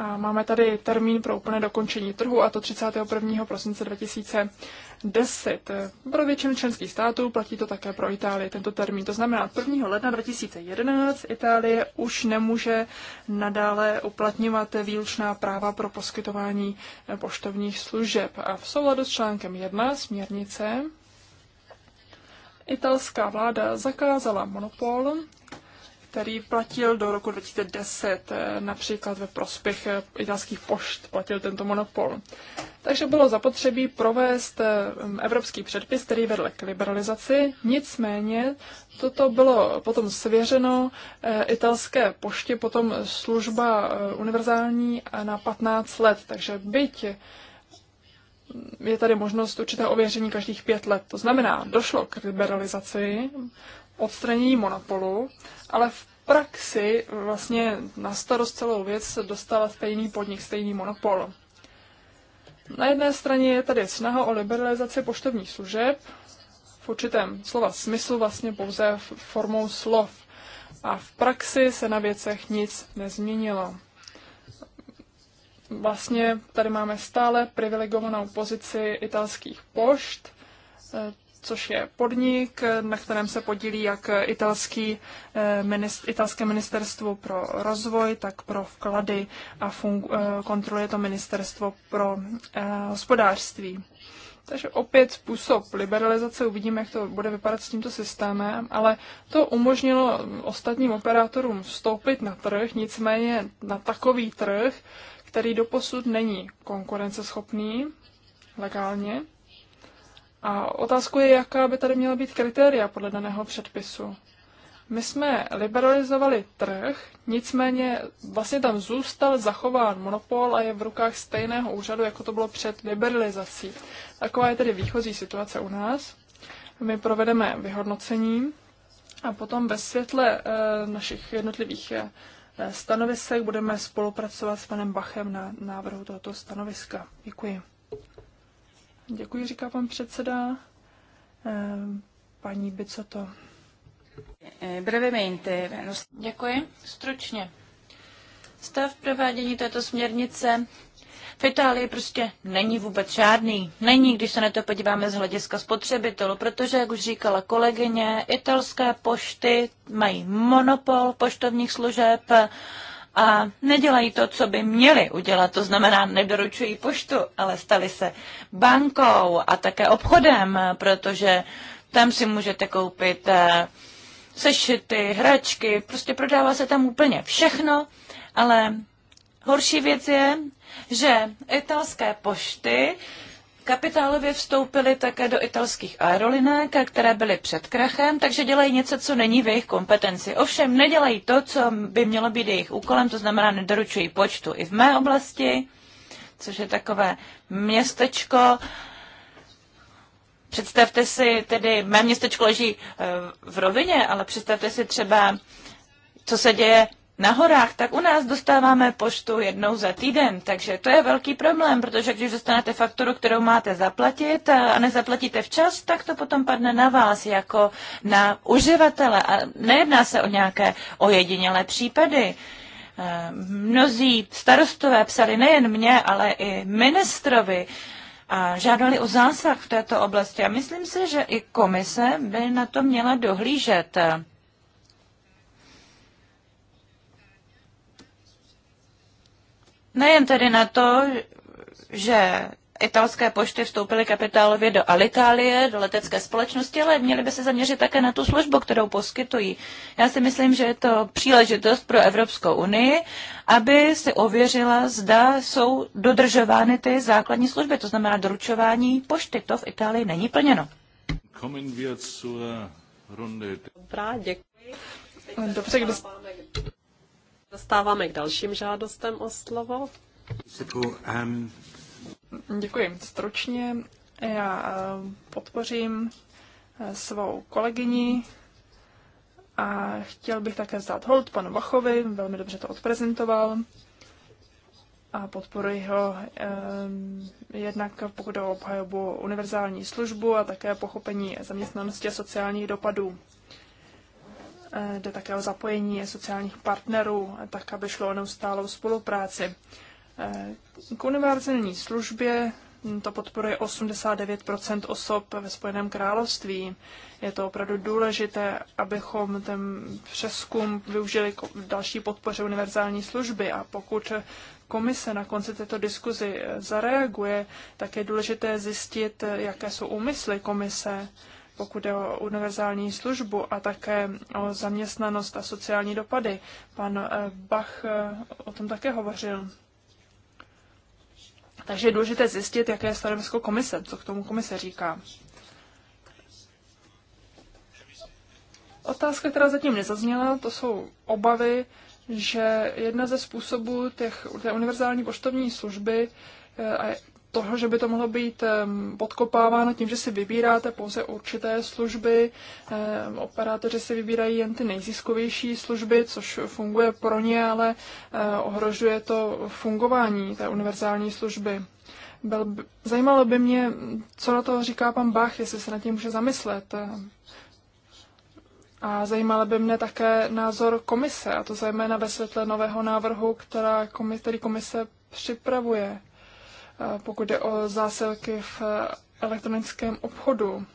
a máme tady termín pro úplné dokončení trhu, a to 31. prosince 2010. Pro většinu členských států platí to také pro Itálii tento termín. To znamená, 1. ledna 2011 Itálie už nemůže nadále uplatňovat výlučná práva pro poskytování poštovních služeb. A v souladu s článkem 1 směrnice italská vláda zakázala monopol, který platil do roku 2010, eh, například ve prospěch eh, italských pošt platil tento monopol. Takže bylo zapotřebí provést eh, evropský předpis, který vedl k liberalizaci, nicméně toto bylo potom svěřeno italské poště, potom služba univerzální na 15 let, takže byť je tady možnost určitého ověření každých pět let. To znamená, došlo k liberalizaci, odstranění monopolu, ale v praxi vlastně na starost celou věc dostala stejný podnik, stejný monopol. Na jedné straně je tady snaha o liberalizaci poštovních služeb, v určitém slova smyslu vlastně pouze formou slov. A v praxi se na věcech nic nezměnilo. Vlastně tady máme stále privilegovanou pozici italských pošt, což je podnik, na kterém se podílí jak italský, eh, italské ministerstvo pro rozvoj, tak pro vklady a eh, kontroluje to ministerstvo pro eh, hospodářství. Takže opět způsob liberalizace, uvidíme, jak to bude vypadat s tímto systémem, ale to umožnilo ostatním operátorům vstoupit na trh, nicméně na takový trh, který doposud není konkurenceschopný legálně a otázku je, jaká by tady měla být kritéria podle daného předpisu. My jsme liberalizovali trh, nicméně vlastně tam zůstal zachován monopol a je v rukách stejného úřadu, jako to bylo před liberalizací. Taková je tedy výchozí situace u nás. My provedeme vyhodnocení a potom ve světle eh, našich jednotlivých eh, stanovisek budeme spolupracovat s panem Bachem na návrhu tohoto stanoviska. Děkuji. Děkuji, říká pan předseda. Eh, paní Bicoto. Eh, brevemente. No. Děkuji. Stručně. Stav provádění této směrnice v Itálii prostě není vůbec žádný. Není, když se na to podíváme z hlediska spotřebitelů, protože, jak už říkala kolegyně, italské pošty mají monopol poštovních služeb a nedělají to, co by měli udělat, to znamená nedoručují poštu, ale stali se bankou a také obchodem, protože tam si můžete koupit eh, sešity, hračky, prostě prodává se tam úplně všechno, ale horší věc je, že italské pošty kapitálově vstoupili také do italských aerolinek, které byly před krachem, takže dělají něco, co není v jejich kompetenci. Ovšem nedělají to, co by mělo být jejich úkolem, to znamená nedoručují počtu i v mé oblasti, což je takové městečko. Představte si, tedy mé městečko leží eh, v rovině, ale představte si třeba, co se děje na horách, tak u nás dostáváme poštu jednou za týden, takže to je velký problém, protože když dostanete fakturu, kterou máte zaplatit eh, a nezaplatíte včas, tak to potom padne na vás jako na uživatele a nejedná se o nějaké ojedinělé případy. Eh, mnozí starostové psali nejen mě, ale i ministrovi, a žádali o zásah v této oblasti. A myslím si, že i komise by na to měla dohlížet. Nejen tedy na to, že italské pošty vstoupily kapitálově do Alitalie, do letecké společnosti, ale měly by se zaměřit také na tu službu, kterou poskytují. Já si myslím, že je to příležitost pro Evropskou unii, aby si ověřila, zda jsou dodržovány ty základní služby, to znamená doručování pošty. To v Itálii není plněno. Dobrá, děkuji. Dobře, když Dostáváme k dalším žádostem o slovo. Um, Děkuji. Stručně já eh, podpořím eh, svou kolegyni a chtěl bych také vzdát hold panu Vachovi, velmi dobře to odprezentoval a podporuji ho eh, jednak pokud o obhajobu univerzální službu a také pochopení zaměstnanosti a sociálních dopadů Eh, jde také o zapojení sociálních partnerů, eh, tak aby šlo o neustálou spolupráci. Eh, k univerzální službě hm, to podporuje 89 osob ve Spojeném království. Je to opravdu důležité, abychom ten přeskum využili k další podpoře univerzální služby. A pokud komise na konci této diskuzi zareaguje, tak je důležité zjistit, jaké jsou úmysly komise pokud je o univerzální službu a také o zaměstnanost a sociální dopady. Pan eh, Bach eh, o tom také hovořil. Takže je důležité zjistit, jaké je stanovisko komise, co k tomu komise říká. Otázka, která zatím nezazněla, to jsou obavy, že jedna ze způsobů těch, té univerzální poštovní služby eh, toho, že by to mohlo být podkopáváno tím, že si vybíráte pouze určité služby. Operátoři si vybírají jen ty nejziskovější služby, což funguje pro ně, ale eh, ohrožuje to fungování té univerzální služby. Byl by, zajímalo by mě, co na to říká pan Bach, jestli se nad tím může zamyslet. A zajímalo by mě také názor komise, a to zejména ve světle nového návrhu, která, který komise připravuje. Eh, pokud jde o zásilky v elektronickém obchodu.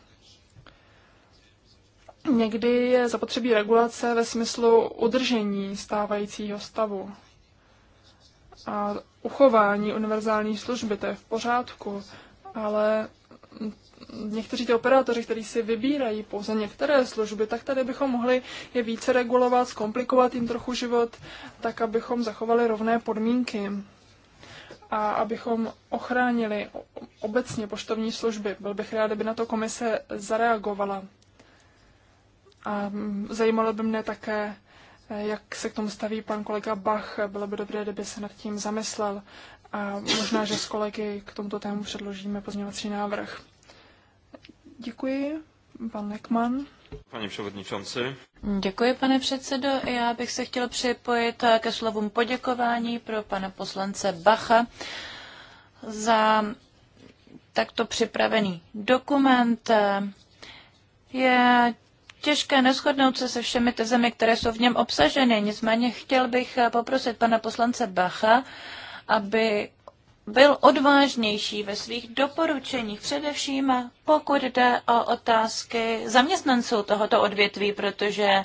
Někdy je zapotřebí regulace ve smyslu udržení stávajícího stavu a uchování univerzální služby, to je v pořádku, ale někteří ty operátoři, kteří si vybírají pouze některé služby, tak tady bychom mohli je více regulovat, zkomplikovat jim trochu život, tak abychom zachovali rovné podmínky a abychom ochránili obecně poštovní služby. Byl bych rád, kdyby na to komise zareagovala. A zajímalo by mne také, jak se k tomu staví pan kolega Bach. Bylo by dobré, kdyby se nad tím zamyslel. A možná, že s kolegy k tomuto tému předložíme pozměňovací návrh. Děkuji, pan Lekman. Pane předsedající. Děkuji, pane předsedo. Já bych se chtěl připojit ke slovům poděkování pro pana poslance Bacha za takto připravený dokument. Je těžké neschodnout se se všemi tezemi, které jsou v něm obsaženy. Nicméně chtěl bych poprosit pana poslance Bacha, aby byl odvážnější ve svých doporučeních, především pokud jde o otázky zaměstnanců tohoto odvětví, protože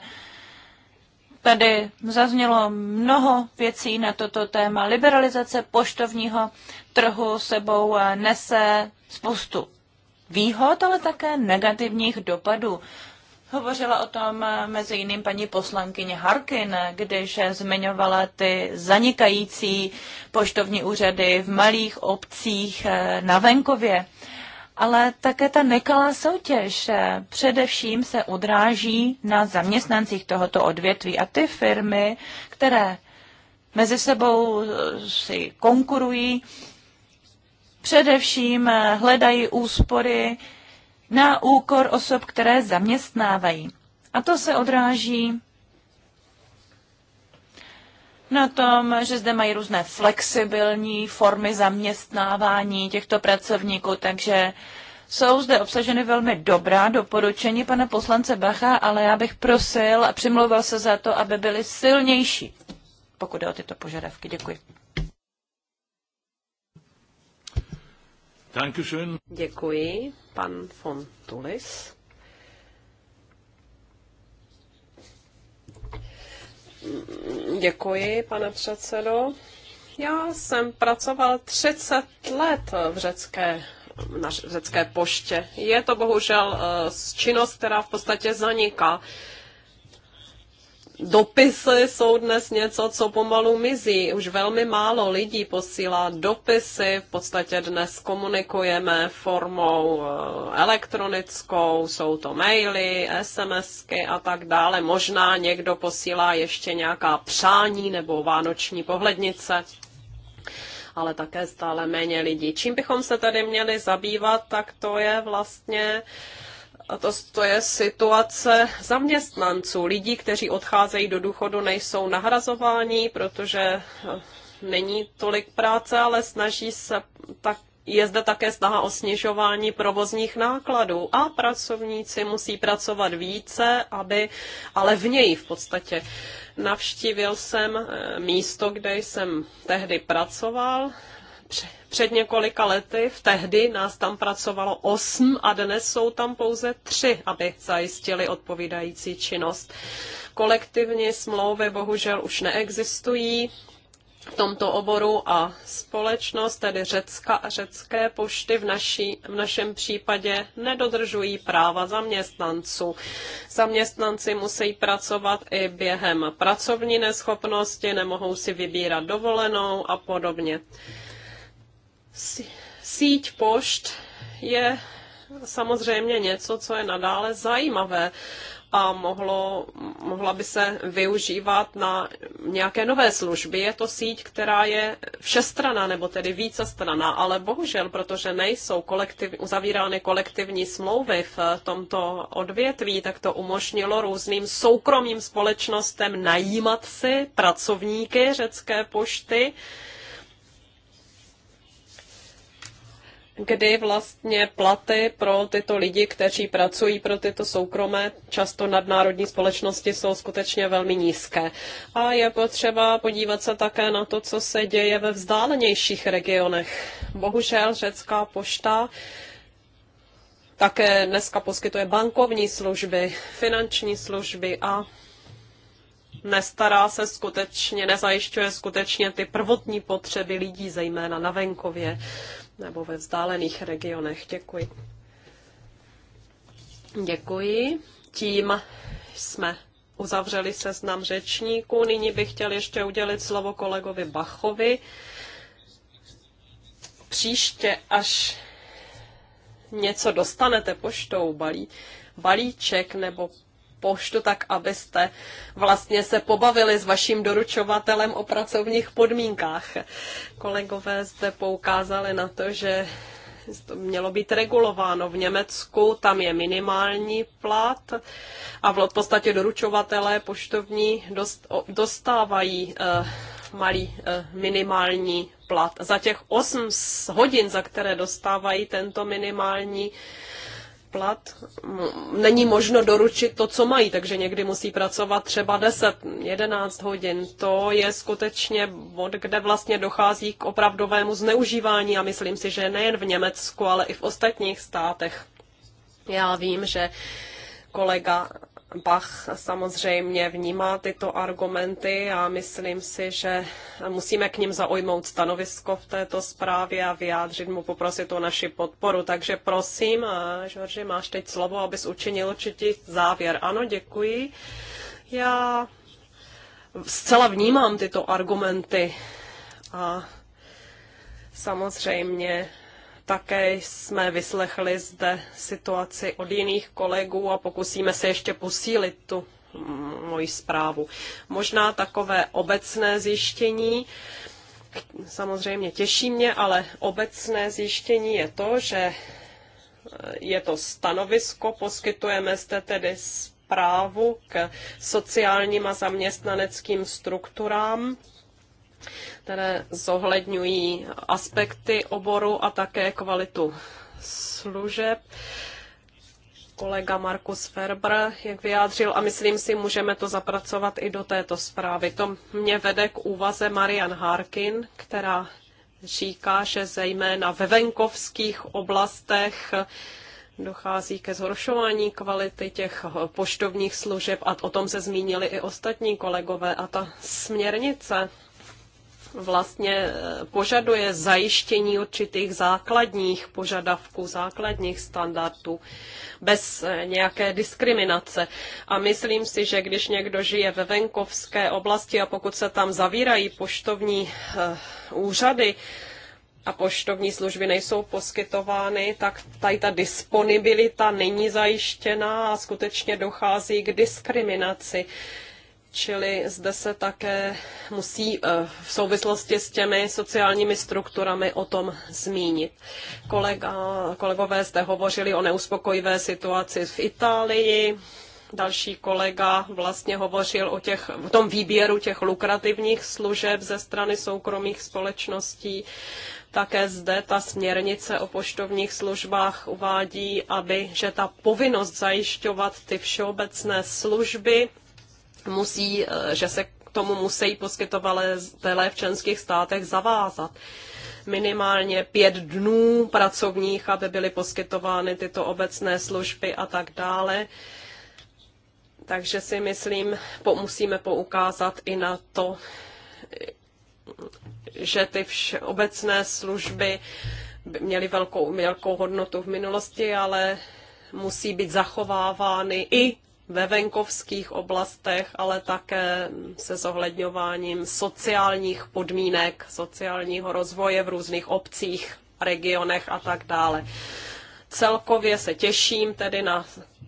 tady zaznělo mnoho věcí na toto téma. Liberalizace poštovního trhu sebou nese spoustu výhod, ale také negativních dopadů. Hovořila o tom eh, mezi jiným paní poslankyně Harkin, když zmiňovala ty zanikající poštovní úřady v malých obcích eh, na venkově. Ale také ta nekalá soutěž eh, především se odráží na zaměstnancích tohoto odvětví a ty firmy, které mezi sebou si konkurují, především hledají úspory, na úkor osob, které zaměstnávají. A to se odráží na tom, že zde mají různé flexibilní formy zaměstnávání těchto pracovníků, takže jsou zde obsaženy velmi dobrá doporučení pana poslance Bacha, ale já bych prosil a přimlouval se za to, aby byly silnější, pokud jde o tyto požadavky. Děkuji. Děkuji, pan von Tulis. Děkuji, pane předsedo. Já jsem pracoval 30 let v řecké na řecké poště. Je to bohužel eh, činnost, která v podstatě zaniká. Dopisy jsou dnes něco, co pomalu mizí. Už velmi málo lidí posílá dopisy. V podstatě dnes komunikujeme formou eh, elektronickou, jsou to maily, SMSky a tak dále. Možná někdo posílá ještě nějaká přání nebo vánoční pohlednice ale také stále méně lidí. Čím bychom se tady měli zabývat, tak to je vlastně uh, a to, to je situace zaměstnanců, lidí, kteří odcházejí do důchodu, nejsou nahrazováni, protože eh, není tolik práce, ale snaží se tak je zde také snaha o snižování provozních nákladů a pracovníci musí pracovat více, aby, ale v něj v podstatě. Navštívil jsem eh, místo, kde jsem tehdy pracoval, před několika lety, v tehdy nás tam pracovalo osm a dnes jsou tam pouze tři, aby zajistili odpovídající činnost. Kolektivní smlouvy bohužel už neexistují v tomto oboru a společnost, tedy Řecka, řecké pošty v, naší, v našem případě nedodržují práva zaměstnanců. Zaměstnanci musí pracovat i během pracovní neschopnosti, nemohou si vybírat dovolenou a podobně. Síť pošt je samozřejmě něco, co je nadále zajímavé a mohlo, mohla by se využívat na nějaké nové služby. Je to síť, která je všestraná, nebo tedy vícestraná, ale bohužel, protože nejsou kolektiv, uzavírány kolektivní smlouvy v tomto odvětví, tak to umožnilo různým soukromým společnostem najímat si pracovníky řecké pošty, kdy vlastně platy pro tyto lidi, kteří pracují pro tyto soukromé, často nadnárodní společnosti, jsou skutečně velmi nízké. A je potřeba podívat se také na to, co se děje ve vzdálenějších regionech. Bohužel řecká pošta také dneska poskytuje bankovní služby, finanční služby a nestará se skutečně, nezajišťuje skutečně ty prvotní potřeby lidí, zejména na venkově nebo ve vzdálených regionech. Děkuji. Děkuji. Tím jsme uzavřeli seznam řečníků. Nyní bych chtěl ještě udělit slovo kolegovi Bachovi. Příště, až něco dostanete poštou, balí, balíček nebo poštu, tak abyste vlastně se pobavili s vaším doručovatelem o pracovních podmínkách. Kolegové zde poukázali na to, že to mělo být regulováno. V Německu tam je minimální plat a v podstatě doručovatelé poštovní dostávají eh, malý eh, minimální plat. Za těch 8 hodin, za které dostávají tento minimální plat, není možno doručit to, co mají, takže někdy musí pracovat třeba 10, 11 hodin. To je skutečně bod, kde vlastně dochází k opravdovému zneužívání a myslím si, že nejen v Německu, ale i v ostatních státech. Já vím, že kolega Bach samozřejmě vnímá tyto argumenty a myslím si, že musíme k ním zaujmout stanovisko v této zprávě a vyjádřit mu, poprosit o naši podporu. Takže prosím, Žorži, máš teď slovo, abys učinil určitý závěr. Ano, děkuji. Já zcela vnímám tyto argumenty a samozřejmě také jsme vyslechli zde situaci od jiných kolegů a pokusíme se ještě posílit tu moji zprávu. Možná takové obecné zjištění. Samozřejmě těší mě, ale obecné zjištění je to, že e, je to stanovisko, poskytujeme zde tedy zprávu k sociálním a zaměstnaneckým strukturám které zohledňují aspekty oboru a také kvalitu služeb. Kolega Markus Ferber, jak vyjádřil, a myslím si, můžeme to zapracovat i do této zprávy. To mě vede k úvaze Marian Harkin, která říká, že zejména ve venkovských oblastech dochází ke zhoršování kvality těch poštovních služeb a o tom se zmínili i ostatní kolegové. A ta směrnice vlastně eh, požaduje zajištění určitých základních požadavků, základních standardů, bez eh, nějaké diskriminace. A myslím si, že když někdo žije ve venkovské oblasti a pokud se tam zavírají poštovní eh, úřady, a poštovní služby nejsou poskytovány, tak tady ta disponibilita není zajištěná a skutečně dochází k diskriminaci. Uh, Čili zde se také musí eh, v souvislosti s těmi sociálními strukturami o tom zmínit. Kolega, kolegové zde hovořili o neuspokojivé situaci v Itálii. Další kolega vlastně hovořil o, těch, o tom výběru těch lukrativních služeb ze strany soukromých společností. Také zde ta směrnice o poštovních službách uvádí, aby, že ta povinnost zajišťovat ty všeobecné služby musí, eh, že se k tomu musí poskytovatelé v členských státech zavázat minimálně pět dnů pracovních, aby byly poskytovány tyto obecné služby a tak dále. Takže si myslím, po, musíme poukázat i na to, že ty vše, obecné služby měly velkou, velkou hodnotu v minulosti, ale musí být zachovávány i ve venkovských oblastech, ale také se zohledňováním sociálních podmínek, sociálního rozvoje v různých obcích, regionech a tak dále. Celkově se těším tedy na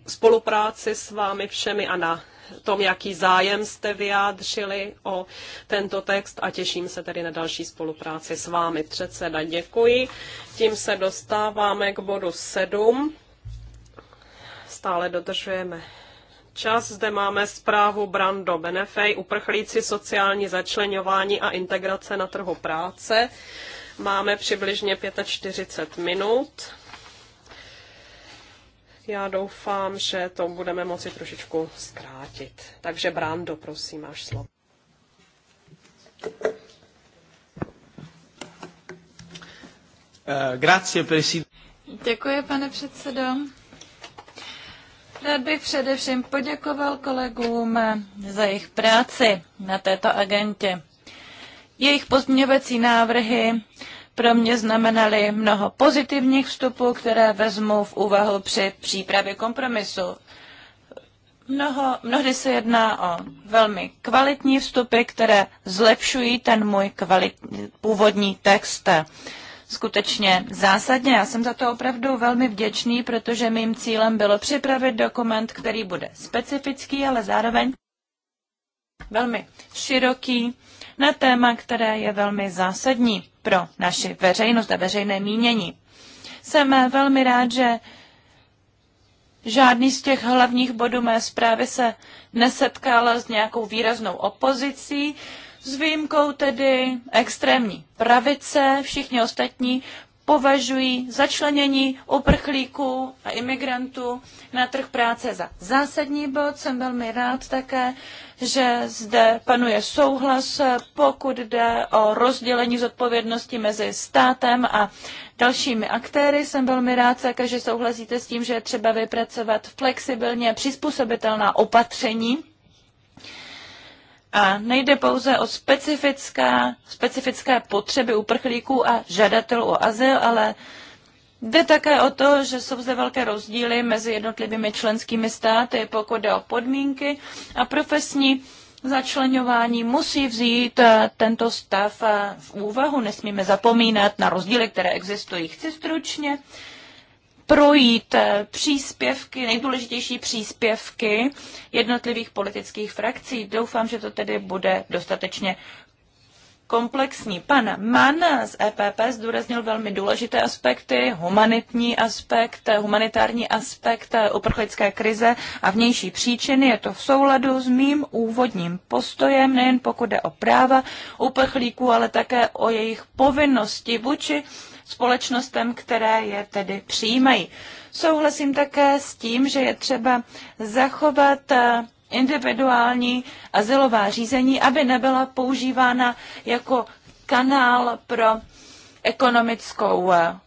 spolupráci s vámi všemi a na tom, jaký zájem jste vyjádřili o tento text a těším se tedy na další spolupráci s vámi. Předseda, děkuji. Tím se dostáváme k bodu 7. Stále dodržujeme čas. Zde máme zprávu Brando Benefej, uprchlíci, sociální začlenování a integrace na trhu práce. Máme přibližně 45 minut. Já doufám, že to budeme moci trošičku zkrátit. Takže Brando, prosím, máš slovo. Eh, grazie, Děkuji, pane předsedo. Rád bych především poděkoval kolegům za jejich práci na této agentě. Jejich pozměňovací návrhy pro mě znamenaly mnoho pozitivních vstupů, které vezmu v úvahu při přípravě kompromisu. Mnoho, mnohdy se jedná o velmi kvalitní vstupy, které zlepšují ten můj kvalit, původní text skutečně zásadně. Já jsem za to opravdu velmi vděčný, protože mým cílem bylo připravit dokument, který bude specifický, ale zároveň velmi široký na téma, které je velmi zásadní pro naši veřejnost a veřejné mínění. Jsem velmi rád, že žádný z těch hlavních bodů mé zprávy se nesetkal s nějakou výraznou opozicí. S výjimkou tedy extrémní pravice, všichni ostatní považují začlenění uprchlíků a imigrantů na trh práce za zásadní bod. Jsem velmi rád také, že zde panuje souhlas, pokud jde o rozdělení zodpovědnosti mezi státem a dalšími aktéry. Jsem velmi rád také, že souhlasíte s tím, že je třeba vypracovat flexibilně přizpůsobitelná opatření a nejde pouze o specifická, specifické potřeby uprchlíků a žadatelů o azyl, ale jde také o to, že jsou zde velké rozdíly mezi jednotlivými členskými státy, pokud jde o podmínky a profesní začlenování musí vzít eh, tento stav eh, v úvahu. Nesmíme zapomínat na rozdíly, které existují. Chci stručně projít eh, příspěvky, nejdůležitější příspěvky jednotlivých politických frakcí. Doufám, že to tedy bude dostatečně komplexní. Pan Mann z EPP zdůraznil velmi důležité aspekty, humanitní aspekt, humanitární aspekt eh, uprchlické krize a vnější příčiny. Je to v souladu s mým úvodním postojem, nejen pokud jde o práva uprchlíků, ale také o jejich povinnosti vůči společnostem, které je tedy přijímají. Souhlasím také s tím, že je třeba zachovat eh, individuální azylová řízení, aby nebyla používána jako kanál pro ekonomickou eh,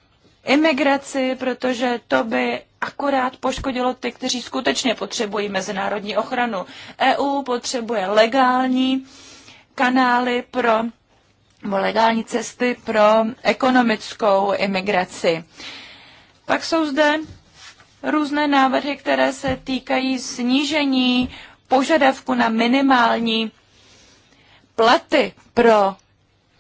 imigraci, protože to by akorát poškodilo ty, kteří skutečně potřebují mezinárodní ochranu. EU potřebuje legální kanály pro legální cesty pro ekonomickou imigraci. Pak jsou zde různé návrhy, které se týkají snížení požadavku na minimální platy pro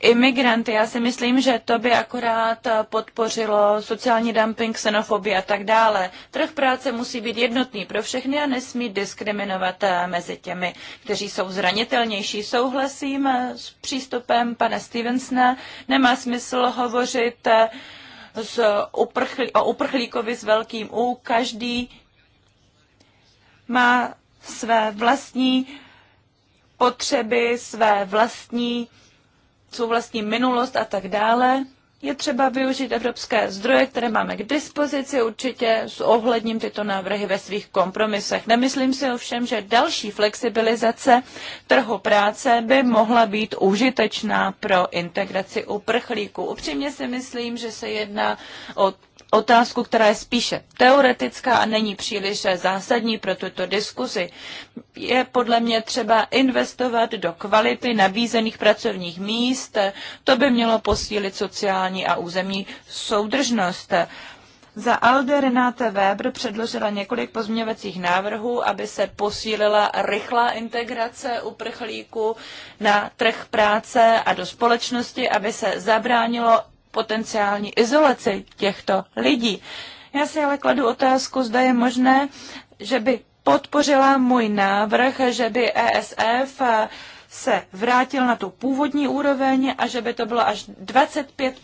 imigranty. Já si myslím, že to by akorát eh, podpořilo sociální dumping, xenofobii a tak dále. Trh práce musí být jednotný pro všechny a nesmí diskriminovat eh, mezi těmi, kteří jsou zranitelnější. Souhlasím eh, s přístupem pana Stevensona. Nemá smysl hovořit s uprchlí, o uprchlíkovi s velkým U. Každý má své vlastní potřeby, své vlastní svou vlastní minulost a tak dále. Je třeba využít evropské zdroje, které máme k dispozici, určitě s ohledním tyto návrhy ve svých kompromisech. Nemyslím si ovšem, že další flexibilizace trhu práce by mohla být užitečná pro integraci uprchlíků. Upřímně si myslím, že se jedná o otázku, která je spíše teoretická a není příliš zásadní pro tuto diskuzi. Je podle mě třeba investovat do kvality nabízených pracovních míst. To by mělo posílit sociální a územní soudržnost. Za ALDE Renate Weber předložila několik pozměňovacích návrhů, aby se posílila rychlá integrace uprchlíků na trh práce a do společnosti, aby se zabránilo potenciální izolaci těchto lidí. Já si ale kladu otázku, zda je možné, že by podpořila můj návrh, že by ESF eh, se vrátil na tu původní úroveň a že by to bylo až 25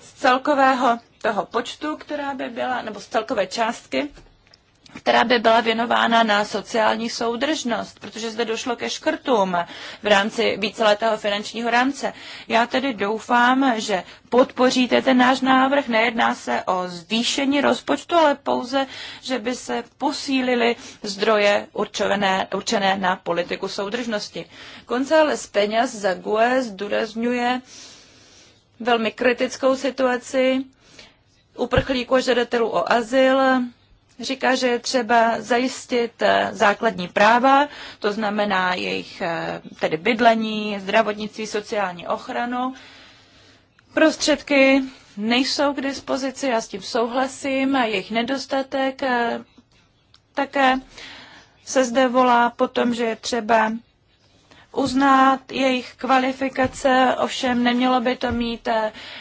z celkového toho počtu, která by byla, nebo z celkové částky, která by byla věnována na sociální soudržnost, protože zde došlo ke škrtům v rámci víceletého finančního rámce. Já tedy doufám, že podpoříte ten náš návrh. Nejedná se o zvýšení rozpočtu, ale pouze, že by se posílily zdroje určené, určené na politiku soudržnosti. z peněz za GUE zdůrazňuje velmi kritickou situaci uprchlíků a žadatelů o azyl, říká, že je třeba zajistit eh, základní práva, to znamená jejich eh, tedy bydlení, zdravotnictví, sociální ochranu. Prostředky nejsou k dispozici, já s tím souhlasím, a jejich nedostatek eh, také se zde volá tom, že je třeba uznat jejich kvalifikace, ovšem nemělo by to mít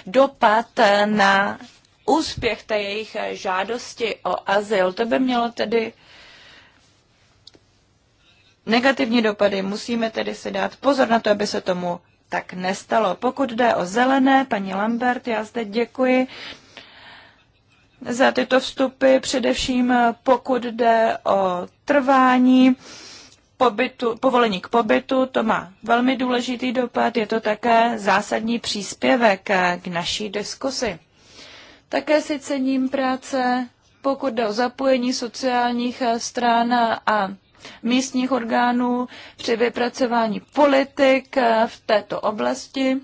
dopad na úspěch té jejich eh, žádosti o azyl. To by mělo tedy negativní dopady. Musíme tedy si dát pozor na to, aby se tomu tak nestalo. Pokud jde o zelené, paní Lambert, já zde děkuji za tyto vstupy, především eh, pokud jde o trvání pobytu, povolení k pobytu, to má velmi důležitý dopad, je to také zásadní příspěvek eh, k naší diskusi. Také si cením práce, pokud jde o zapojení sociálních eh, stran a místních orgánů při vypracování politik eh, v této oblasti,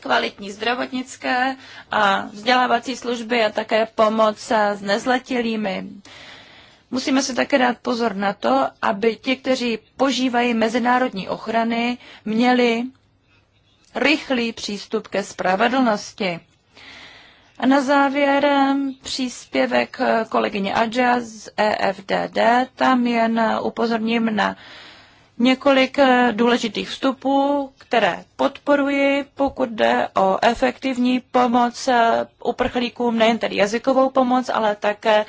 kvalitní zdravotnické a vzdělávací služby a také pomoc eh, s nezletilými. Musíme si také dát pozor na to, aby ti, kteří požívají mezinárodní ochrany, měli rychlý přístup ke spravedlnosti. A na závěr příspěvek kolegyně Adja z EFDD. Tam jen upozorním na několik důležitých vstupů, které podporuji, pokud jde o efektivní pomoc uprchlíkům, nejen tedy jazykovou pomoc, ale také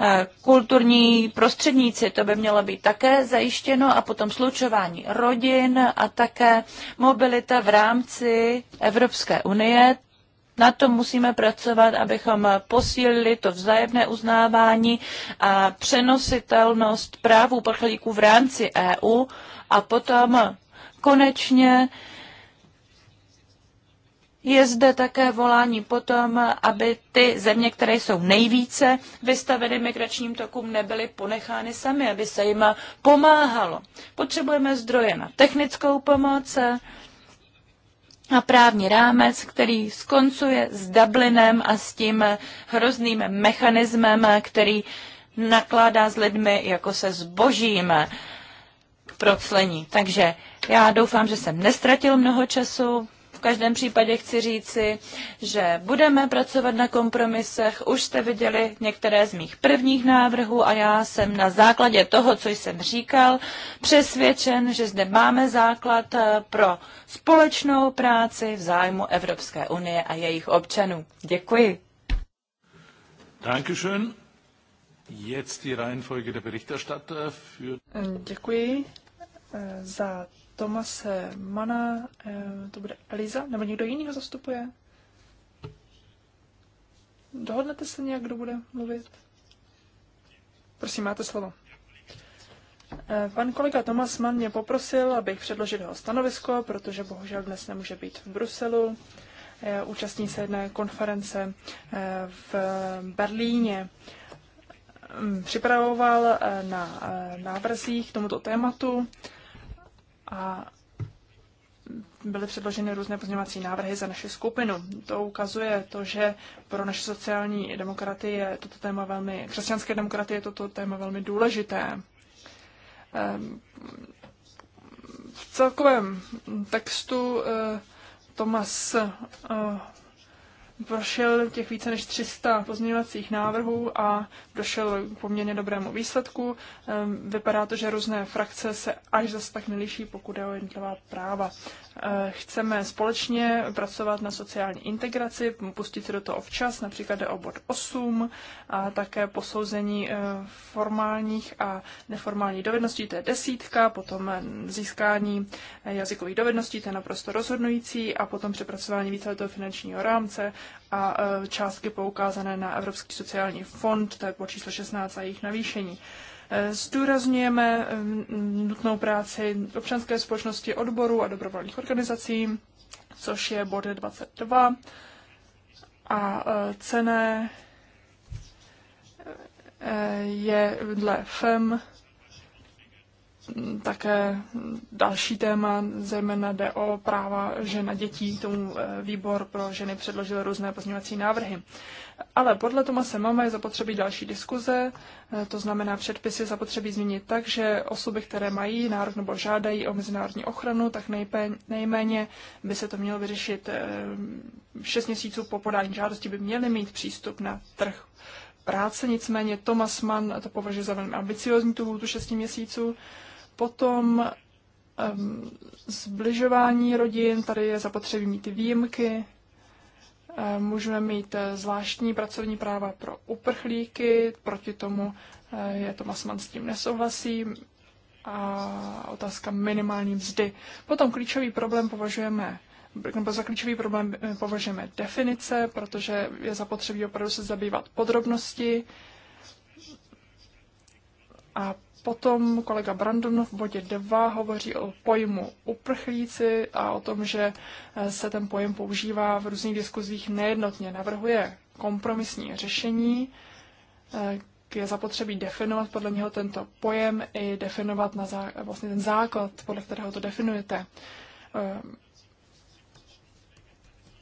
eh, kulturní prostředníci, to by mělo být také zajištěno a potom slučování rodin a také mobilita v rámci Evropské unie, na tom musíme pracovat, abychom posílili to vzájemné uznávání a přenositelnost práv uprchlíků v rámci EU a potom konečně je zde také volání potom, aby ty země, které jsou nejvíce vystaveny migračním tokům, nebyly ponechány sami, aby se jim pomáhalo. Potřebujeme zdroje na technickou pomoc, a právní rámec, který skoncuje s Dublinem a s tím hrozným mechanismem, který nakládá s lidmi jako se zbožím k proclení. Takže já doufám, že jsem nestratil mnoho času každém případě chci říci, že budeme pracovat na kompromisech. Už jste viděli některé z mých prvních návrhů a já jsem na základě toho, co jsem říkal, přesvědčen, že zde máme základ eh, pro společnou práci v zájmu Evropské unie a jejich občanů. Děkuji. Dankeschön. Jetzt die Reihenfolge der Berichterstatter für Děkuji eh, za Tomase Mana, eh, to bude Eliza, nebo někdo jiný ho zastupuje? Dohodnete se nějak, kdo bude mluvit? Prosím, máte slovo. Eh, pan kolega Tomas Mann mě poprosil, abych předložil jeho stanovisko, protože bohužel dnes nemůže být v Bruselu. Eh, účastní se jedné konference v Berlíně. Mm, připravoval na návrzích k tomuto tématu a byly předloženy různé pozměňovací návrhy za naši skupinu. To ukazuje to, že pro naše sociální demokraty je toto téma velmi, křesťanské demokraty je toto téma velmi důležité. Ehm, v celkovém textu eh, Thomas eh, prošel těch více než 300 pozměňovacích návrhů a došel k poměrně dobrému výsledku. Ehm, vypadá to, že různé frakce se až zase tak neliší, pokud je o jednotlivá práva. Eh, chceme společně pracovat na sociální integraci, pustit se do toho včas, například o bod 8 a také posouzení eh, formálních a neformálních dovedností, to je desítka, potom eh, získání jazykových dovedností, to je naprosto rozhodnující a potom přepracování víceletého finančního rámce a částky poukázané na Evropský sociální fond, to je po číslo 16 a jejich navýšení. Eh, Zdůrazňujeme eh, nutnou práci občanské společnosti, odboru a dobrovolných organizací, což je bod 22. A eh, cené je dle FEM také další téma, zejména jde o práva žen a dětí. Tomu eh, výbor pro ženy předložil různé pozměňovací návrhy. Ale podle Tomase se je zapotřebí další diskuze, eh, to znamená předpisy zapotřebí změnit tak, že osoby, které mají nárok nebo žádají o mezinárodní ochranu, tak nejméně by se to mělo vyřešit 6 eh, měsíců po podání žádosti by měly mít přístup na trh práce, nicméně Thomas Mann to považuje za velmi ambiciozní, tu lhůtu 6 měsíců, Potom um, zbližování rodin, tady je zapotřebí mít výjimky, Můžeme mít eh, zvláštní pracovní práva pro uprchlíky, proti tomu eh, je Tomas Mann s tím nesouhlasí a otázka minimální mzdy. Potom klíčový problém považujeme nebo za klíčový problém eh, považujeme definice, protože je zapotřebí opravdu se zabývat podrobnosti. A Potom kolega Brandon v bodě 2 hovoří o pojmu uprchlíci a o tom, že eh, se ten pojem používá v různých diskuzích nejednotně. Navrhuje kompromisní řešení, eh, je zapotřebí definovat podle něho tento pojem i definovat na zá, vlastně ten základ, podle kterého to definujete. Eh,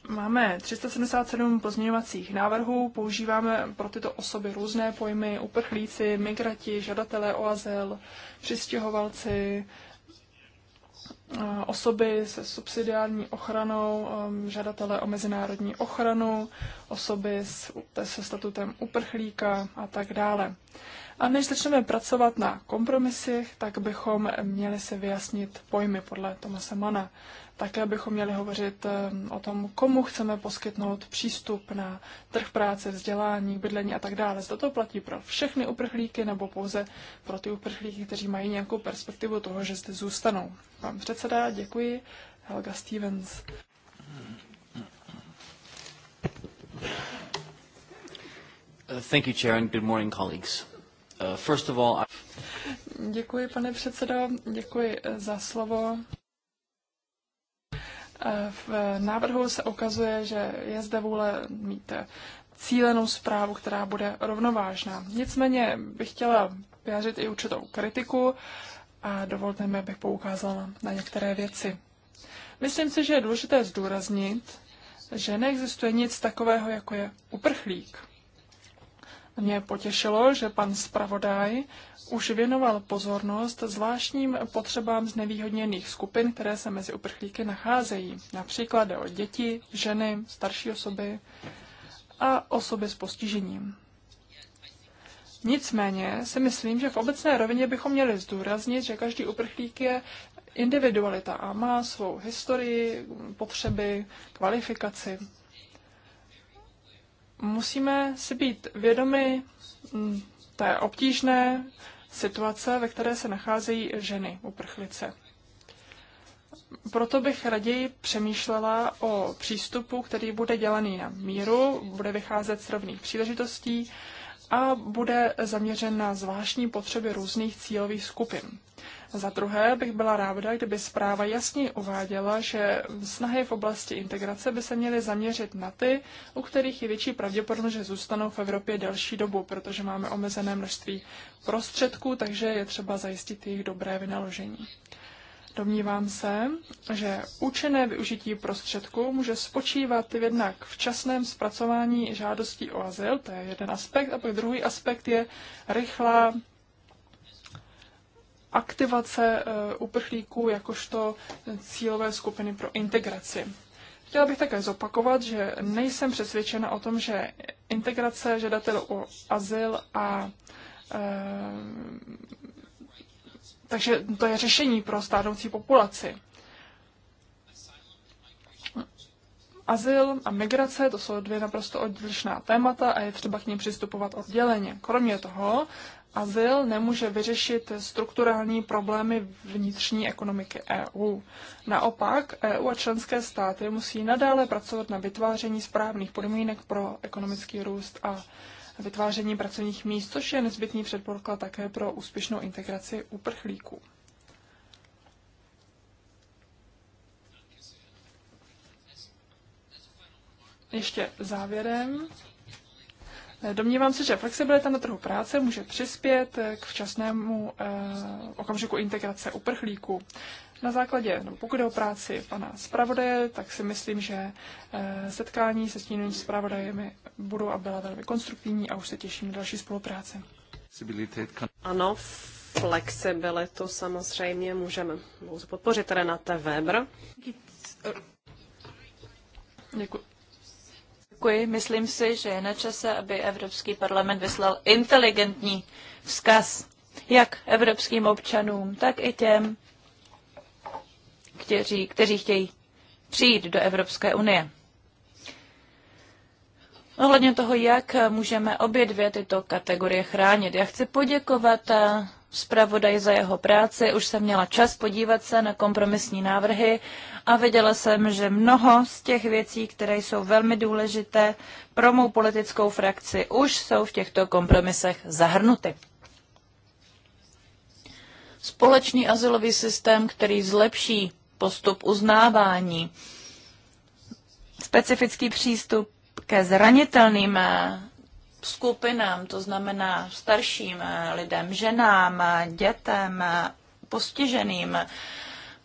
Máme 377 pozměňovacích návrhů, používáme pro tyto osoby různé pojmy, uprchlíci, migrati, žadatelé o azyl, přistěhovalci, eh, osoby se subsidiární ochranou, ehm, žadatelé o mezinárodní ochranu, osoby s, se statutem uprchlíka a tak dále. A než začneme pracovat na kompromisech, tak bychom měli si vyjasnit pojmy podle Tomase Mana. Také bychom měli hovořit eh, o tom, komu chceme poskytnout přístup na trh práce, vzdělání, bydlení a tak dále. Zda to platí pro všechny uprchlíky nebo pouze pro ty uprchlíky, kteří mají nějakou perspektivu toho, že zde zůstanou. Pan předseda, děkuji. Helga Stevens. Uh, thank you, Chair, and good morning, colleagues. Uh, first of all, I... Děkuji, pane předsedo, děkuji eh, za slovo. Eh, v návrhu se ukazuje, že je zde vůle mít cílenou zprávu, která bude rovnovážná. Nicméně bych chtěla vyjádřit i určitou kritiku a dovolte mi, abych poukázala na některé věci. Myslím si, že je důležité zdůraznit, že neexistuje nic takového, jako je uprchlík. Mě potěšilo, že pan zpravodaj už věnoval pozornost zvláštním potřebám znevýhodněných skupin, které se mezi uprchlíky nacházejí. Například o děti, ženy, starší osoby a osoby s postižením. Nicméně si myslím, že v obecné rovině bychom měli zdůraznit, že každý uprchlík je individualita a má svou historii, potřeby, kvalifikaci musíme si být vědomi mm, té obtížné situace, ve které se nacházejí ženy uprchlice. Proto bych raději přemýšlela o přístupu, který bude dělaný na míru, bude vycházet z rovných příležitostí a bude zaměřen na zvláštní potřeby různých cílových skupin. Za druhé bych byla ráda, kdyby zpráva jasně uváděla, že snahy v oblasti integrace by se měly zaměřit na ty, u kterých je větší pravděpodobnost, že zůstanou v Evropě delší dobu, protože máme omezené množství prostředků, takže je třeba zajistit jejich dobré vynaložení. Domnívám se, že účinné využití prostředků může spočívat jednak v časném zpracování žádostí o azyl, to je jeden aspekt, a pak druhý aspekt je rychlá aktivace eh, uprchlíků jakožto cílové skupiny pro integraci. Chtěla bych také zopakovat, že nejsem přesvědčena o tom, že integrace žadatelů o azyl a e, takže to je řešení pro stárnoucí populaci. Azyl a migrace, to jsou dvě naprosto odlišná témata a je třeba k ním přistupovat odděleně. Kromě toho, a nemůže vyřešit strukturální problémy vnitřní ekonomiky EU. Naopak, EU a členské státy musí nadále pracovat na vytváření správných podmínek pro ekonomický růst a vytváření pracovních míst, což je nezbytný předpoklad také pro úspěšnou integraci uprchlíků. Ještě závěrem Domnívám se, že flexibilita na trhu práce může přispět k včasnému eh, okamžiku integrace uprchlíků. Na základě, no pokud jde o práci pana zpravodaje, tak si myslím, že eh, setkání se stínovým zpravodajemi budou a byla velmi konstruktivní a už se těším na další spolupráci. Ano, flexibilitu samozřejmě můžeme podpořit podpořit na Weber. Děkuji. Děkuji. Myslím si, že je na čase, aby Evropský parlament vyslal inteligentní vzkaz jak evropským občanům, tak i těm, kteří, kteří chtějí přijít do Evropské unie. Ohledně toho, jak můžeme obě dvě tyto kategorie chránit. Já chci poděkovat eh, zpravodaj za jeho práci. Už jsem měla čas podívat se na kompromisní návrhy a viděla jsem, že mnoho z těch věcí, které jsou velmi důležité pro mou politickou frakci, už jsou v těchto kompromisech zahrnuty. Společný azylový systém, který zlepší postup uznávání, specifický přístup ke zranitelným skupinám, to znamená starším lidem, ženám, dětem, postiženým,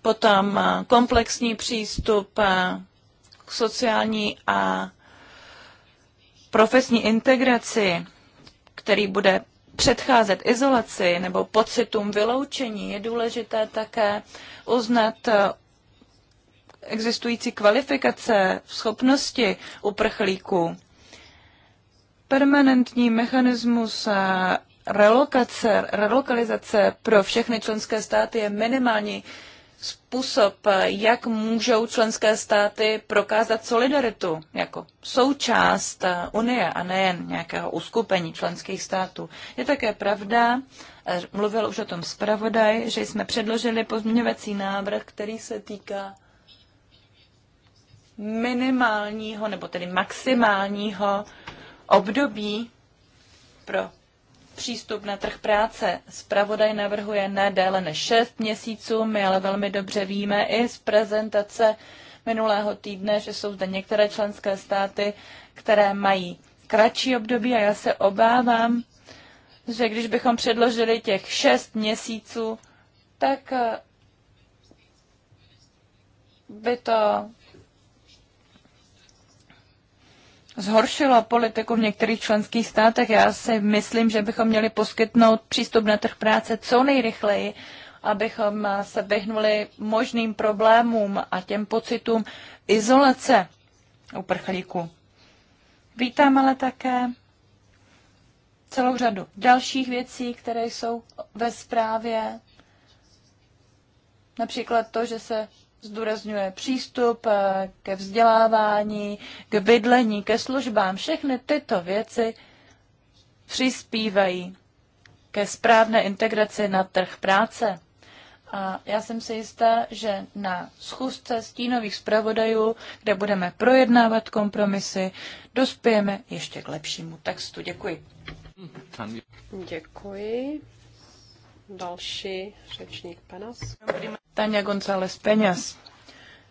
potom komplexní přístup k sociální a profesní integraci, který bude předcházet izolaci nebo pocitům vyloučení, je důležité také uznat existující kvalifikace, schopnosti uprchlíků permanentní mechanismus eh, relokace, relokalizace pro všechny členské státy je minimální způsob, eh, jak můžou členské státy prokázat solidaritu jako součást eh, Unie a nejen nějakého uskupení členských států. Je také pravda, mluvil už o tom zpravodaj, že jsme předložili pozměňovací návrh, který se týká minimálního nebo tedy maximálního období pro přístup na trh práce. Spravodaj navrhuje ne déle než 6 měsíců, my ale velmi dobře víme i z prezentace minulého týdne, že jsou zde některé členské státy, které mají kratší období a já se obávám, že když bychom předložili těch 6 měsíců, tak eh, by to zhoršilo politiku v některých členských státech. Já si myslím, že bychom měli poskytnout přístup na trh práce co nejrychleji, abychom se vyhnuli možným problémům a těm pocitům izolace uprchlíků. Vítám ale také celou řadu dalších věcí, které jsou ve zprávě. Například to, že se zdůrazňuje přístup eh, ke vzdělávání, k bydlení, ke službám. Všechny tyto věci přispívají ke správné integraci na trh práce. A já jsem si jistá, že na schůzce stínových zpravodajů, kde budeme projednávat kompromisy, dospějeme ještě k lepšímu textu. Děkuji. Děkuji. Další řečník Panas. Tania González Peňas.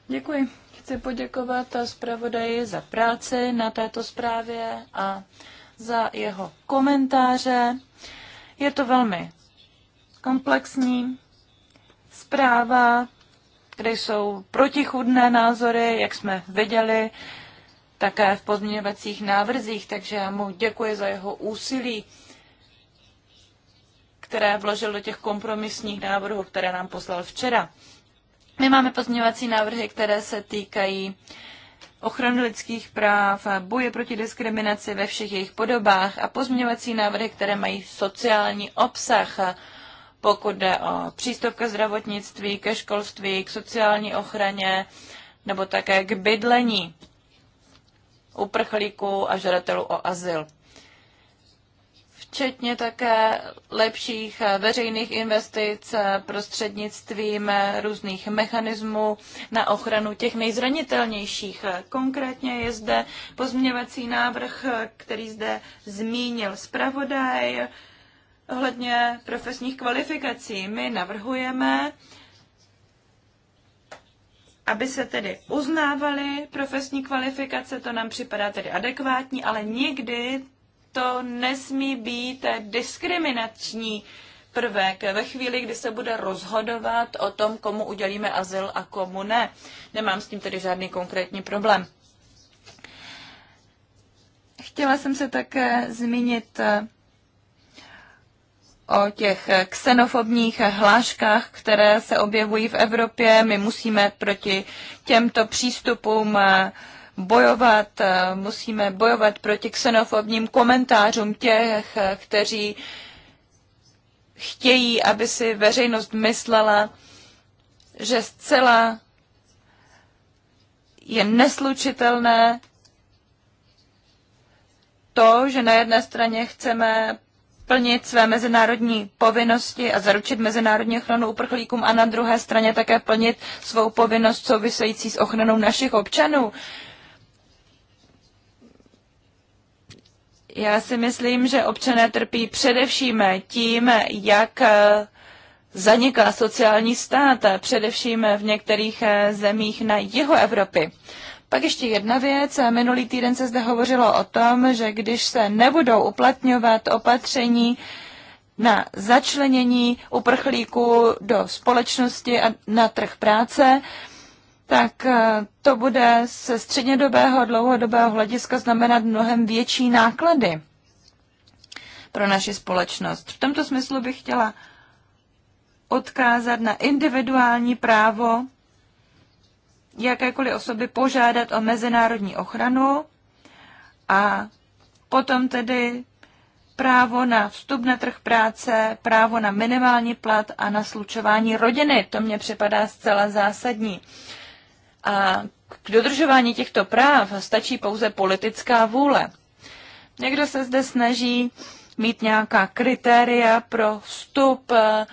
Děkuji. Chci poděkovat zpravodaji za práci na této zprávě a za jeho komentáře. Je to velmi komplexní zpráva, kde jsou protichudné názory, jak jsme viděli, také v pozměňovacích návrzích, takže já mu děkuji za jeho úsilí které vložil do těch kompromisních návrhů, které nám poslal včera. My máme pozměňovací návrhy, které se týkají ochrany lidských práv, boje proti diskriminaci ve všech jejich podobách a pozměňovací návrhy, které mají sociální obsah, pokud jde o přístup ke zdravotnictví, ke školství, k sociální ochraně nebo také k bydlení uprchlíků a žadatelů o azyl včetně také lepších veřejných investic prostřednictvím různých mechanismů na ochranu těch nejzranitelnějších. Konkrétně je zde pozměňovací návrh, který zde zmínil zpravodaj ohledně profesních kvalifikací. My navrhujeme, aby se tedy uznávaly profesní kvalifikace, to nám připadá tedy adekvátní, ale nikdy to nesmí být diskriminační prvek ve chvíli, kdy se bude rozhodovat o tom, komu udělíme azyl a komu ne. Nemám s tím tedy žádný konkrétní problém. Chtěla jsem se také zmínit eh, o těch eh, ksenofobních eh, hláškách, které se objevují v Evropě. My musíme proti těmto přístupům bojovat, eh, musíme bojovat proti xenofobním komentářům těch, eh, kteří chtějí, aby si veřejnost myslela, že zcela je neslučitelné to, že na jedné straně chceme plnit své mezinárodní povinnosti a zaručit mezinárodní ochranu uprchlíkům a na druhé straně také plnit svou povinnost související s ochranou našich občanů. Já si myslím, že občané trpí především tím, jak eh, zaniká sociální stát, především v některých eh, zemích na jihu Evropy. Pak ještě jedna věc. Minulý týden se zde hovořilo o tom, že když se nebudou uplatňovat opatření na začlenění uprchlíků do společnosti a na trh práce, tak eh, to bude se střednědobého dlouhodobého hlediska znamenat mnohem větší náklady pro naši společnost. V tomto smyslu bych chtěla odkázat na individuální právo jakékoliv osoby požádat o mezinárodní ochranu a potom tedy právo na vstup na trh práce, právo na minimální plat a na slučování rodiny. To mně připadá zcela zásadní. A k dodržování těchto práv stačí pouze politická vůle. Někdo se zde snaží mít nějaká kritéria pro vstup eh,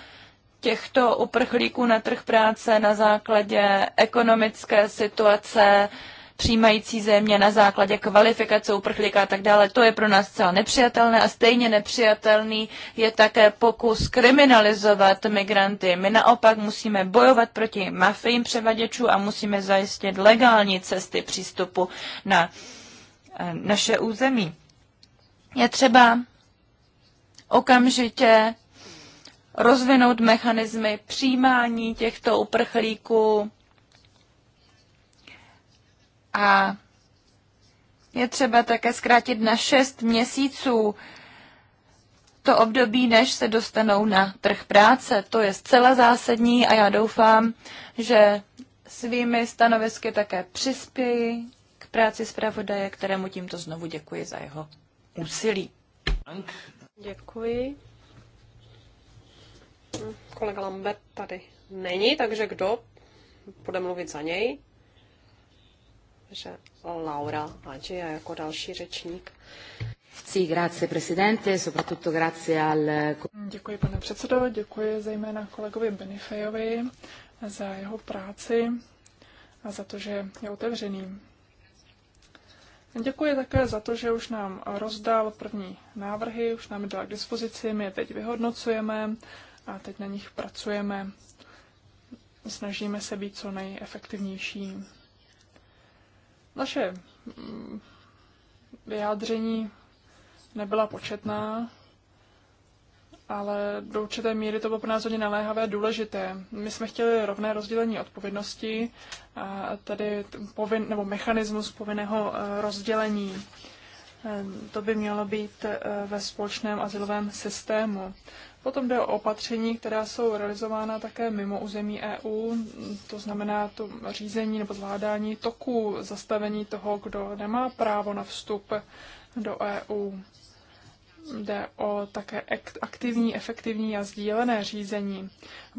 těchto uprchlíků na trh práce na základě ekonomické situace, přijímající země na základě kvalifikace uprchlíka a tak dále. To je pro nás celá nepřijatelné a stejně nepřijatelný je také pokus kriminalizovat migranty. My naopak musíme bojovat proti mafiím převaděčů a musíme zajistit legální cesty přístupu na eh, naše území. Je třeba okamžitě rozvinout mechanismy přijímání těchto uprchlíků, a je třeba také zkrátit na 6 měsíců to období, než se dostanou na trh práce. To je zcela zásadní a já doufám, že svými stanovisky také přispěji k práci zpravodaje, kterému tímto znovu děkuji za jeho úsilí. Děkuji. Hm, kolega Lambert tady není, takže kdo bude mluvit za něj? že Laura jako další řečník. grazie presidente, soprattutto grazie al... Děkuji pane předsedo, děkuji zejména kolegovi Benifejovi za jeho práci a za to, že je otevřený. Děkuji také za to, že už nám rozdal první návrhy, už nám je dal k dispozici, my je teď vyhodnocujeme a teď na nich pracujeme. Snažíme se být co nejefektivnější. Naše mm, vyjádření nebyla početná, ale do určité míry to bylo pro nás hodně naléhavé důležité. My jsme chtěli rovné rozdělení odpovědnosti, tedy povin, nebo mechanismus povinného eh, rozdělení Eh, to by mělo být eh, ve společném asilovém systému. Potom jde o opatření, která jsou realizována také mimo území EU, to znamená to řízení nebo zvládání toků, zastavení toho, kdo nemá právo na vstup do EU jde o také aktivní, efektivní a sdílené řízení.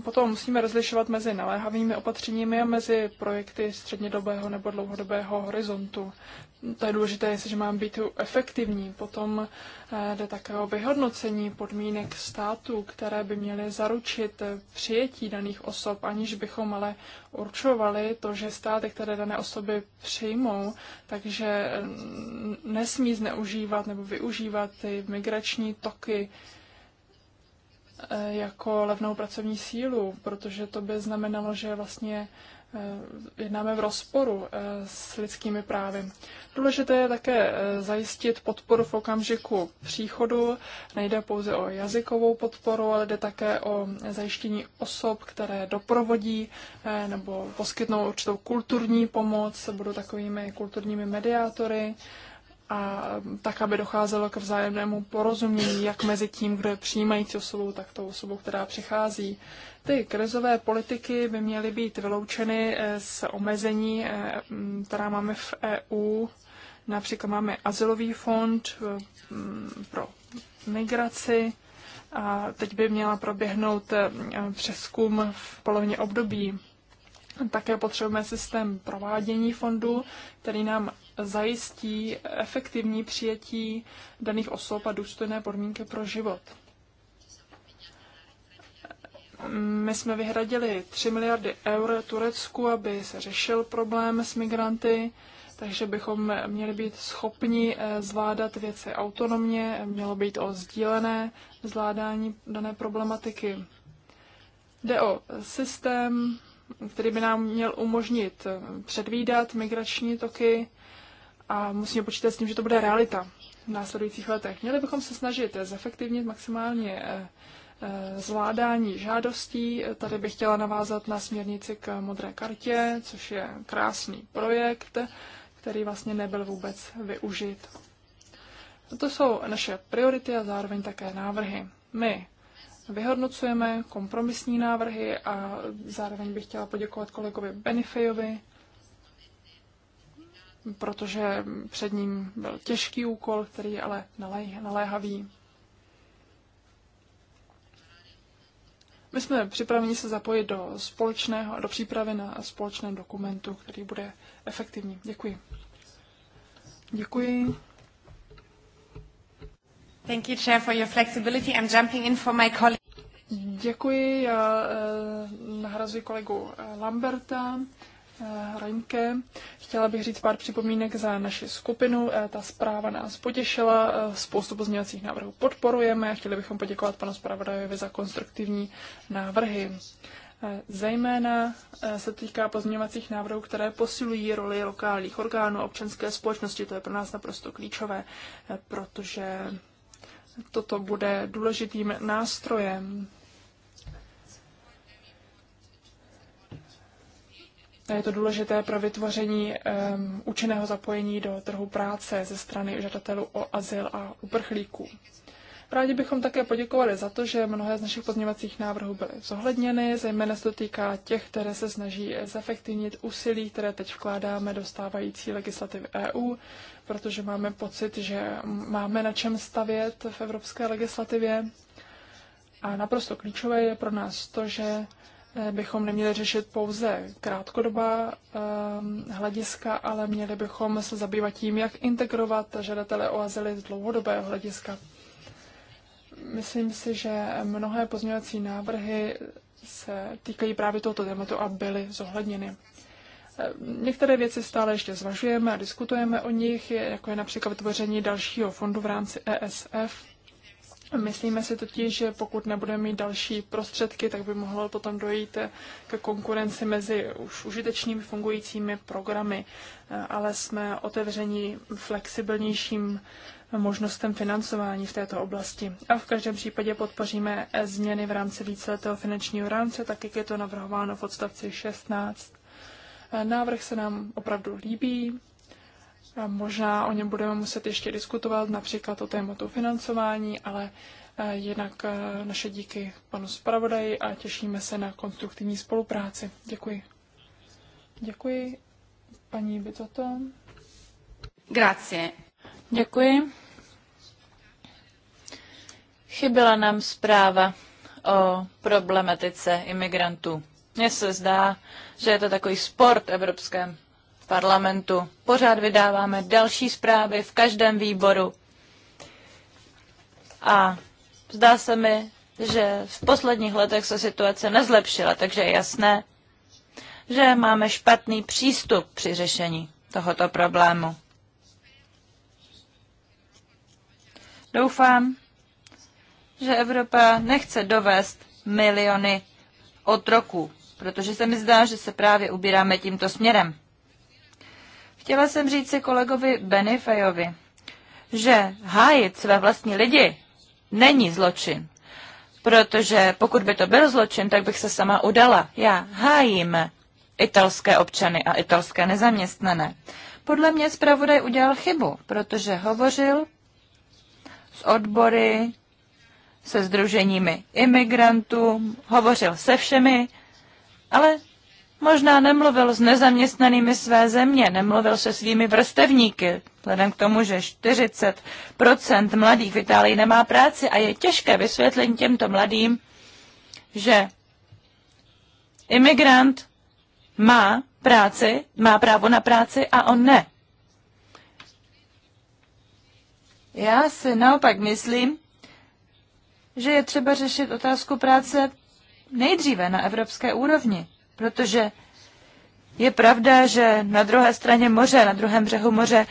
Potom musíme rozlišovat mezi naléhavými opatřeními a mezi projekty střednědobého nebo dlouhodobého horizontu. To je důležité, jestliže mám být efektivní. Potom eh, jde také o vyhodnocení podmínek států, které by měly zaručit eh, přijetí daných osob, aniž bychom ale určovali to, že státy, které dané osoby přijmou, takže eh, nesmí zneužívat nebo využívat ty migrační migrační toky eh, jako levnou pracovní sílu, protože to by znamenalo, že vlastně eh, jednáme v rozporu eh, s lidskými právy. Důležité je také zajistit podporu v okamžiku příchodu. Nejde pouze o jazykovou podporu, ale jde také o zajištění osob, které doprovodí nebo poskytnou určitou kulturní pomoc, budou takovými kulturními mediátory a tak, aby docházelo k vzájemnému porozumění, jak mezi tím, kdo je přijímající osobou, tak tou osobou, která přichází. Ty krizové politiky by měly být vyloučeny eh, z omezení, eh, která máme v EU. Například máme azylový fond eh, pro migraci a teď by měla proběhnout přeskum v polovině období. Také potřebujeme systém provádění fondu, který nám zajistí efektivní přijetí daných osob a důstojné podmínky pro život. My jsme vyhradili 3 miliardy eur Turecku, aby se řešil problém s migranty, takže bychom měli být schopni eh, zvládat věci autonomně, mělo být o sdílené zvládání dané problematiky. Jde o systém, který by nám měl umožnit eh, předvídat migrační toky a musíme počítat s tím, že to bude realita v následujících letech. Měli bychom se snažit zefektivnit maximálně eh, eh, zvládání žádostí. Tady bych chtěla navázat na směrnici k modré kartě, což je krásný projekt, který vlastně nebyl vůbec využit. To jsou naše priority a zároveň také návrhy. My vyhodnocujeme kompromisní návrhy a zároveň bych chtěla poděkovat kolegovi Benifejovi, protože před ním byl těžký úkol, který je ale naléhavý. My jsme připraveni se zapojit do společného, do přípravy na společném dokumentu, který bude efektivní. Děkuji. Děkuji. Thank you, Chair, for your flexibility. I'm jumping in for my colleague. Děkuji, já eh, nahrazuji kolegu eh, Lamberta. Eh, Reňke. Chtěla bych říct pár připomínek za naši skupinu. Ta zpráva nás potěšila, spoustu pozměňovacích návrhů podporujeme. Chtěli bychom poděkovat panu zpravodajovi za konstruktivní návrhy. Zejména se týká pozměňovacích návrhů, které posilují roli lokálních orgánů občanské společnosti. To je pro nás naprosto klíčové, protože toto bude důležitým nástrojem. A je to důležité pro vytvoření um, účinného zapojení do trhu práce ze strany žadatelů o azyl a uprchlíků. Rádi bychom také poděkovali za to, že mnohé z našich pozměňovacích návrhů byly zohledněny, zejména se to týká těch, které se snaží zefektivnit úsilí, které teď vkládáme do stávající legislativy EU, protože máme pocit, že máme na čem stavět v evropské legislativě. A naprosto klíčové je pro nás to, že eh, bychom neměli řešit pouze krátkodobá um, hlediska, ale měli bychom se zabývat tím, jak integrovat žadatele o azyl z dlouhodobého hlediska Myslím si, že mnohé pozměňovací návrhy se týkají právě tohoto tématu a byly zohledněny. Některé věci stále ještě zvažujeme a diskutujeme o nich, jako je například vytvoření dalšího fondu v rámci ESF. Myslíme si totiž, že pokud nebudeme mít další prostředky, tak by mohlo potom dojít k konkurenci mezi už užitečnými fungujícími programy, ale jsme otevření flexibilnějším možnostem financování v této oblasti. A v každém případě podpoříme změny v rámci víceletého finančního rámce, tak jak je to navrhováno v odstavci 16. Návrh se nám opravdu líbí. Možná o něm budeme muset ještě diskutovat, například o tématu financování, ale eh, jinak eh, naše díky panu zpravodaji a těšíme se na konstruktivní spolupráci. Děkuji. Děkuji, paní Bytoto. Grazie. Děkuji. Chyběla nám zpráva o problematice imigrantů. Mně se zdá, že je to takový sport Evropském parlamentu. Pořád vydáváme další zprávy v každém výboru. A zdá se mi, že v posledních letech se situace nezlepšila, takže je jasné, že máme špatný přístup při řešení tohoto problému. Doufám, že Evropa nechce dovést miliony otroků, protože se mi zdá, že se právě ubíráme tímto směrem. Chtěla jsem říct si kolegovi Benifejovi, že hájit své vlastní lidi není zločin, protože pokud by to byl zločin, tak bych se sama udala. Já hájím italské občany a italské nezaměstnané. Podle mě zpravodaj udělal chybu, protože hovořil s odbory, se združeními imigrantů, hovořil se všemi, ale možná nemluvil s nezaměstnanými své země, nemluvil se svými vrstevníky, vzhledem k tomu, že 40% mladých v Itálii nemá práci a je těžké vysvětlit těmto mladým, že imigrant má práci, má právo na práci a on ne. Já si naopak myslím, že je třeba řešit otázku práce nejdříve na evropské úrovni, protože je pravda, že na druhé straně moře, na druhém břehu moře,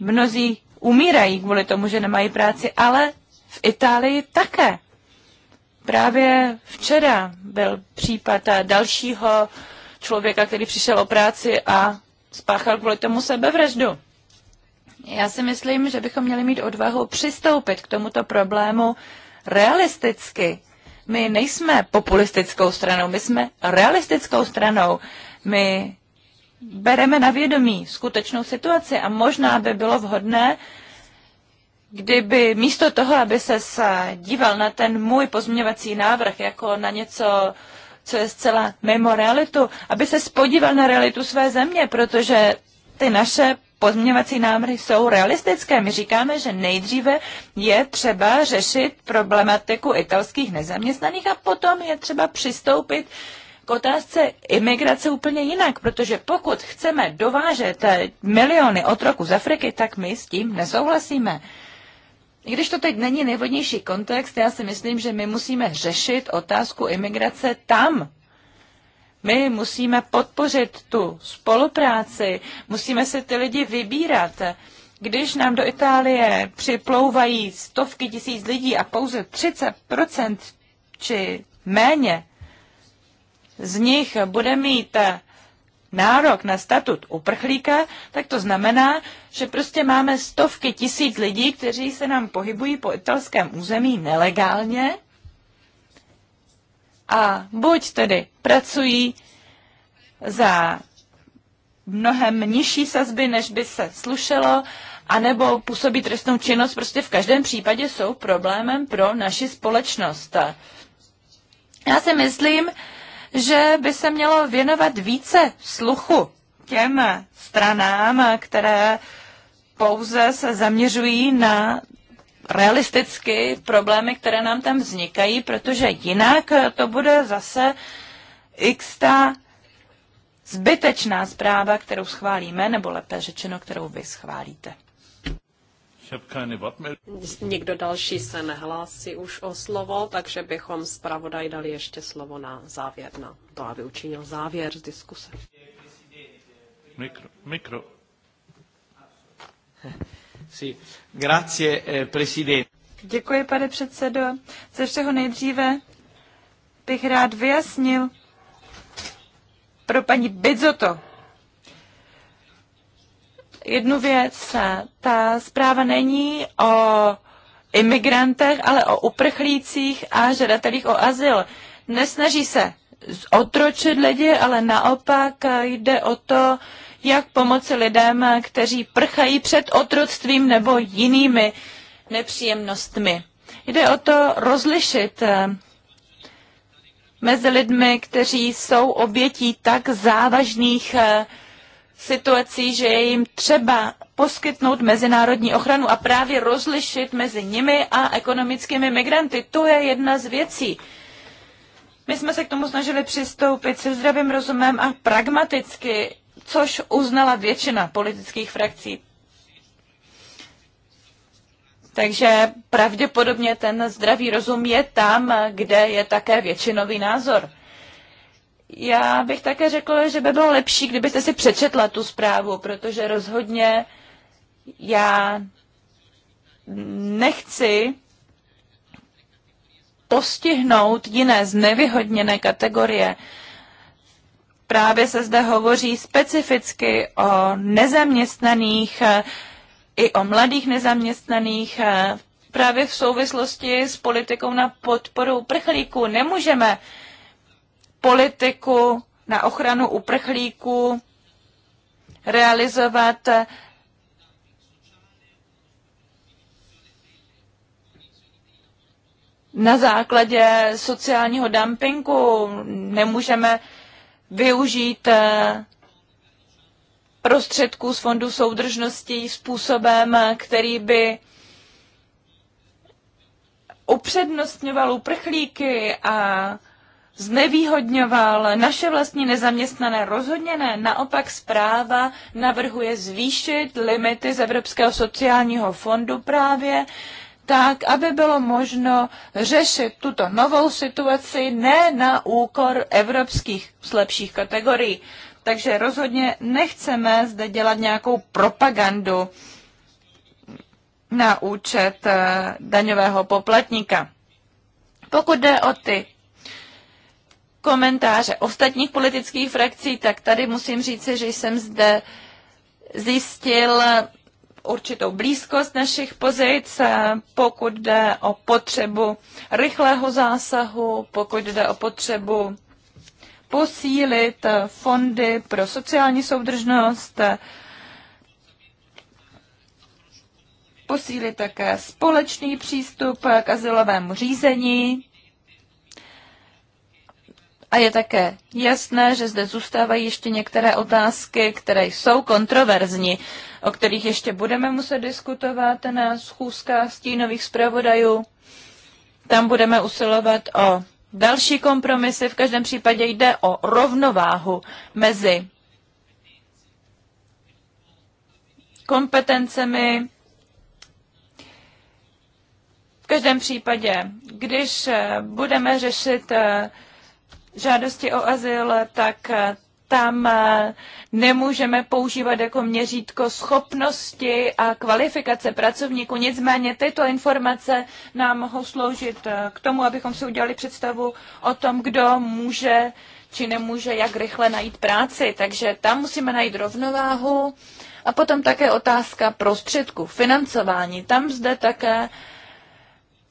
mnozí umírají kvůli tomu, že nemají práci, ale v Itálii také. Právě včera byl případ dalšího člověka, který přišel o práci a spáchal kvůli tomu sebevraždu. Já si myslím, že bychom měli mít odvahu přistoupit k tomuto problému realisticky. My nejsme populistickou stranou, my jsme realistickou stranou. My bereme na vědomí skutečnou situaci a možná by bylo vhodné, kdyby místo toho, aby se díval na ten můj pozměňovací návrh jako na něco, co je zcela mimo realitu, aby se spodíval na realitu své země, protože ty naše pozměňovací návrhy jsou realistické. My říkáme, že nejdříve je třeba řešit problematiku italských nezaměstnaných a potom je třeba přistoupit k otázce imigrace úplně jinak, protože pokud chceme dovážet eh, miliony otroků z Afriky, tak my s tím nesouhlasíme. I když to teď není nejvodnější kontext, já si myslím, že my musíme řešit otázku imigrace tam, my musíme podpořit tu spolupráci, musíme si ty lidi vybírat. Když nám do Itálie připlouvají stovky tisíc lidí a pouze 30% či méně z nich bude mít eh, nárok na statut uprchlíka, tak to znamená, že prostě máme stovky tisíc lidí, kteří se nám pohybují po italském území nelegálně a buď tedy pracují za mnohem nižší sazby, než by se slušelo, anebo působí trestnou činnost, prostě v každém případě jsou problémem pro naši společnost. Já si myslím, že by se mělo věnovat více sluchu těm stranám, které pouze se zaměřují na realisticky problémy, které nám tam vznikají, protože jinak to bude zase x ta zbytečná zpráva, kterou schválíme, nebo lépe řečeno, kterou vy schválíte. Nikdo další se nehlásí už o slovo, takže bychom zpravodaj dali ještě slovo na závěr, na to, aby učinil závěr z diskuse. Mikro, mikro. Sí. Grazie, eh, Děkuji, pane předsedo. Ze všeho nejdříve bych rád vyjasnil pro paní Bizoto jednu věc. Ta zpráva není o imigrantech, ale o uprchlících a žadatelích o azyl. Nesnaží se zotročit lidi, ale naopak jde o to, jak pomoci lidem, kteří prchají před otroctvím nebo jinými nepříjemnostmi. Jde o to rozlišit eh, mezi lidmi, kteří jsou obětí tak závažných eh, situací, že je jim třeba poskytnout mezinárodní ochranu a právě rozlišit mezi nimi a ekonomickými migranty. To je jedna z věcí. My jsme se k tomu snažili přistoupit se zdravým rozumem a pragmaticky což uznala většina politických frakcí. Takže pravděpodobně ten zdravý rozum je tam, kde je také většinový názor. Já bych také řekla, že by bylo lepší, kdybyste si přečetla tu zprávu, protože rozhodně já nechci postihnout jiné znevyhodněné kategorie. Právě se zde hovoří specificky o nezaměstnaných eh, i o mladých nezaměstnaných eh, právě v souvislosti s politikou na podporu uprchlíků. Nemůžeme politiku na ochranu uprchlíků realizovat eh, na základě sociálního dumpingu. Nemůžeme využít eh, prostředků z fondu soudržnosti způsobem, eh, který by upřednostňoval uprchlíky a znevýhodňoval naše vlastní nezaměstnané. Rozhodně ne. Naopak zpráva navrhuje zvýšit limity z Evropského sociálního fondu právě tak, aby bylo možno řešit tuto novou situaci ne na úkor evropských slabších kategorií. Takže rozhodně nechceme zde dělat nějakou propagandu na účet eh, daňového poplatníka. Pokud jde o ty komentáře ostatních politických frakcí, tak tady musím říci, že jsem zde zjistil určitou blízkost našich pozic, eh, pokud jde o potřebu rychlého zásahu, pokud jde o potřebu posílit eh, fondy pro sociální soudržnost, eh, posílit také společný přístup k azylovému řízení, a je také jasné, že zde zůstávají ještě některé otázky, které jsou kontroverzní, o kterých ještě budeme muset diskutovat na schůzkách stínových zpravodajů. Tam budeme usilovat o další kompromisy. V každém případě jde o rovnováhu mezi kompetencemi. V každém případě, když budeme řešit eh, žádosti o azyl, tak eh, tam eh, nemůžeme používat jako měřítko schopnosti a kvalifikace pracovníků. Nicméně tyto informace nám mohou sloužit eh, k tomu, abychom si udělali představu o tom, kdo může či nemůže jak rychle najít práci. Takže tam musíme najít rovnováhu. A potom také otázka prostředků, financování. Tam zde také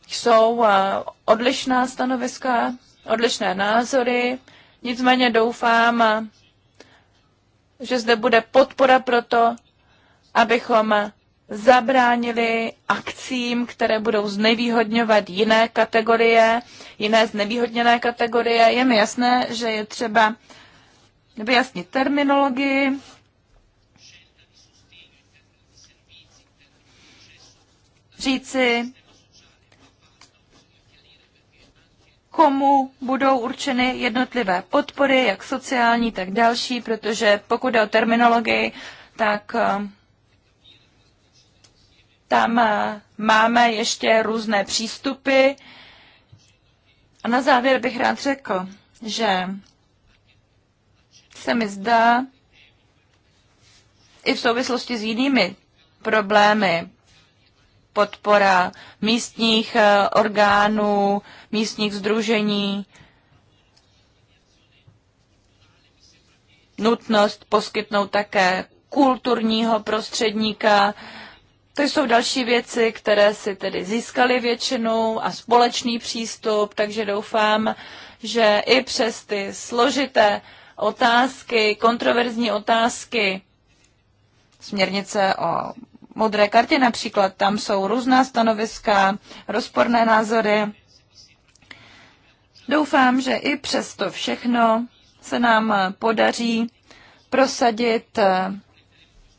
jsou odlišná stanoviska odlišné názory, nicméně doufám, že zde bude podpora pro to, abychom zabránili akcím, které budou znevýhodňovat jiné kategorie, jiné znevýhodněné kategorie. Je mi jasné, že je třeba vyjasnit terminologii, říci, komu budou určeny jednotlivé podpory, jak sociální, tak další, protože pokud jde o terminologii, tak eh, tam eh, máme ještě různé přístupy. A na závěr bych rád řekl, že se mi zdá, i v souvislosti s jinými problémy, podpora místních eh, orgánů, místních združení, nutnost poskytnout také kulturního prostředníka. To jsou další věci, které si tedy získaly většinu a společný přístup, takže doufám, že i přes ty složité otázky, kontroverzní otázky, směrnice o modré karty například, tam jsou různá stanoviska, rozporné názory. Doufám, že i přesto všechno se nám podaří prosadit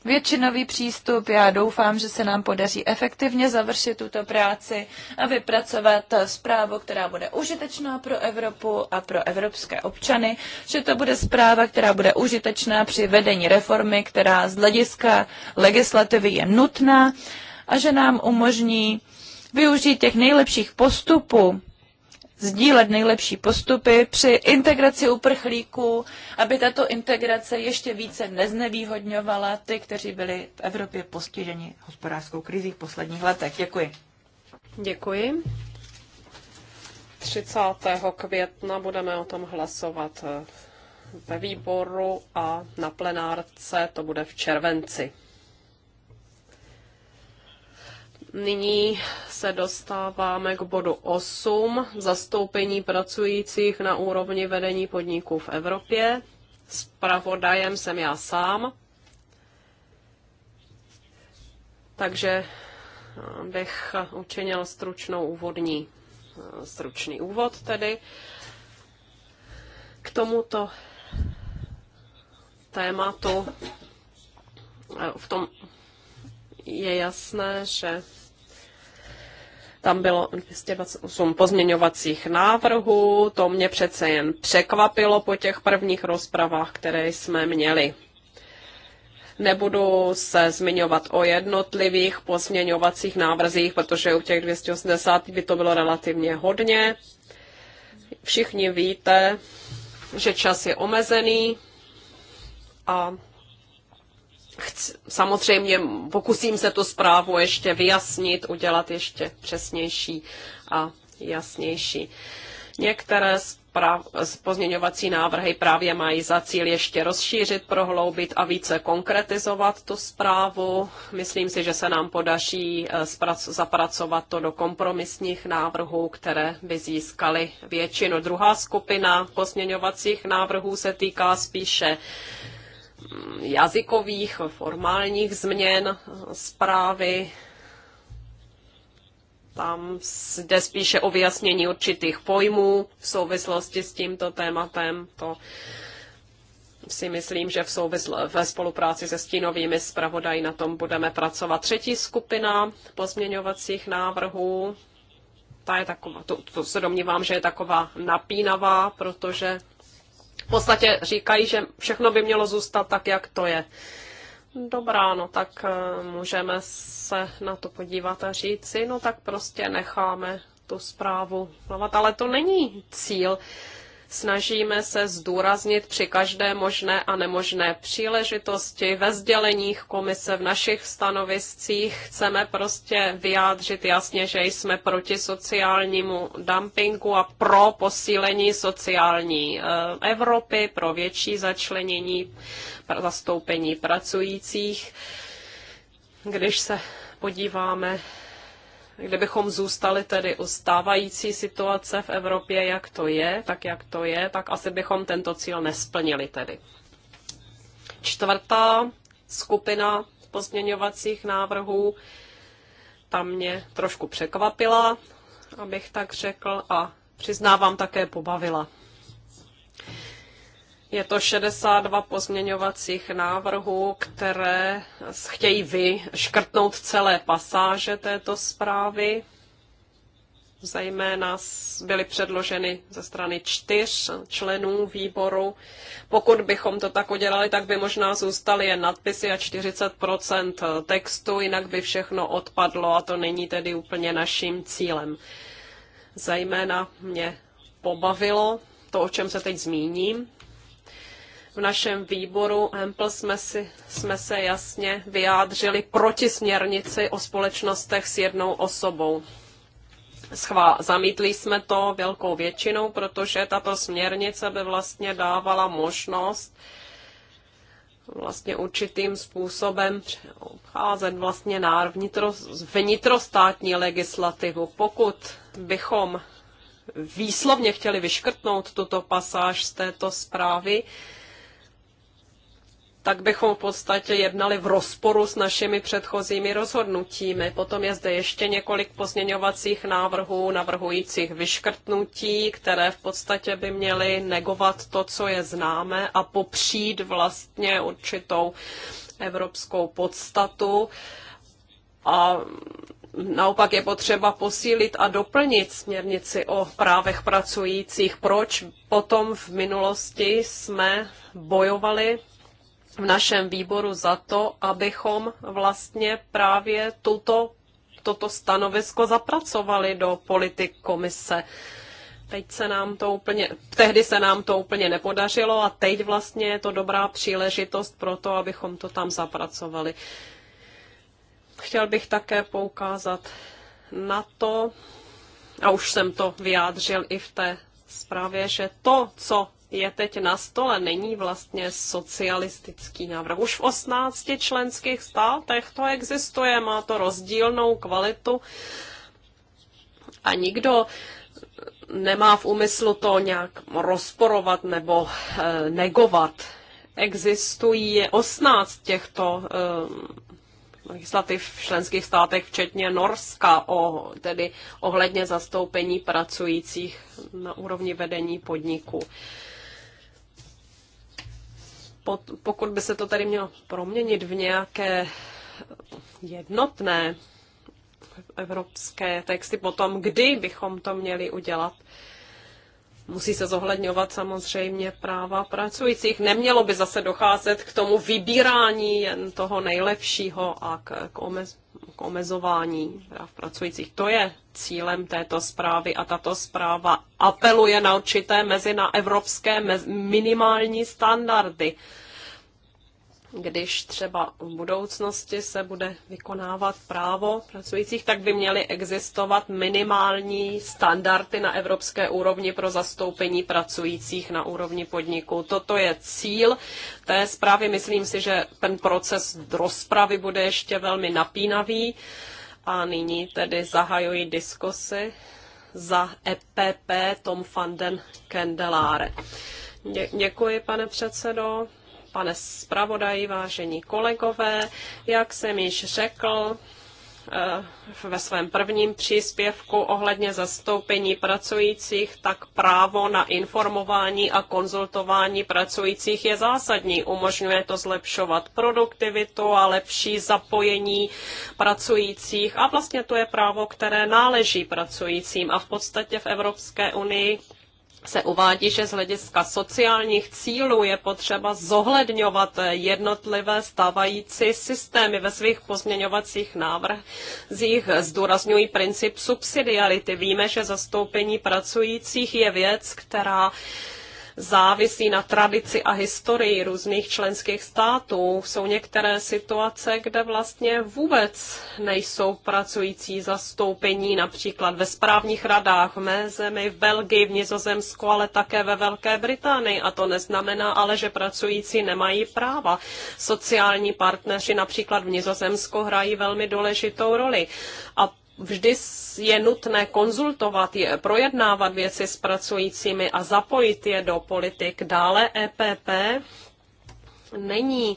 většinový přístup. Já doufám, že se nám podaří efektivně završit tuto práci a vypracovat zprávu, která bude užitečná pro Evropu a pro evropské občany, že to bude zpráva, která bude užitečná při vedení reformy, která z hlediska legislativy je nutná a že nám umožní využít těch nejlepších postupů sdílet nejlepší postupy při integraci uprchlíků, aby tato integrace ještě více neznevýhodňovala ty, kteří byli v Evropě postiženi hospodářskou krizí v posledních letech. Děkuji. Děkuji. 30. května budeme o tom hlasovat eh, ve výboru a na plenárce to bude v červenci. Nyní se dostáváme k bodu 8, zastoupení pracujících na úrovni vedení podniků v Evropě. Spravodajem jsem já sám. Takže eh, bych učinil stručnou úvodní, eh, stručný úvod tedy. K tomuto tématu eh, v tom je jasné, že tam bylo 228 pozměňovacích návrhů, to mě přece jen překvapilo po těch prvních rozpravách, které jsme měli. Nebudu se zmiňovat o jednotlivých pozměňovacích návrzích, protože u těch 280 by to bylo relativně hodně. Všichni víte, že čas je omezený a chci, samozřejmě pokusím se tu zprávu ještě vyjasnit, udělat ještě přesnější a jasnější. Některé prav, pozměňovací návrhy právě mají za cíl ještě rozšířit, prohloubit a více konkretizovat tu zprávu. Myslím si, že se nám podaří eh, zapracovat to do kompromisních návrhů, které by získaly většinu. Druhá skupina pozměňovacích návrhů se týká spíše jazykových, formálních změn zprávy. Tam jde spíše o vyjasnění určitých pojmů v souvislosti s tímto tématem. To si myslím, že v souvisl- ve spolupráci se stínovými zpravodají na tom budeme pracovat. Třetí skupina pozměňovacích návrhů, ta je taková, to, to se domnívám, že je taková napínavá, protože v podstatě říkají, že všechno by mělo zůstat tak, jak to je. Dobrá, no tak eh, můžeme se na to podívat a říct si, no tak prostě necháme tu zprávu. No, ale to není cíl. Snažíme se zdůraznit při každé možné a nemožné příležitosti ve sděleních komise, v našich stanoviscích. Chceme prostě vyjádřit jasně, že jsme proti sociálnímu dumpingu a pro posílení sociální eh, Evropy, pro větší začlenění zastoupení pracujících. Když se podíváme kdybychom zůstali tedy u stávající situace v Evropě, jak to je, tak jak to je, tak asi bychom tento cíl nesplnili tedy. Čtvrtá skupina pozměňovacích návrhů, ta mě trošku překvapila, abych tak řekl, a přiznávám také pobavila. Je to 62 pozměňovacích návrhů, které chtějí vyškrtnout celé pasáže této zprávy. Zejména byly předloženy ze strany čtyř členů výboru. Pokud bychom to tak udělali, tak by možná zůstaly jen nadpisy a 40 textu, jinak by všechno odpadlo a to není tedy úplně naším cílem. Zejména mě pobavilo to, o čem se teď zmíním, v našem výboru EMPL jsme, si, jsme se jasně vyjádřili proti směrnici o společnostech s jednou osobou. Schvá, zamítli jsme to velkou většinou, protože tato směrnice by vlastně dávala možnost vlastně určitým způsobem obcházet vlastně na vnitro, vnitrostátní legislativu. Pokud bychom výslovně chtěli vyškrtnout tuto pasáž z této zprávy, tak bychom v podstatě jednali v rozporu s našimi předchozími rozhodnutími. Potom je zde ještě několik pozměňovacích návrhů navrhujících vyškrtnutí, které v podstatě by měly negovat to, co je známe a popřít vlastně určitou evropskou podstatu. A Naopak je potřeba posílit a doplnit směrnici o právech pracujících. Proč potom v minulosti jsme bojovali v našem výboru za to, abychom vlastně právě tuto, toto stanovisko zapracovali do politik komise. Teď se nám to úplně, tehdy se nám to úplně nepodařilo a teď vlastně je to dobrá příležitost pro to, abychom to tam zapracovali. Chtěl bych také poukázat na to, a už jsem to vyjádřil i v té zprávě, že to, co je teď na stole, není vlastně socialistický návrh. Už v 18 členských státech to existuje, má to rozdílnou kvalitu a nikdo nemá v úmyslu to nějak rozporovat nebo eh, negovat. Existují 18 těchto eh, legislativ v členských státech, včetně Norska, o, tedy ohledně zastoupení pracujících na úrovni vedení podniku pokud by se to tady mělo proměnit v nějaké jednotné evropské texty, potom kdy bychom to měli udělat. Musí se zohledňovat samozřejmě práva pracujících. Nemělo by zase docházet k tomu vybírání jen toho nejlepšího a k, k omez, k omezování práv pracujících. To je cílem této zprávy a tato zpráva apeluje na určité mezi na evropské minimální standardy když třeba v budoucnosti se bude vykonávat právo pracujících, tak by měly existovat minimální standardy na evropské úrovni pro zastoupení pracujících na úrovni podniku. Toto je cíl té zprávy. Myslím si, že ten proces rozpravy bude ještě velmi napínavý. A nyní tedy zahajuji diskusy za EPP Tom van den Kendeláre. Dě- děkuji, pane předsedo pane zpravodaji, vážení kolegové. Jak jsem již řekl, eh, ve svém prvním příspěvku ohledně zastoupení pracujících, tak právo na informování a konzultování pracujících je zásadní. Umožňuje to zlepšovat produktivitu a lepší zapojení pracujících. A vlastně to je právo, které náleží pracujícím. A v podstatě v Evropské unii se uvádí, že z hlediska sociálních cílů je potřeba zohledňovat jednotlivé stávající systémy. Ve svých pozměňovacích návrzích zdůrazňují princip subsidiarity. Víme, že zastoupení pracujících je věc, která závisí na tradici a historii různých členských států. Jsou některé situace, kde vlastně vůbec nejsou pracující zastoupení, například ve správních radách v mé zemi, v Belgii, v Nizozemsku, ale také ve Velké Británii. A to neznamená ale, že pracující nemají práva. Sociální partneři například v Nizozemsku hrají velmi důležitou roli. A vždy je nutné konzultovat, je, projednávat věci s pracujícími a zapojit je do politik. Dále EPP není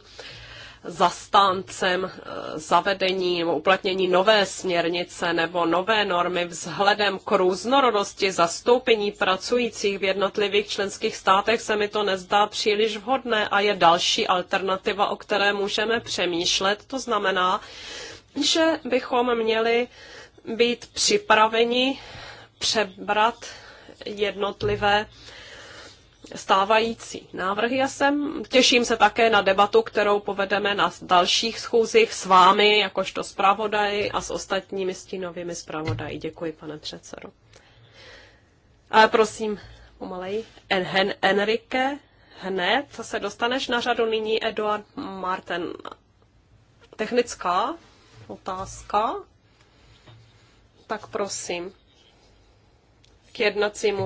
zastáncem eh, zavedení nebo uplatnění nové směrnice nebo nové normy vzhledem k různorodosti zastoupení pracujících v jednotlivých členských státech se mi to nezdá příliš vhodné a je další alternativa, o které můžeme přemýšlet. To znamená, že bychom měli uh, být připraveni přebrat jednotlivé stávající návrhy. Já jsem těším se také na debatu, kterou povedeme na dalších schůzích s vámi, jakožto zpravodaji a s ostatními stínovými zpravodaji. Děkuji, pane předsedo. Ale prosím, pomalej. En- Enrique, hned se dostaneš na řadu nyní, Eduard Martin. Technická otázka tak prosím k jednacímu.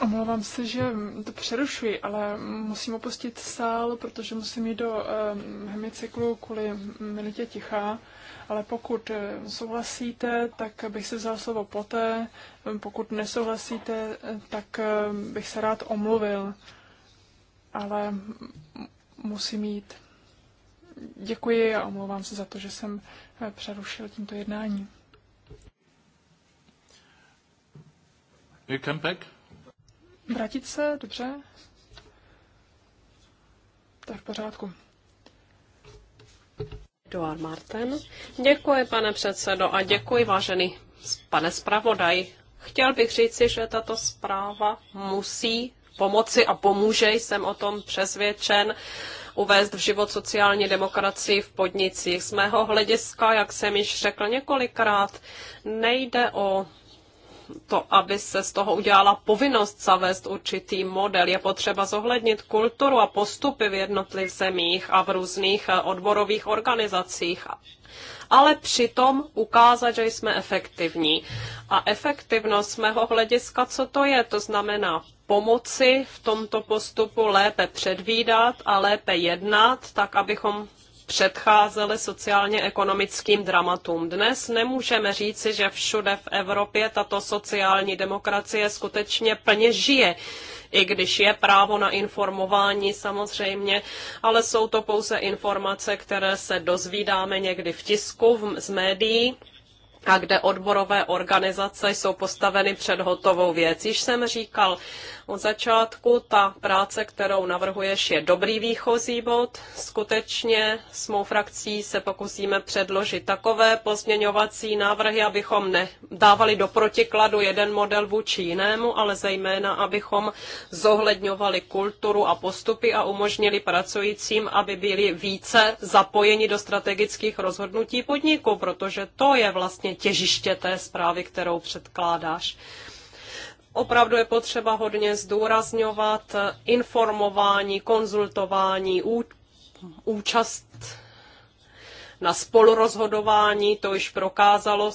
Omlouvám se, že to přerušuji, ale musím opustit sál, protože musím jít do um, hemicyklu kvůli minutě ticha. Ale pokud eh, souhlasíte, tak bych se vzal slovo poté. Pokud nesouhlasíte, tak eh, bych se rád omluvil. Ale musím jít. Děkuji a omlouvám se za to, že jsem eh, přerušil tímto jednání. You come back? Vrátit se, dobře. Tak v pořádku. Eduard Martin. Děkuji, pane předsedo, a děkuji, vážený pane zpravodaj. Chtěl bych říci, že tato zpráva musí pomoci a pomůže, jsem o tom přesvědčen uvést v život sociální demokracii v podnicích. Z mého hlediska, jak jsem již řekl několikrát, nejde o to, aby se z toho udělala povinnost zavést určitý model. Je potřeba zohlednit kulturu a postupy v jednotlivých zemích a v různých eh, odborových organizacích ale přitom ukázat, že jsme efektivní. A efektivnost mého hlediska, co to je? To znamená pomoci v tomto postupu lépe předvídat a lépe jednat, tak abychom předcházely sociálně-ekonomickým dramatům. Dnes nemůžeme říci, že všude v Evropě tato sociální demokracie skutečně plně žije i když je právo na informování samozřejmě, ale jsou to pouze informace, které se dozvídáme někdy v tisku, v, z médií a kde odborové organizace jsou postaveny před hotovou věc. Již jsem říkal od začátku, ta práce, kterou navrhuješ, je dobrý výchozí bod. Skutečně s mou frakcí se pokusíme předložit takové pozměňovací návrhy, abychom nedávali do protikladu jeden model vůči jinému, ale zejména, abychom zohledňovali kulturu a postupy a umožnili pracujícím, aby byli více zapojeni do strategických rozhodnutí podniku, protože to je vlastně vlastně těžiště té zprávy, kterou předkládáš. Opravdu je potřeba hodně zdůrazňovat informování, konzultování, účast na spolurozhodování, to již prokázalo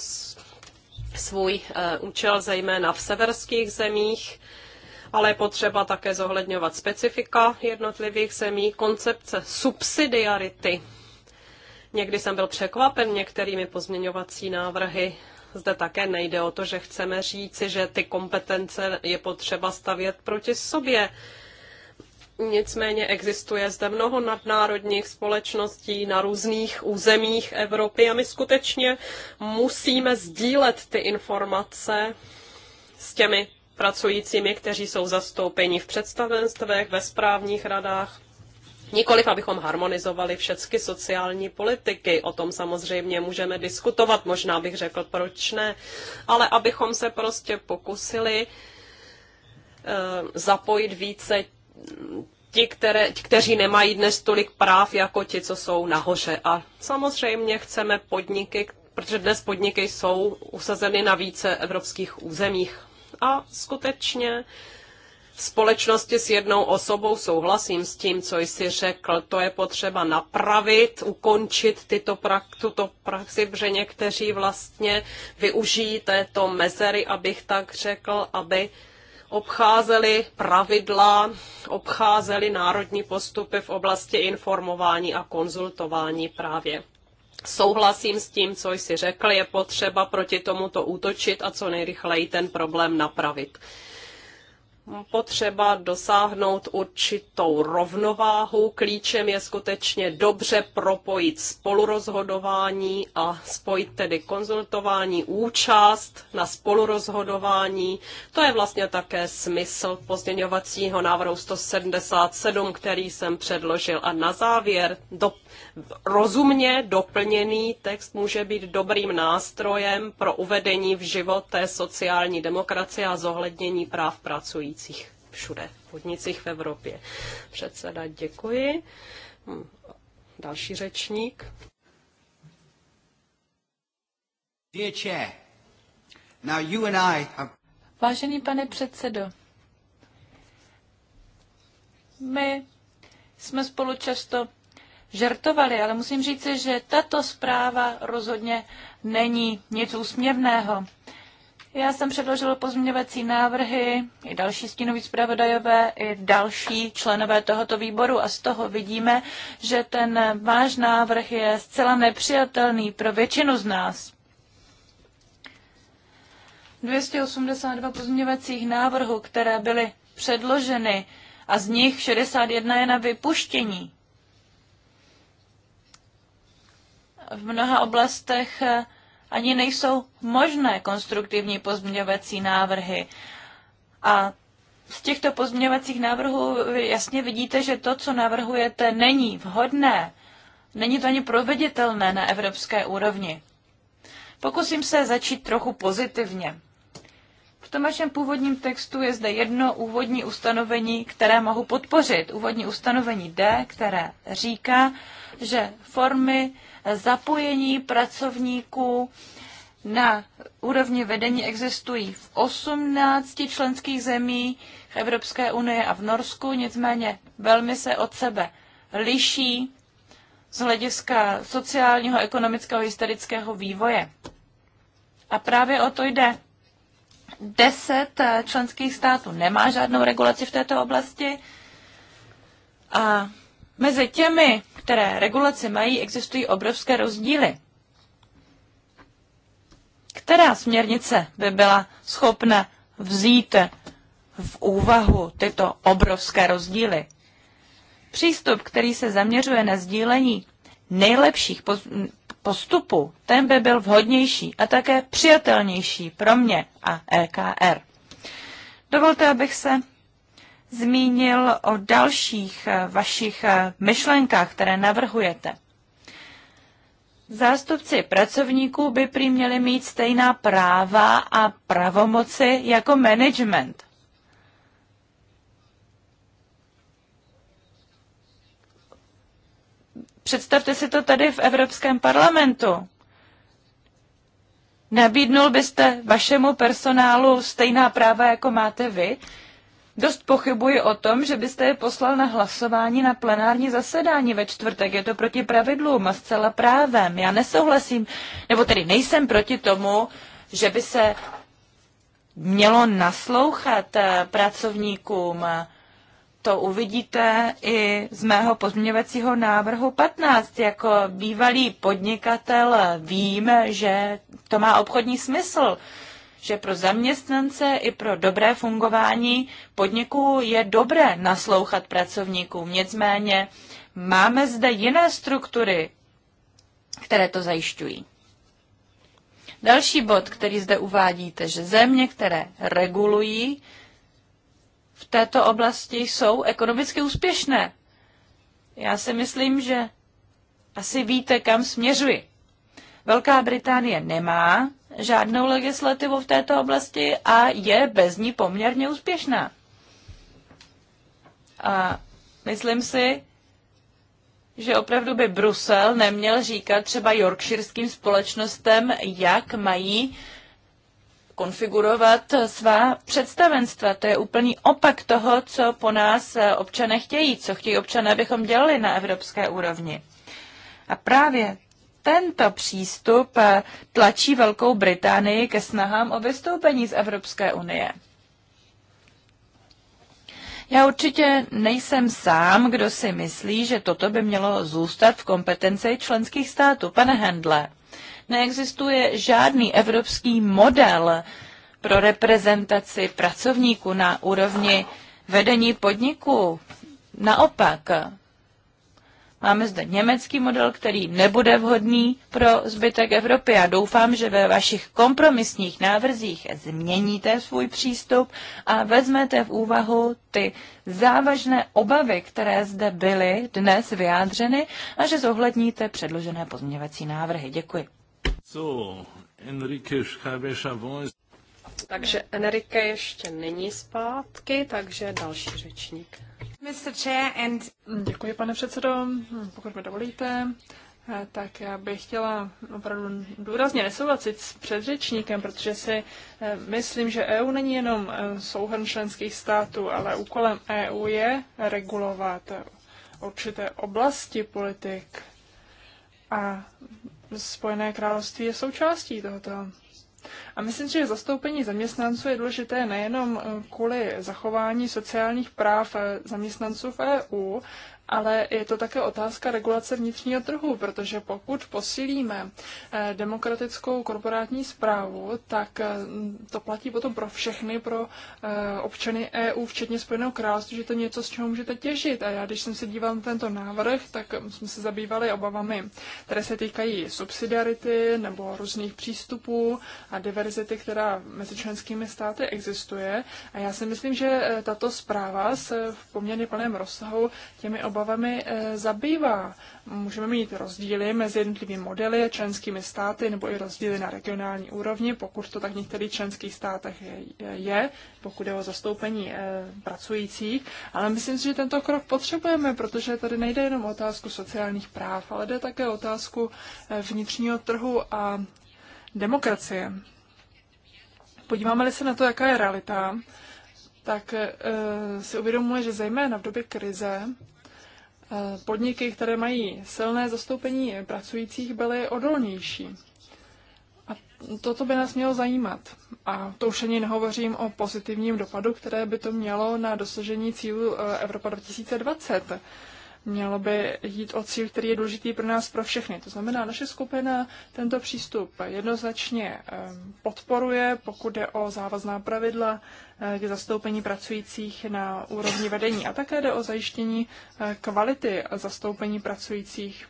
svůj eh, účel zejména v severských zemích, ale je potřeba také zohledňovat specifika jednotlivých zemí, koncepce subsidiarity, Někdy jsem byl překvapen některými pozměňovací návrhy. Zde také nejde o to, že chceme říci, že ty kompetence je potřeba stavět proti sobě. Nicméně existuje zde mnoho nadnárodních společností na různých územích Evropy a my skutečně musíme sdílet ty informace s těmi pracujícími, kteří jsou zastoupeni v představenstvech, ve správních radách Nikoliv, abychom harmonizovali všechny sociální politiky, o tom samozřejmě můžeme diskutovat, možná bych řekl, proč ne, ale abychom se prostě pokusili eh, zapojit více ti, které, ti, kteří nemají dnes tolik práv jako ti, co jsou nahoře. A samozřejmě chceme podniky, protože dnes podniky jsou usazeny na více evropských územích. A skutečně společnosti s jednou osobou souhlasím s tím, co jsi řekl. To je potřeba napravit, ukončit tyto prak, tuto praxi, protože někteří vlastně využijí této mezery, abych tak řekl, aby obcházeli pravidla, obcházeli národní postupy v oblasti informování a konzultování právě. Souhlasím s tím, co jsi řekl, je potřeba proti tomuto útočit a co nejrychleji ten problém napravit potřeba dosáhnout určitou rovnováhu. Klíčem je skutečně dobře propojit spolurozhodování a spojit tedy konzultování, účast na spolurozhodování. To je vlastně také smysl pozměňovacího návrhu 177, který jsem předložil. A na závěr do, rozumně doplněný text může být dobrým nástrojem pro uvedení v život té sociální demokracie a zohlednění práv pracujících podnicích všude, podnicích v Evropě. Předseda, děkuji. Hm, další řečník. now you and I have... Vážený pane předsedo, my jsme spolu často žertovali, ale musím říct, že tato zpráva rozhodně není nic úsměvného. Já jsem předložil pozměňovací návrhy, i další stínoví zpravodajové, i další členové tohoto výboru a z toho vidíme, že ten váš návrh je zcela nepřijatelný pro většinu z nás. 282 pozměňovacích návrhů, které byly předloženy a z nich 61 je na vypuštění. V mnoha oblastech ani nejsou možné konstruktivní pozměňovací návrhy. A z těchto pozměňovacích návrhů jasně vidíte, že to, co navrhujete, není vhodné. Není to ani proveditelné na evropské úrovni. Pokusím se začít trochu pozitivně. V tom vašem původním textu je zde jedno úvodní ustanovení, které mohu podpořit. Úvodní ustanovení D, které říká, že formy zapojení pracovníků na úrovni vedení existují v 18 členských zemí Evropské unie a v Norsku, nicméně velmi se od sebe liší z hlediska sociálního, ekonomického, historického vývoje. A právě o to jde. Deset členských států nemá žádnou regulaci v této oblasti a Mezi těmi, které regulace mají, existují obrovské rozdíly. Která směrnice by byla schopna vzít v úvahu tyto obrovské rozdíly? Přístup, který se zaměřuje na sdílení nejlepších postupů, ten by byl vhodnější a také přijatelnější pro mě a EKR. Dovolte, abych se zmínil o dalších eh, vašich eh, myšlenkách, které navrhujete. Zástupci pracovníků by prý měli mít stejná práva a pravomoci jako management. Představte si to tady v Evropském parlamentu. Nabídnul byste vašemu personálu stejná práva, jako máte vy? dost pochybuji o tom, že byste je poslal na hlasování na plenární zasedání ve čtvrtek. Je to proti pravidlům a zcela právem. Já nesouhlasím, nebo tedy nejsem proti tomu, že by se mělo naslouchat eh, pracovníkům. To uvidíte i z mého pozměňovacího návrhu 15. Jako bývalý podnikatel vím, že to má obchodní smysl že pro zaměstnance i pro dobré fungování podniků je dobré naslouchat pracovníkům. Nicméně máme zde jiné struktury, které to zajišťují. Další bod, který zde uvádíte, že země, které regulují v této oblasti, jsou ekonomicky úspěšné. Já si myslím, že asi víte, kam směřuji. Velká Británie nemá žádnou legislativu v této oblasti a je bez ní poměrně úspěšná. A myslím si, že opravdu by Brusel neměl říkat třeba yorkshireským společnostem, jak mají konfigurovat svá představenstva. To je úplný opak toho, co po nás občané chtějí, co chtějí občané, abychom dělali na evropské úrovni. A právě tento přístup eh, tlačí Velkou Británii ke snahám o vystoupení z Evropské unie. Já určitě nejsem sám, kdo si myslí, že toto by mělo zůstat v kompetenci členských států. Pane Hendle, neexistuje žádný evropský model pro reprezentaci pracovníků na úrovni vedení podniku. Naopak, Máme zde německý model, který nebude vhodný pro zbytek Evropy a doufám, že ve vašich kompromisních návrzích změníte svůj přístup a vezmete v úvahu ty závažné obavy, které zde byly dnes vyjádřeny a že zohledníte předložené pozměňovací návrhy. Děkuji. So, Enrique takže Enrique ještě není zpátky, takže další řečník. Děkuji, pane předsedo. Pokud mi dovolíte, eh, tak já bych chtěla opravdu důrazně nesouhlasit s předřečníkem, protože si eh, myslím, že EU není jenom eh, souhrn členských států, ale úkolem EU je regulovat určité oblasti politik. A Spojené království je součástí tohoto. A myslím si, že zastoupení zaměstnanců je důležité nejenom eh, kvůli zachování sociálních práv eh, zaměstnanců v EU, ale je to také otázka regulace vnitřního trhu, protože pokud posílíme eh, demokratickou korporátní zprávu, tak eh, to platí potom pro všechny, pro eh, občany EU, včetně Spojeného království, že to je něco, z čeho můžete těžit. A já, když jsem se díval na tento návrh, tak jsme se zabývali obavami, které se týkají subsidiarity nebo různých přístupů a diverzity, která mezi členskými státy existuje. A já si myslím, že tato zpráva se v poměrně plném rozsahu těmi obavami obavami eh, zabývá. Můžeme mít rozdíly mezi jednotlivými modely a členskými státy nebo i rozdíly na regionální úrovni, pokud to tak v některých členských státech je, pokud je o zastoupení eh, pracujících. Ale myslím si, že tento krok potřebujeme, protože tady nejde jenom o otázku sociálních práv, ale jde také o otázku eh, vnitřního trhu a demokracie. Podíváme-li se na to, jaká je realita, tak e, si uvědomuje, že zejména v době krize podniky, které mají silné zastoupení pracujících, byly odolnější. A toto by nás mělo zajímat. A to už ani nehovořím o pozitivním dopadu, které by to mělo na dosažení cílu eh, Evropa 2020. Mělo by jít o cíl, který je důležitý pro nás, pro všechny. To znamená, naše skupina tento přístup jednoznačně podporuje, pokud jde o závazná pravidla eh, k zastoupení pracujících na úrovni vedení. A také jde o zajištění eh, kvality zastoupení pracujících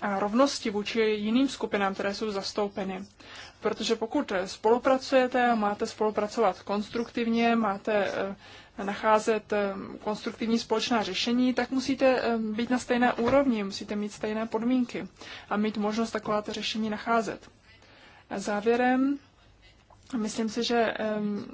a rovnosti vůči jiným skupinám, které jsou zastoupeny. Protože pokud eh, spolupracujete, máte spolupracovat konstruktivně, máte nacházet ehm, konstruktivní společná řešení, tak musíte ehm, být na stejné úrovni, musíte mít stejné podmínky a mít možnost taková řešení nacházet. A závěrem, myslím si, že ehm,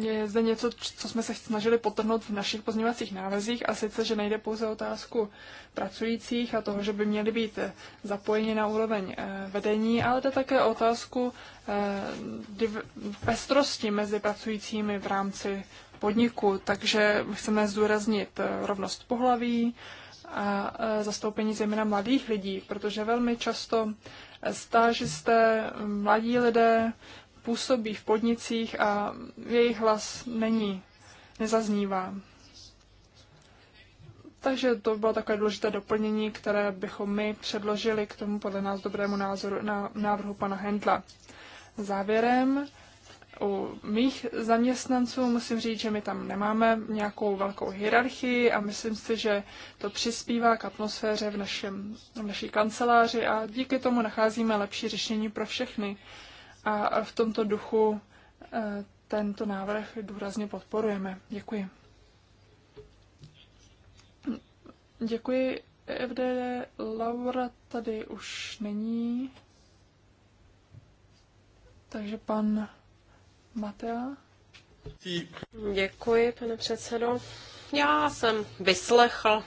je zde něco, co jsme se snažili potrhnout v našich pozměňovacích návrzích, a sice, že nejde pouze otázku pracujících a toho, že by měli být eh, zapojeni na úroveň eh, vedení, ale to také otázku eh, pestrosti mezi pracujícími v rámci podniku, takže chceme zdůraznit eh, rovnost pohlaví a eh, zastoupení zejména mladých lidí, protože velmi často eh, stážisté, mladí lidé působí v podnicích a jejich hlas není, nezaznívá. Takže to bylo takové důležité doplnění, které bychom my předložili k tomu podle nás dobrému názoru, na návrhu pana Hendla. Závěrem u mých zaměstnanců musím říct, že my tam nemáme nějakou velkou hierarchii a myslím si, že to přispívá k atmosféře v, našem, v naší kanceláři a díky tomu nacházíme lepší řešení pro všechny. A v tomto duchu eh, tento návrh důrazně podporujeme. Děkuji. Děkuji. FD. Laura tady už není. Takže pan Děkuji, pane předsedo. Já jsem vyslechl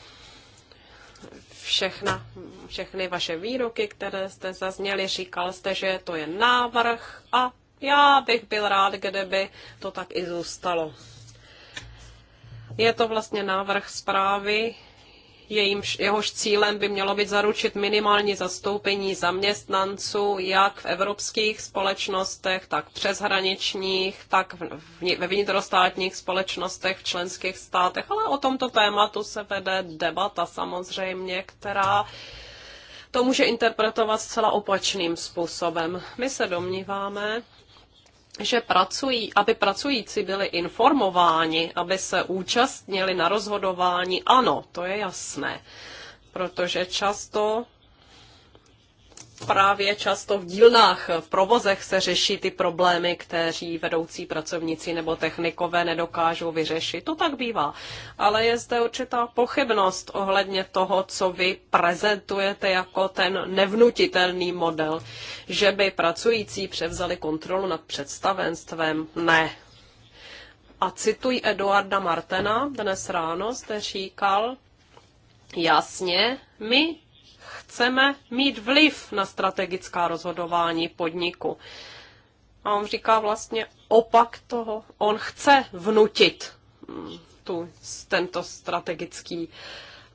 všechna, všechny vaše výroky, které jste zazněli. Říkal jste, že to je návrh a já bych byl rád, kdyby to tak i zůstalo. Je to vlastně návrh zprávy, jejím, jehož cílem by mělo být zaručit minimální zastoupení zaměstnanců jak v evropských společnostech, tak přeshraničních, tak ve vnitrostátních společnostech v členských státech. Ale o tomto tématu se vede debata samozřejmě, která to může interpretovat zcela opačným způsobem. My se domníváme, že pracují, aby pracující byli informováni, aby se účastnili na rozhodování, ano, to je jasné, protože často právě často v dílnách, v provozech se řeší ty problémy, kteří vedoucí pracovníci nebo technikové nedokážou vyřešit. To tak bývá. Ale je zde určitá pochybnost ohledně toho, co vy prezentujete jako ten nevnutitelný model, že by pracující převzali kontrolu nad představenstvem. Ne, a cituji Eduarda Martena dnes ráno, jste říkal, jasně, my chceme mít vliv na strategická rozhodování podniku. A on říká vlastně opak toho. On chce vnutit mm, tu, tento strategický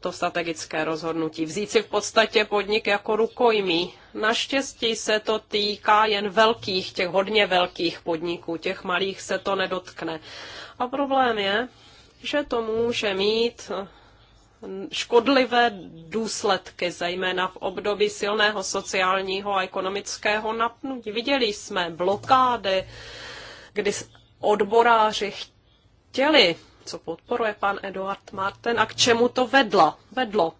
to strategické rozhodnutí. Vzít si v podstatě podnik jako rukojmí. Naštěstí se to týká jen velkých, těch hodně velkých podniků, těch malých se to nedotkne. A problém je, že to může mít škodlivé důsledky, zejména v období silného sociálního a ekonomického napnutí. Viděli jsme blokády, kdy odboráři chtěli, co podporuje pan Eduard Martin, a k čemu to vedlo? vedlo.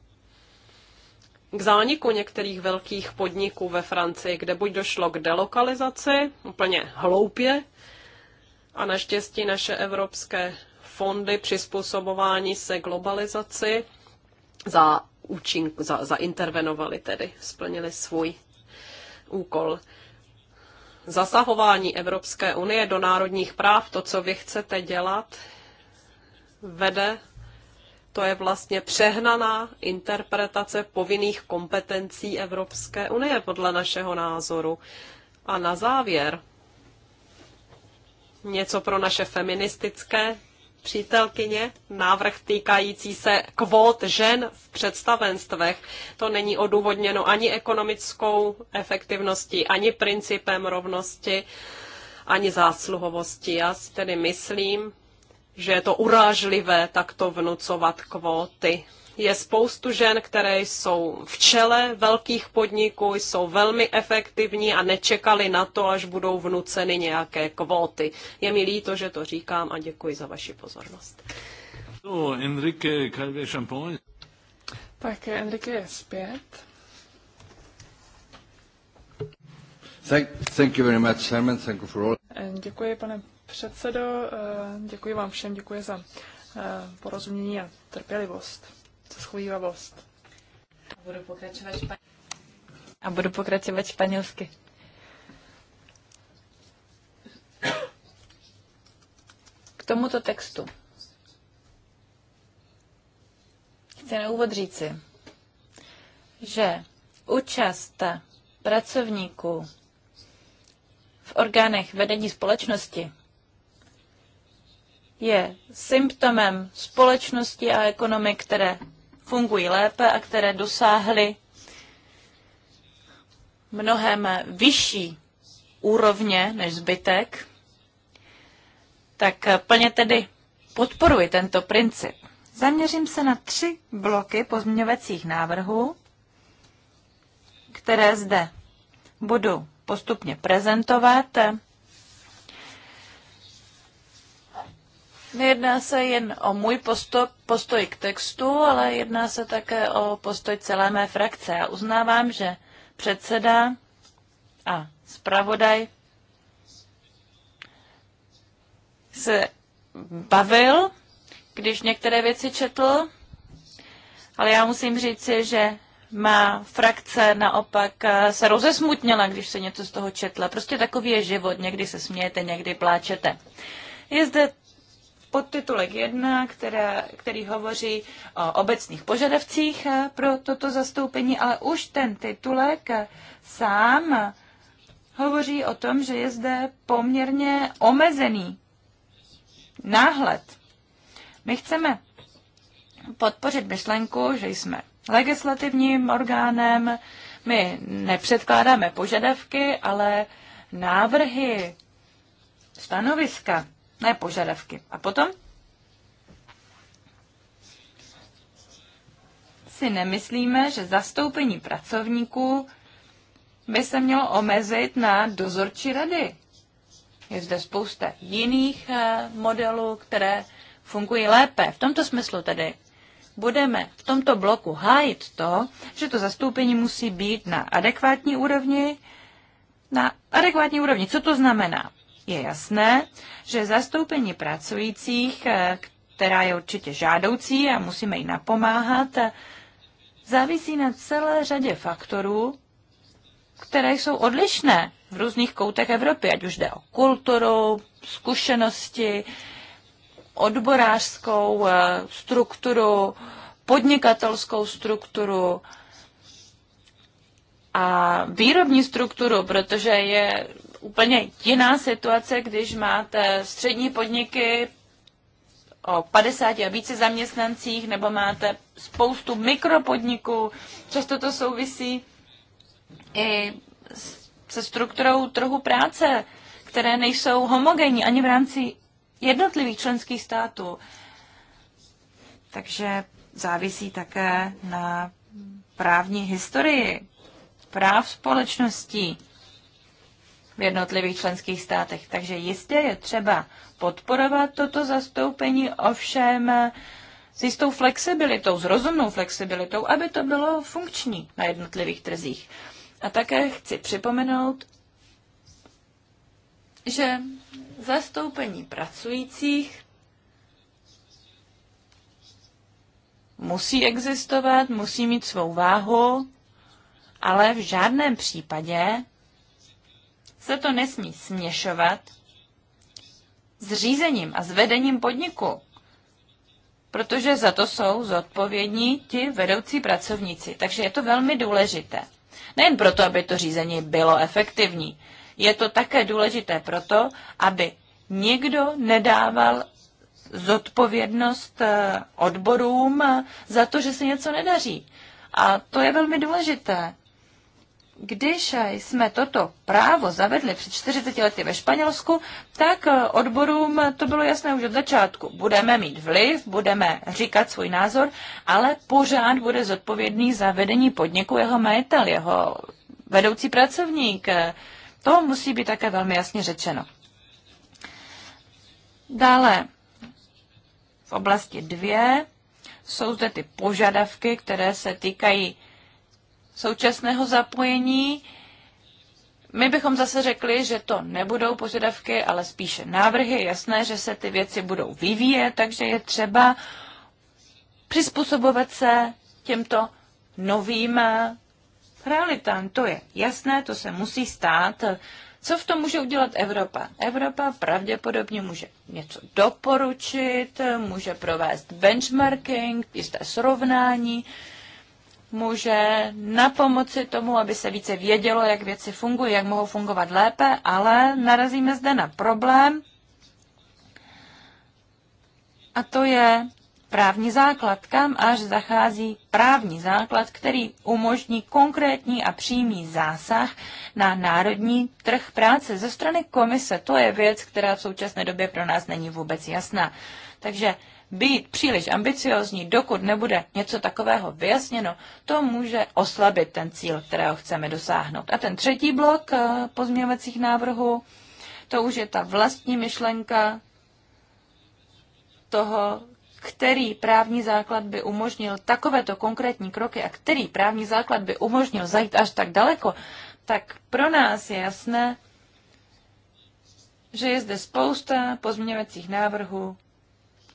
K zániku některých velkých podniků ve Francii, kde buď došlo k delokalizaci, úplně hloupě, a naštěstí naše evropské fondy přizpůsobování se globalizaci za, účink, za, za intervenovali tedy, splnili svůj úkol. Zasahování Evropské unie do národních práv, to, co vy chcete dělat, vede, to je vlastně přehnaná interpretace povinných kompetencí Evropské unie, podle našeho názoru. A na závěr, něco pro naše feministické přítelkyně návrh týkající se kvót žen v představenstvech. To není odůvodněno ani ekonomickou efektivností, ani principem rovnosti, ani zásluhovosti. Já si tedy myslím, že je to urážlivé takto vnucovat kvóty je spoustu žen, které jsou v čele velkých podniků, jsou velmi efektivní a nečekali na to, až budou vnuceny nějaké kvóty. Je mi líto, že to říkám a děkuji za vaši pozornost. Enrique Tak Enrique je zpět. Thank, thank you very much, Simon. Thank you for all. Děkuji, pane předsedo. Eh, děkuji vám všem. Děkuji za eh, porozumění a trpělivost schovývavost. A budu pokračovat, španělsky. A budu pokračovat španělsky. K tomuto textu. Chci na úvod říci, že účast pracovníků v orgánech vedení společnosti je symptomem společnosti a ekonomik, které fungují lépe a které dosáhly mnohem vyšší úrovně než zbytek, tak plně tedy podporuji tento princip. Zaměřím se na tři bloky pozměňovacích návrhů, které zde budu postupně prezentovat. Nejedná se jen o můj postoj, postoj k textu, ale jedná se také o postoj celé mé frakce. Já uznávám, že předseda a zpravodaj se bavil, když některé věci četl, ale já musím říci, že má frakce naopak eh, se rozesmutnila, když se něco z toho četla. Prostě takový je život, někdy se smějete, někdy pláčete. Je zde podtitulek 1, která, který hovoří o obecných požadavcích eh, pro toto zastoupení, ale už ten titulek eh, sám hovoří o tom, že je zde poměrně omezený náhled. My chceme podpořit myšlenku, že jsme legislativním orgánem, my nepředkládáme požadavky, ale návrhy stanoviska ne požadavky. A potom si nemyslíme, že zastoupení pracovníků by se mělo omezit na dozorčí rady. Je zde spousta jiných eh, modelů, které fungují lépe. V tomto smyslu tedy budeme v tomto bloku hájit to, že to zastoupení musí být na adekvátní úrovni. Na adekvátní úrovni, co to znamená? je jasné, že zastoupení pracujících, eh, která je určitě žádoucí a musíme jí napomáhat, eh, závisí na celé řadě faktorů, které jsou odlišné v různých koutech Evropy, ať už jde o kulturu, zkušenosti, odborářskou eh, strukturu, podnikatelskou strukturu a výrobní strukturu, protože je úplně jiná situace, když máte střední podniky o 50 a více zaměstnancích, nebo máte spoustu mikropodniků. Často to souvisí i se strukturou trhu práce, které nejsou homogenní ani v rámci jednotlivých členských států. Takže závisí také na právní historii, práv společností v jednotlivých členských státech. Takže jistě je třeba podporovat toto zastoupení, ovšem s jistou flexibilitou, s rozumnou flexibilitou, aby to bylo funkční na jednotlivých trzích. A také chci připomenout, že zastoupení pracujících musí existovat, musí mít svou váhu, ale v žádném případě se to nesmí směšovat s řízením a s vedením podniku, protože za to jsou zodpovědní ti vedoucí pracovníci. Takže je to velmi důležité. Nejen proto, aby to řízení bylo efektivní, je to také důležité proto, aby někdo nedával zodpovědnost eh, odborům za to, že se něco nedaří. A to je velmi důležité. Když jsme toto právo zavedli před 40 lety ve Španělsku, tak eh, odborům to bylo jasné už od začátku. Budeme mít vliv, budeme říkat svůj názor, ale pořád bude zodpovědný za vedení podniku jeho majitel, jeho vedoucí pracovník. To musí být také velmi jasně řečeno. Dále v oblasti dvě jsou zde ty požadavky, které se týkají současného zapojení. My bychom zase řekli, že to nebudou požadavky, ale spíše návrhy. Jasné, že se ty věci budou vyvíjet, takže je třeba přizpůsobovat se těmto novým eh, realitám. To je jasné, to se musí stát. Co v tom může udělat Evropa? Evropa pravděpodobně může něco doporučit, může provést benchmarking, jisté srovnání, může na pomoci tomu, aby se více vědělo, jak věci fungují, jak mohou fungovat lépe, ale narazíme zde na problém a to je právní základ, kam až zachází právní základ, který umožní konkrétní a přímý zásah na národní trh práce ze strany komise. To je věc, která v současné době pro nás není vůbec jasná. Takže být příliš ambiciozní, dokud nebude něco takového vyjasněno, to může oslabit ten cíl, kterého chceme dosáhnout. A ten třetí blok eh, pozměňovacích návrhů, to už je ta vlastní myšlenka toho, který právní základ by umožnil takovéto konkrétní kroky a který právní základ by umožnil zajít až tak daleko, tak pro nás je jasné, že je zde spousta pozměňovacích návrhů,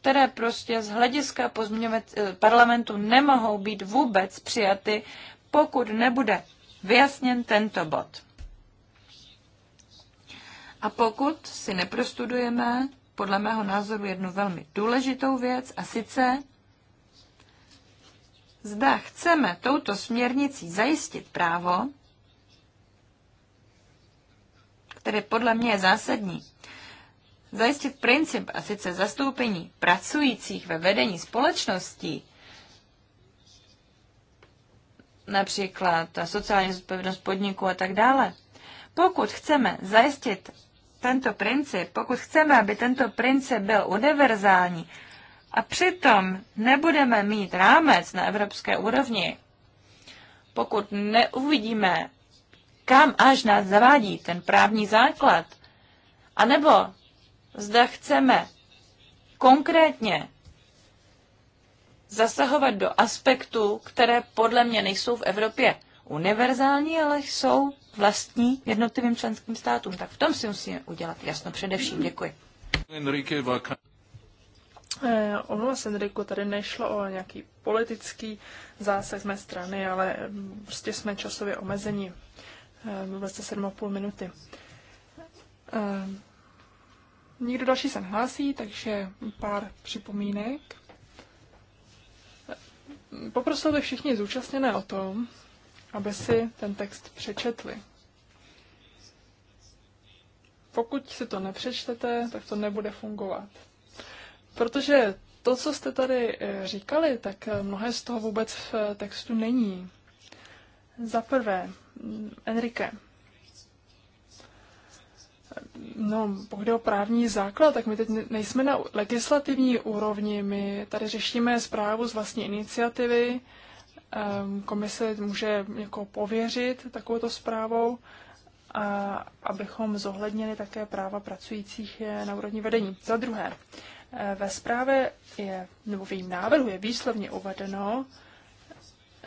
které prostě z hlediska eh, parlamentu nemohou být vůbec přijaty, pokud nebude vyjasněn tento bod. A pokud si neprostudujeme, podle mého názoru, jednu velmi důležitou věc, a sice zda chceme touto směrnicí zajistit právo, které podle mě je zásadní, zajistit princip a sice zastoupení pracujících ve vedení společností, například sociální zodpovědnost podniku a tak dále, pokud chceme zajistit tento princip, pokud chceme, aby tento princip byl univerzální a přitom nebudeme mít rámec na evropské úrovni, pokud neuvidíme, kam až nás zavádí ten právní základ, anebo zda chceme konkrétně zasahovat do aspektů, které podle mě nejsou v Evropě univerzální, ale jsou vlastní jednotlivým členským státům. Tak v tom si musíme udělat jasno především. Děkuji. Enrique Vaca. Eh, Enrico tady nešlo o nějaký politický zásah z mé strany, ale mm, prostě jsme časově omezení. Eh, vlastně 7,5 minuty. Eh, Nikdo další se nehlásí, takže pár připomínek. Poprosil bych všichni zúčastněné o tom, aby si ten text přečetli. Pokud si to nepřečtete, tak to nebude fungovat. Protože to, co jste tady eh, říkali, tak eh, mnohé z toho vůbec v eh, textu není. Za prvé, mm, Enrique, No, pokud je o právní základ, tak my teď nejsme na legislativní úrovni. My tady řešíme zprávu z vlastní iniciativy. Ehm, komise může někoho jako pověřit takovouto zprávou, a abychom zohlednili také práva pracujících eh, na úrovni vedení. Za druhé, eh, ve zprávě je, nebo v jejím návrhu je výslovně uvedeno,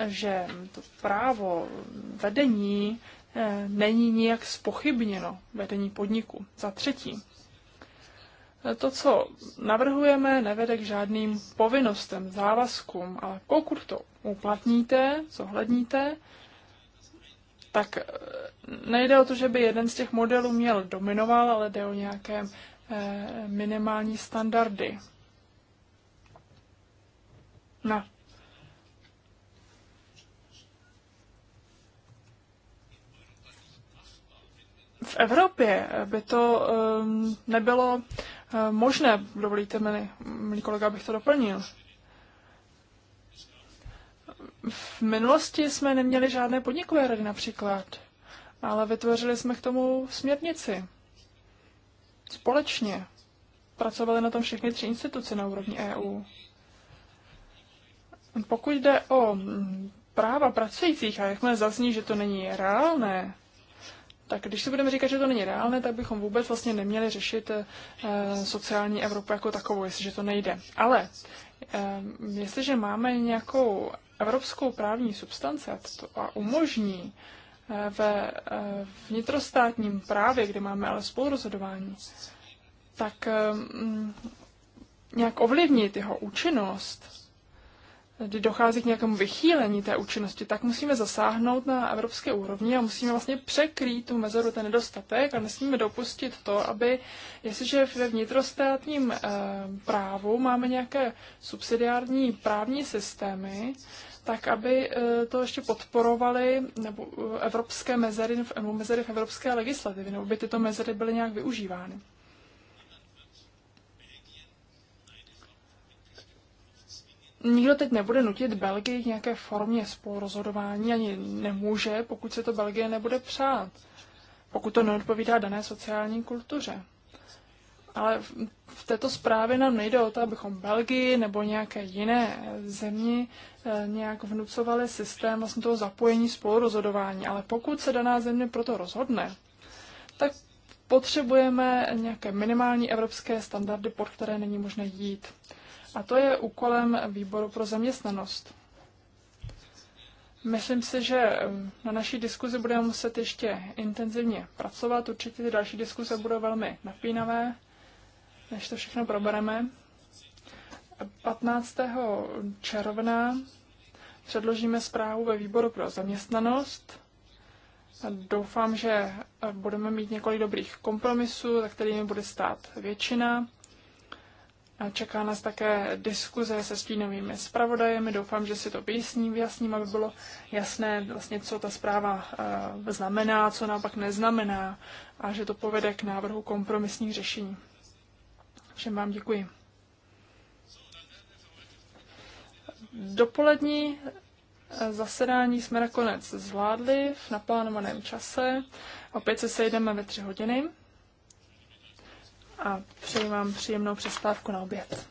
že to právo vedení Eh, není nijak spochybněno vedení podniku. Za třetí, eh, to, co navrhujeme, nevede k žádným povinnostem, závazkům, ale pokud to uplatníte, zohledníte, tak eh, nejde o to, že by jeden z těch modelů měl dominoval, ale jde o nějaké minimální standardy na v Evropě by to um, nebylo um, možné, dovolíte mi, milí kolega, abych to doplnil. V minulosti jsme neměli žádné podnikové rady například, ale vytvořili jsme k tomu směrnici. Společně. Pracovali na tom všechny tři instituce na úrovni EU. Pokud jde o mm, práva pracujících, a jakmile zazní, že to není reálné, tak když si budeme říkat, že to není reálné, tak bychom vůbec vlastně neměli řešit eh, sociální Evropu jako takovou, jestliže to nejde. Ale eh, jestliže máme nějakou evropskou právní substanci a umožní eh, ve vnitrostátním právě, kde máme ale spolurozhodování, tak nějak ovlivnit jeho účinnost, kdy dochází k nějakému vychýlení té účinnosti, tak musíme zasáhnout na evropské úrovni a musíme vlastně překrýt tu mezeru, ten nedostatek a nesmíme dopustit to, aby, jestliže ve vnitrostátním e, právu máme nějaké subsidiární právní systémy, tak aby eh, to ještě podporovaly nebo eh, evropské mezery, nebo mezery v evropské legislativě, nebo by tyto mezery byly nějak využívány. Nikdo teď nebude nutit Belgii k nějaké formě spolurozhodování, ani nemůže, pokud se to Belgie nebude přát, pokud to neodpovídá dané sociální kultuře. Ale v této zprávě nám nejde o to, abychom Belgii nebo nějaké jiné zemi eh, nějak vnucovali systém vlastně toho zapojení spolurozhodování. Ale pokud se daná země proto rozhodne, tak potřebujeme nějaké minimální evropské standardy, pod které není možné jít. A to je úkolem výboru pro zaměstnanost. Myslím si, že na naší diskuzi budeme muset ještě intenzivně pracovat. Určitě ty další diskuze budou velmi napínavé, než to všechno probereme. 15. června předložíme zprávu ve výboru pro zaměstnanost. Doufám, že budeme mít několik dobrých kompromisů, za kterými bude stát většina. Čeká nás také diskuze se stínovými zpravodajemi. Doufám, že si to vyjasním, vyjasním, aby bylo jasné, vlastně, co ta zpráva eh, znamená, co naopak neznamená a že to povede k návrhu kompromisních řešení. Všem vám děkuji. Dopolední eh, zasedání jsme nakonec zvládli v naplánovaném čase. Opět se sejdeme ve tři hodiny a přeji vám příjemnou přestávku na oběd.